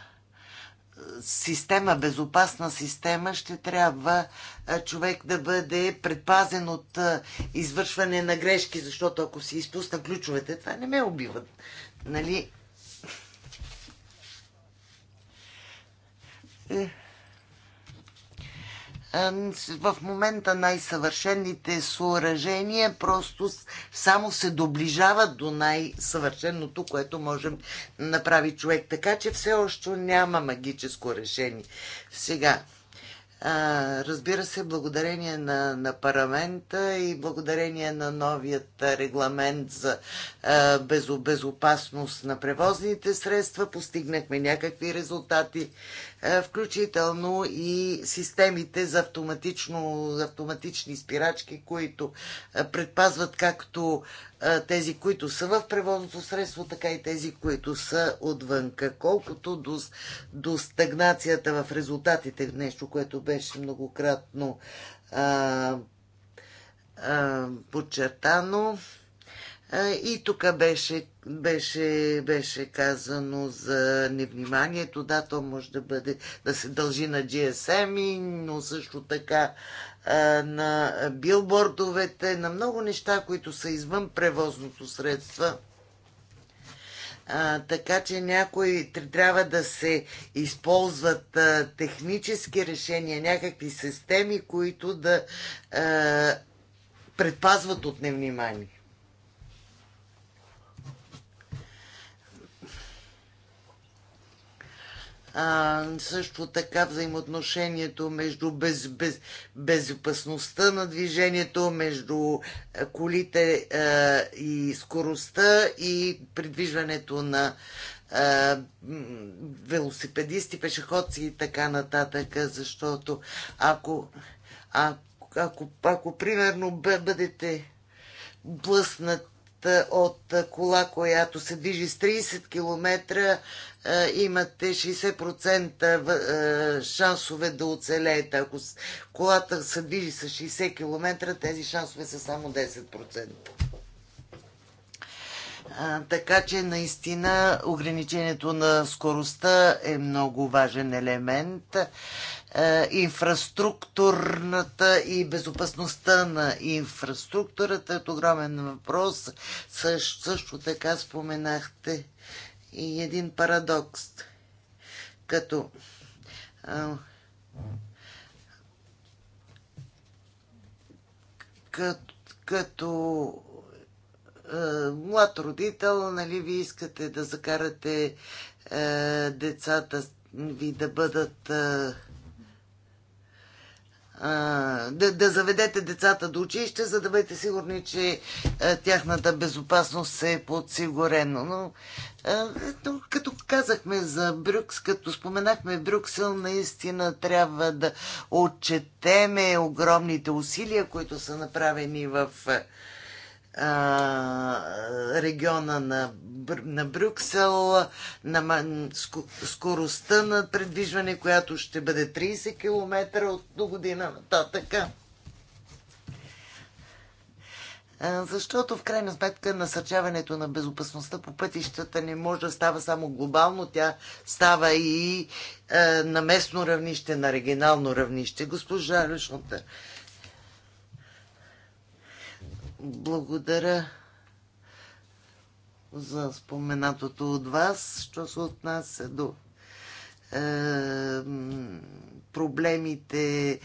система, безопасна система, ще трябва е, човек да бъде предпазен от е, извършване на грешки, защото ако си изпусна ключовете, това не ме убиват. Нали? Е, в момента най-съвършените съоръжения просто само се доближават до най-съвършеното, което можем да направи човек. Така че все още няма магическо решение. Сега, разбира се, благодарение на, на парламента и благодарение на новият регламент за безопасност на превозните средства, постигнахме някакви резултати. Е, включително и системите за, автоматично, за автоматични спирачки, които е, предпазват както е, тези, които са в превозното средство, така и тези, които са отвънка. Колкото до, до стагнацията в резултатите, нещо, което беше многократно а, а, подчертано, и тук беше беше, беше казано за невниманието. Да, то може да бъде да се дължи на GSM, но също така а, на билбордовете, на много неща, които са извън превозното средство. А, така че някои трябва да се използват а, технически решения, някакви системи, които да а, предпазват от невнимание. а, също така взаимоотношението между без, без, безопасността на движението, между колите а, и скоростта и придвижването на а, велосипедисти, пешеходци и така нататък, защото ако, ако, ако, ако примерно бъдете блъснат от кола, която се движи с 30 км, е, имате 60% е, шансове да оцелеете. Ако колата се движи с 60 км, тези шансове са само 10%. А, така че наистина ограничението на скоростта е много важен елемент. А, е, инфраструктурната и безопасността на инфраструктурата е огромен въпрос. Също, също така споменахте и един парадокс. Като като, като млад родител, нали, ви искате да закарате децата ви да бъдат да, да заведете децата до училище, за да бъдете сигурни, че а, тяхната безопасност е подсигурено. Но но като, като казахме за Брюкс, като споменахме Брюксел, наистина трябва да отчетеме огромните усилия, които са направени в а, региона на, на Брюксел, на скоростта на предвижване, която ще бъде 30 км от до година нататък. Защото в крайна сметка насърчаването на безопасността по пътищата не може да става само глобално, тя става и е, на местно равнище, на регионално равнище. Госпожа Рушната. Благодаря за споменатото от вас, що се отнася до е, проблемите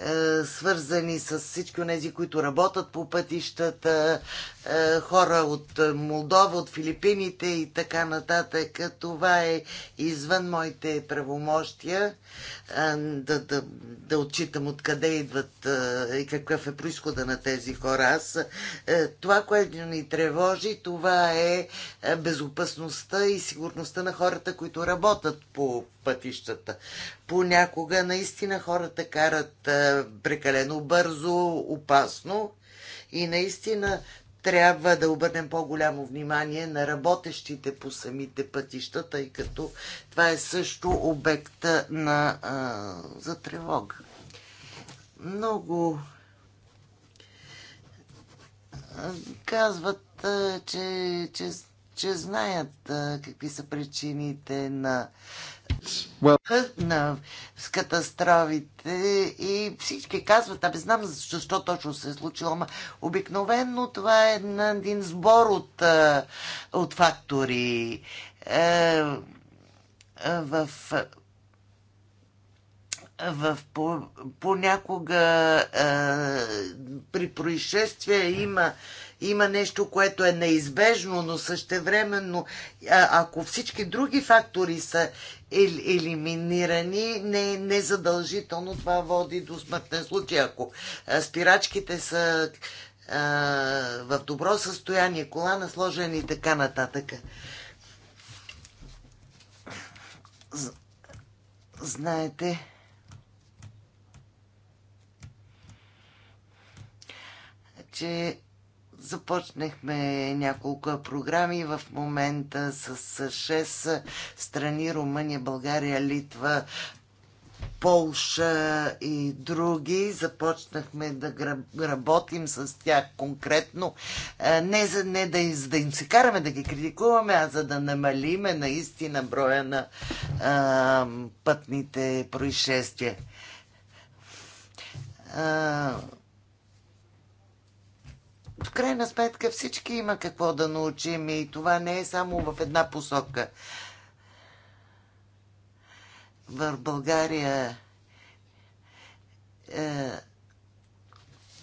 е, свързани с всички тези, които работят по пътищата, е, хора от Молдова, от Филипините и така нататък. Това е извън моите правомощия е, да, да, да отчитам откъде идват и какъв е происхода на тези хора. Аз това, което ни тревожи, това е безопасността и сигурността на хората, които работят по пътищата понякога наистина хората карат прекалено бързо, опасно и наистина трябва да обърнем по-голямо внимание на работещите по самите пътища, тъй като това е също обект на, а, за тревога. Много казват, че, че, че знаят какви са причините на well... на с катастрофите и всички казват, абе знам защо точно се е случило, ама обикновено това е един сбор от, от фактори. В, е, в в, по, понякога е, при происшествия има има нещо, което е неизбежно, но същевременно, ако всички други фактори са елиминирани, не, не задължително това води до смъртен случай. Ако спирачките са а, в добро състояние, кола сложена и така нататък. Знаете, че Започнахме няколко програми в момента с 6 страни Румъния, България, Литва, Полша и други. Започнахме да работим с тях конкретно. Е, не, за, не да, да им се караме да ги критикуваме, а за да намалиме наистина броя на а, е, пътните происшествия. А, е, в крайна сметка всички има какво да научим и това не е само в една посока. В България е,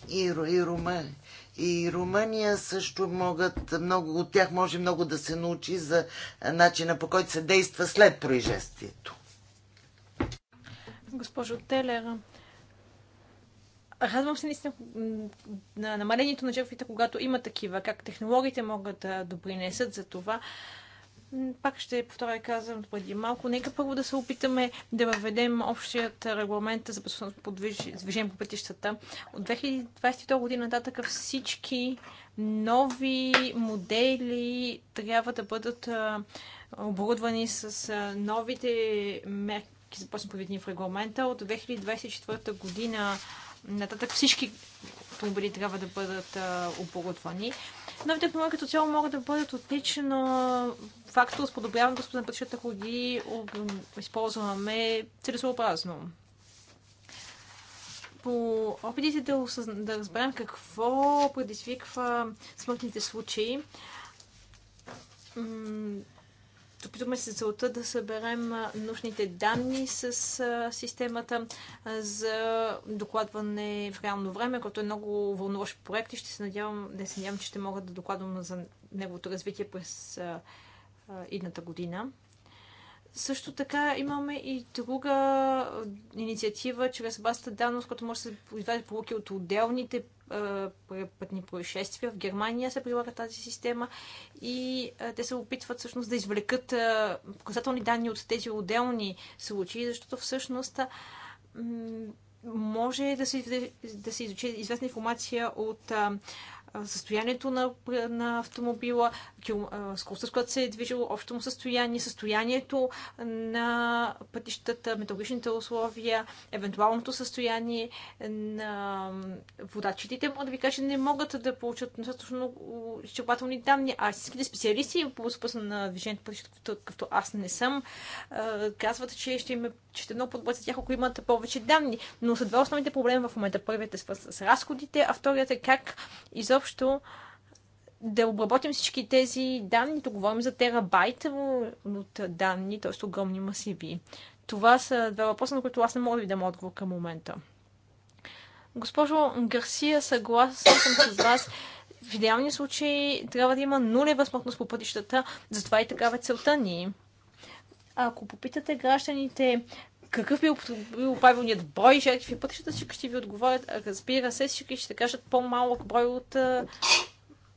и, и, Рума, и Румъния също могат, много от тях може много да се научи за начина по който се действа след происшествието. Госпожо Телера, Радвам се наистина на намалението на жертвите, когато има такива, как технологиите могат да допринесат за това. Пак ще повторя казвам преди малко. Нека първо да се опитаме да въведем общият регламент за безопасно движение по пътищата. От 2022 година нататък всички нови модели трябва да бъдат оборудвани с новите мерки за предвидени в регламента. От 2024 година Нататък всички автомобили трябва да бъдат оборудвани. Новите автомобили като цяло могат да бъдат отлично фактор с подобряването на пътищата, ако ги използваме целесообразно. По опитите да, да разберем какво предизвиква смъртните случаи, Опитваме се целта да съберем нужните данни с системата за докладване в реално време, което е много вълнуващ проект и ще се надявам, не се надявам, че ще мога да докладвам за неговото развитие през идната година. Също така имаме и друга инициатива чрез базата данност, която може да се извади полуки от отделните пътни происшествия. В Германия се прилага тази система и те се опитват всъщност да извлекат показателни данни от тези отделни случаи, защото всъщност може да се, да се изучи известна информация от състоянието на, на автомобила, скоростта, с която се е движило, общото му състояние, състоянието на пътищата, металогичните условия, евентуалното състояние на водачите. Мога да ви кажа, че не могат да получат достатъчно изчерпателни данни. А истинските специалисти по въпроса на движението пътищата, като аз не съм, казват, че ще, им, че ще е много за тях, ако имат повече данни. Но са два основните проблема в момента. Първият е с разходите, а вторият е как изобщо изобщо да обработим всички тези данни. Тук говорим за терабайт от данни, т.е. огромни масиви. Това са два въпроса, на които аз не мога да ви дам отговор към момента. Госпожо Гарсия, съгласен съм с вас. В идеалния случай трябва да има нулева смъртност по пътищата, затова и такава е целта ни. Ако попитате гражданите какъв бил, бил правилният брой жертви в пътищата, всички ще ви отговорят. Разбира се, всички ще кажат по-малък брой от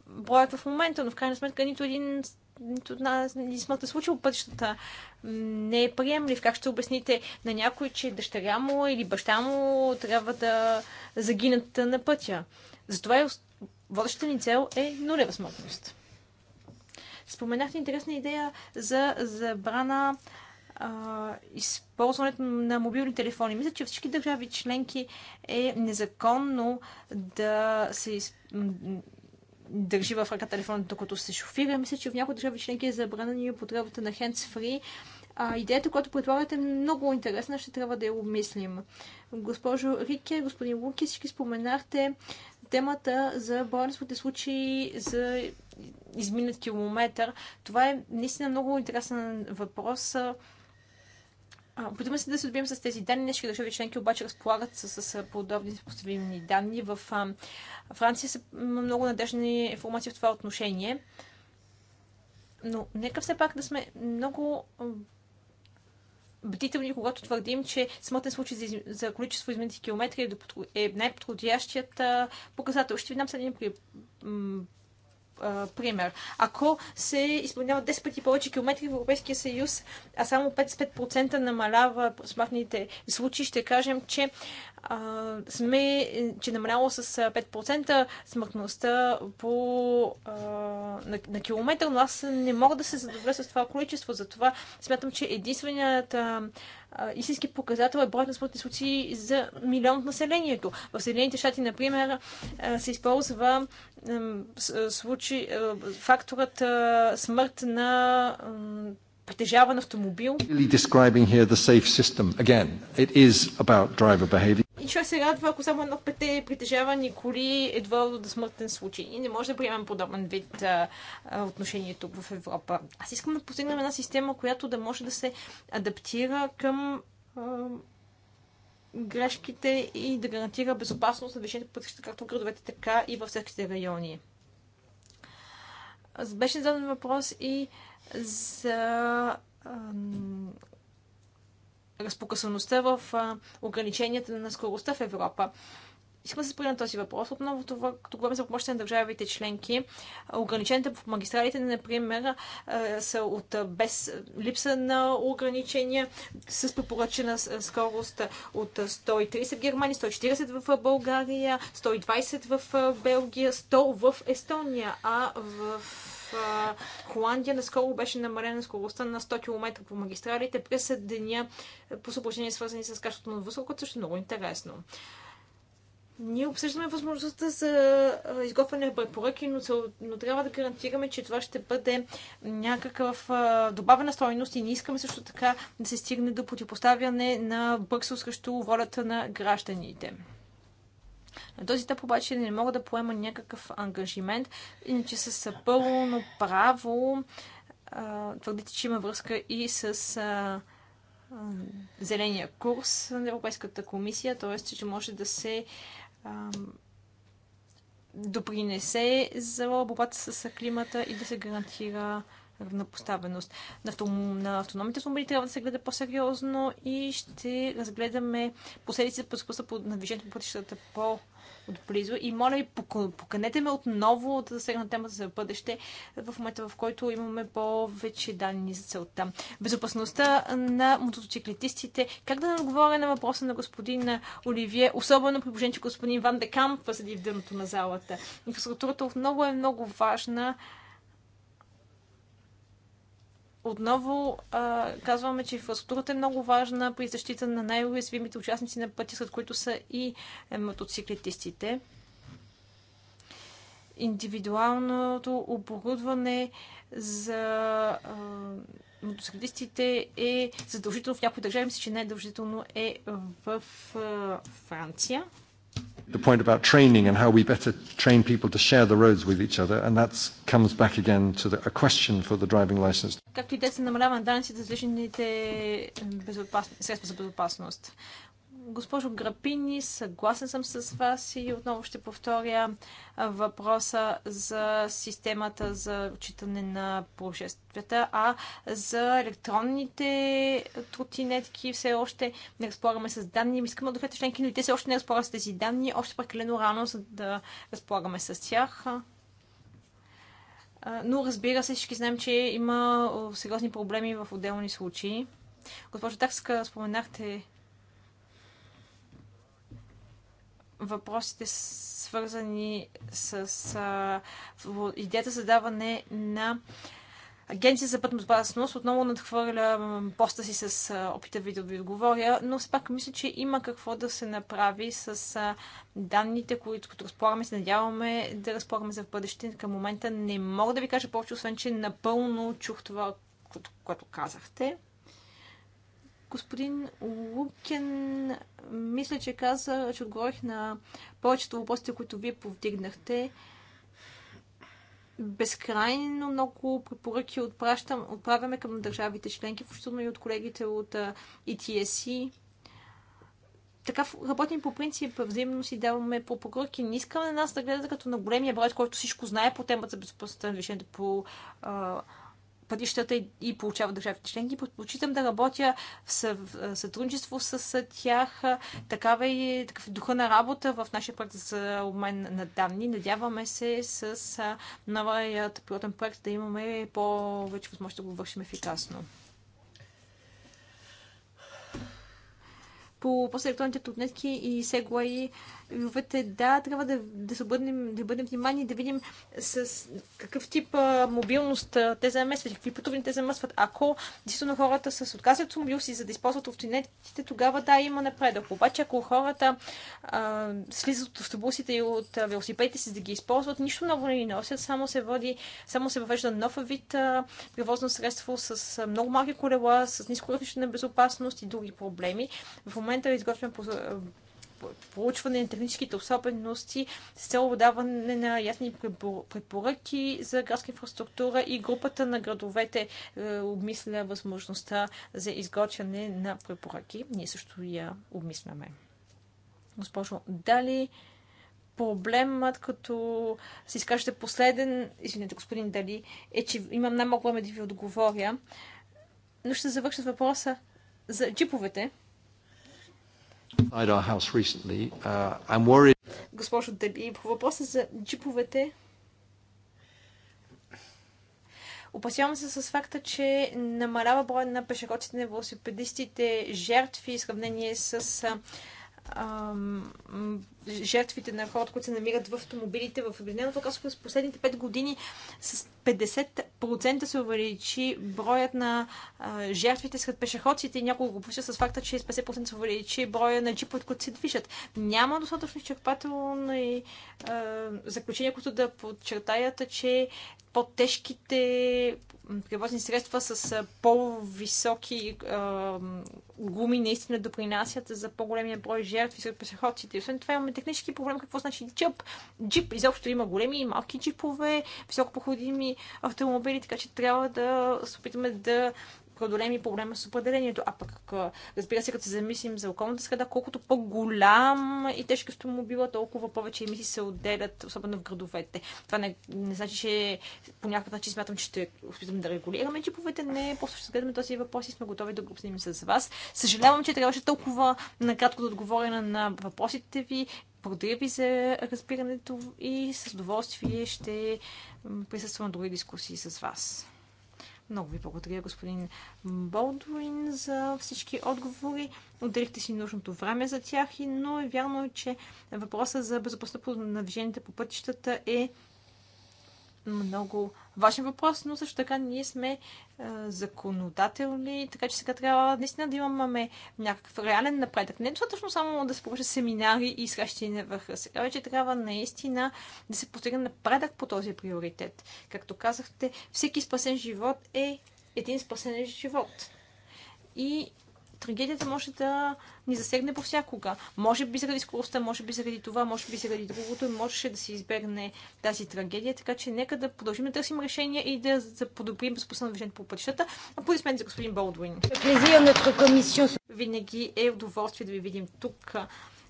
броят в момента, но в крайна сметка нито един нито една ни смъртта е случило пътищата не е приемлив. Как ще обясните на някой, че дъщеря му или баща му трябва да загинат на пътя? Затова и водещата ни цел е нулева смъртност. Споменахте интересна идея за забрана а, използването на мобилни телефони. Мисля, че всички държави членки е незаконно да се из... държи в ръка телефона, докато се шофира. Мисля, че в някои държави членки е забранена и употребата на hands-free. А, идеята, която предлагате, е много интересна, ще трябва да я обмислим. Госпожо Рике, господин Луки, всички споменахте темата за болнисвите случаи за изминат километър. Това е наистина много интересен въпрос. Опитваме се да се добием с тези данни. Нещо държави членки обаче разполагат с, с, подобни съпоставими данни. В а, Франция са много надежни информация в това отношение. Но нека все пак да сме много бдителни, когато твърдим, че смъртен случай за, за количество изминати километри е, е най-подходящият показател. Ще ви дам следния пример. Ако се изпълняват 10 пъти повече километри в Европейския съюз, а само 55% намалява смъртните случаи, ще кажем, че сме, че намаляло с 5% смъртността по, а, на, на километър, но аз не мога да се задоволя с това количество. Затова смятам, че единственият а, истински показател е броят на смъртни случаи за милион от населението. В Съединените щати, например, а, се използва а, случай, а, факторът а, смърт на А, притежаван автомобил. И човек се радва, ако само едно пете ни коли едва до смъртен случай. И не може да приемем подобен вид а, отношение тук в Европа. Аз искам да постигнем една система, която да може да се адаптира към а, грешките и да гарантира безопасност на движението по пътища, както в градовете, така и във селските райони. Беше зададен въпрос и за разпокъсаността в ограниченията на скоростта в Европа. Искам да се спра на този въпрос. Отново, това, като говорим за помощта на държавите членки, ограниченията в магистралите, например, са от без липса на ограничения с препоръчена скорост от 130 в Германия, 140 в България, 120 в Белгия, 100 в Естония, а в Холандия наскоро беше намалена скоростта на 100 км по магистралите през деня по съображения свързани с качеството на въздуха, което също е много интересно. Ние обсъждаме възможността за изготвяне на препоръки, но, цел... но трябва да гарантираме, че това ще бъде някакъв добавена стойност и не искаме също така да се стигне до противопоставяне на бързо срещу волята на гражданите. На този етап обаче не мога да поема някакъв ангажимент, иначе с пълно право твърдите, че има връзка и с а, а, зеления курс на Европейската комисия, т.е. че може да се допринесе за борбата с климата и да се гарантира равнопоставеност. На, на автономните автомобили трябва да се гледа по-сериозно и ще разгледаме последиците по скъпостта по движението по пътищата по отблизо. И моля ви, поканете ме отново да засегна темата за бъдеще, в момента в който имаме повече данни за целта. Безопасността на мотоциклетистите. Как да не отговоря на въпроса на господин Оливие, особено при че господин Ван Декамп седи в дъното на залата. Инфраструктурата отново е много важна отново а, казваме, че инфраструктурата е много важна при защита на най-уязвимите участници на пътя, сред които са и е, мотоциклетистите. Индивидуалното оборудване за а, мотоциклетистите е задължително в някои държави, мисля, че най-дължително е в а, Франция the point about training and how we better train people to share the roads with each other, and that comes back again to the, a question for the driving license. Както и те се намаляват данъците за личните безопас... средства за безопасност. Госпожо Грапини, съгласен съм с вас и отново ще повторя въпроса за системата за отчитане на происшествията, а за електронните тротинетки все още не разполагаме с данни. Искаме да дохвете членки, но те все още не разполагат с тези данни, още прекалено рано, за да разполагаме с тях. Но разбира се, всички знаем, че има сериозни проблеми в отделни случаи. Госпожо Такска, споменахте въпросите свързани с а, идеята за даване на Агенция за пътна безопасност отново надхвърля поста си с опита ви да ви отговоря, но все пак мисля, че има какво да се направи с данните, които като разполагаме, се надяваме да разполагаме за в бъдеще. Към момента не мога да ви кажа повече, освен че напълно чух това, което казахте. Господин Лукен, мисля, че каза, че отговорих на повечето въпроси, които вие повдигнахте. Безкрайно много препоръки отпращам, отправяме към държавите членки, включително и от колегите от ETSC така работим по принцип, взаимно си даваме по покръки. Не искаме на нас да гледат като на големия брат, който всичко знае по темата за безопасността на движението по а, пътищата и получава държавите членки. Предпочитам да работя в сътрудничество с тях. Такава е такъв духа на работа в нашия проект за обмен на данни. Надяваме се с новият пилотен проект да имаме повече възможност да го вършим ефикасно. по постелектронните турнетки и сегуаи. Виловете, да, трябва да, да, се обърнем, да бъдем внимани, да видим с какъв тип а, мобилност те замесват, какви пътувани те замесват. Ако действително хората с отказват от мобил си, за да използват автонетите, тогава да, има напредък. Обаче, ако хората а, слизат от автобусите и от велосипедите си, да ги използват, нищо много не ни носят, само се води, само се въвежда нов вид превозно средство с много малки колела, с ниско на безопасност и други проблеми. В момента момента изготвяме проучване на техническите особености с цел даване на ясни препоръки за градска инфраструктура и групата на градовете е, обмисля възможността за изготвяне на препоръки. Ние също я обмисляме. Госпожо Дали, проблемът, като се изкажете последен, извинете, господин Дали, е, че имам най-малко време да ви отговоря, но ще завърша въпроса за джиповете. Uh, Госпожо Дели, по въпроса за джиповете, Опасявам се с факта, че намалява броя на пешеходците на велосипедистите жертви в сравнение с ам, жертвите на хората, които се намират в автомобилите в Обединеното кралство през последните 5 години с 50% се увеличи броят на а, жертвите сред пешеходците и няколко го пуша с факта, че 50% се увеличи броя на джипове, които се движат. Няма достатъчно изчерпателно и а, заключения, които да подчертаят, че по-тежките превозни средства с по-високи гуми наистина допринасят за по-големия брой жертви сред пешеходците. Освен това имаме имаме технически проблем. Какво значи джип? Джип изобщо има големи и малки джипове, високопроходими автомобили, така че трябва да се опитаме да преодолем проблема с определението. А пък, разбира се, като се замислим за околната среда, колкото по-голям и тежки автомобила, толкова повече емисии се отделят, особено в градовете. Това не, не значи, че по някакъв начин смятам, че ще опитам да регулираме чиповете. Не, просто ще гледаме този въпрос и сме готови да го обсъдим с вас. Съжалявам, че трябваше толкова накратко да отговоря на въпросите ви. Благодаря ви за разбирането и с удоволствие ще присъствам на други дискусии с вас. Много ви благодаря, господин Болдуин, за всички отговори. Отделихте си нужното време за тях, но е вярно, че въпросът за безопасността на движението по пътищата е много важен въпрос, но също така ние сме а, е, законодателни, така че сега трябва наистина да имаме някакъв реален напредък. Не е достатъчно само да се получат семинари и срещи на върха. Сега вече трябва наистина да се постигне напредък по този приоритет. Както казахте, всеки спасен живот е един спасен живот. И трагедията може да ни засегне повсякога. Може би заради скоростта, може би заради това, може би заради другото, можеше да се избегне тази трагедия, така че нека да продължим да търсим решения и да подобрим безопасността на движението по пътищата. Аплодисмент за господин Болдуин. Винаги е удоволствие да ви видим тук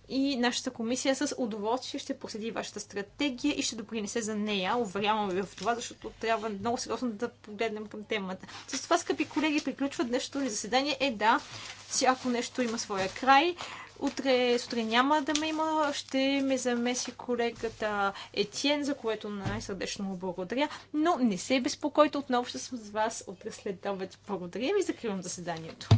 и нашата комисия с удоволствие ще проследи вашата стратегия и ще допринесе за нея. Уверявам ви в това, защото трябва много сериозно да погледнем към темата. С това, скъпи колеги, приключва днешното ни заседание. Е да, всяко нещо има своя край. Утре сутрин няма да ме има. Ще ме замеси колегата Етиен, за което най-сърдечно му благодаря. Но не се безпокойте, отново ще съм с вас утре след обед. Благодаря ви, закривам заседанието.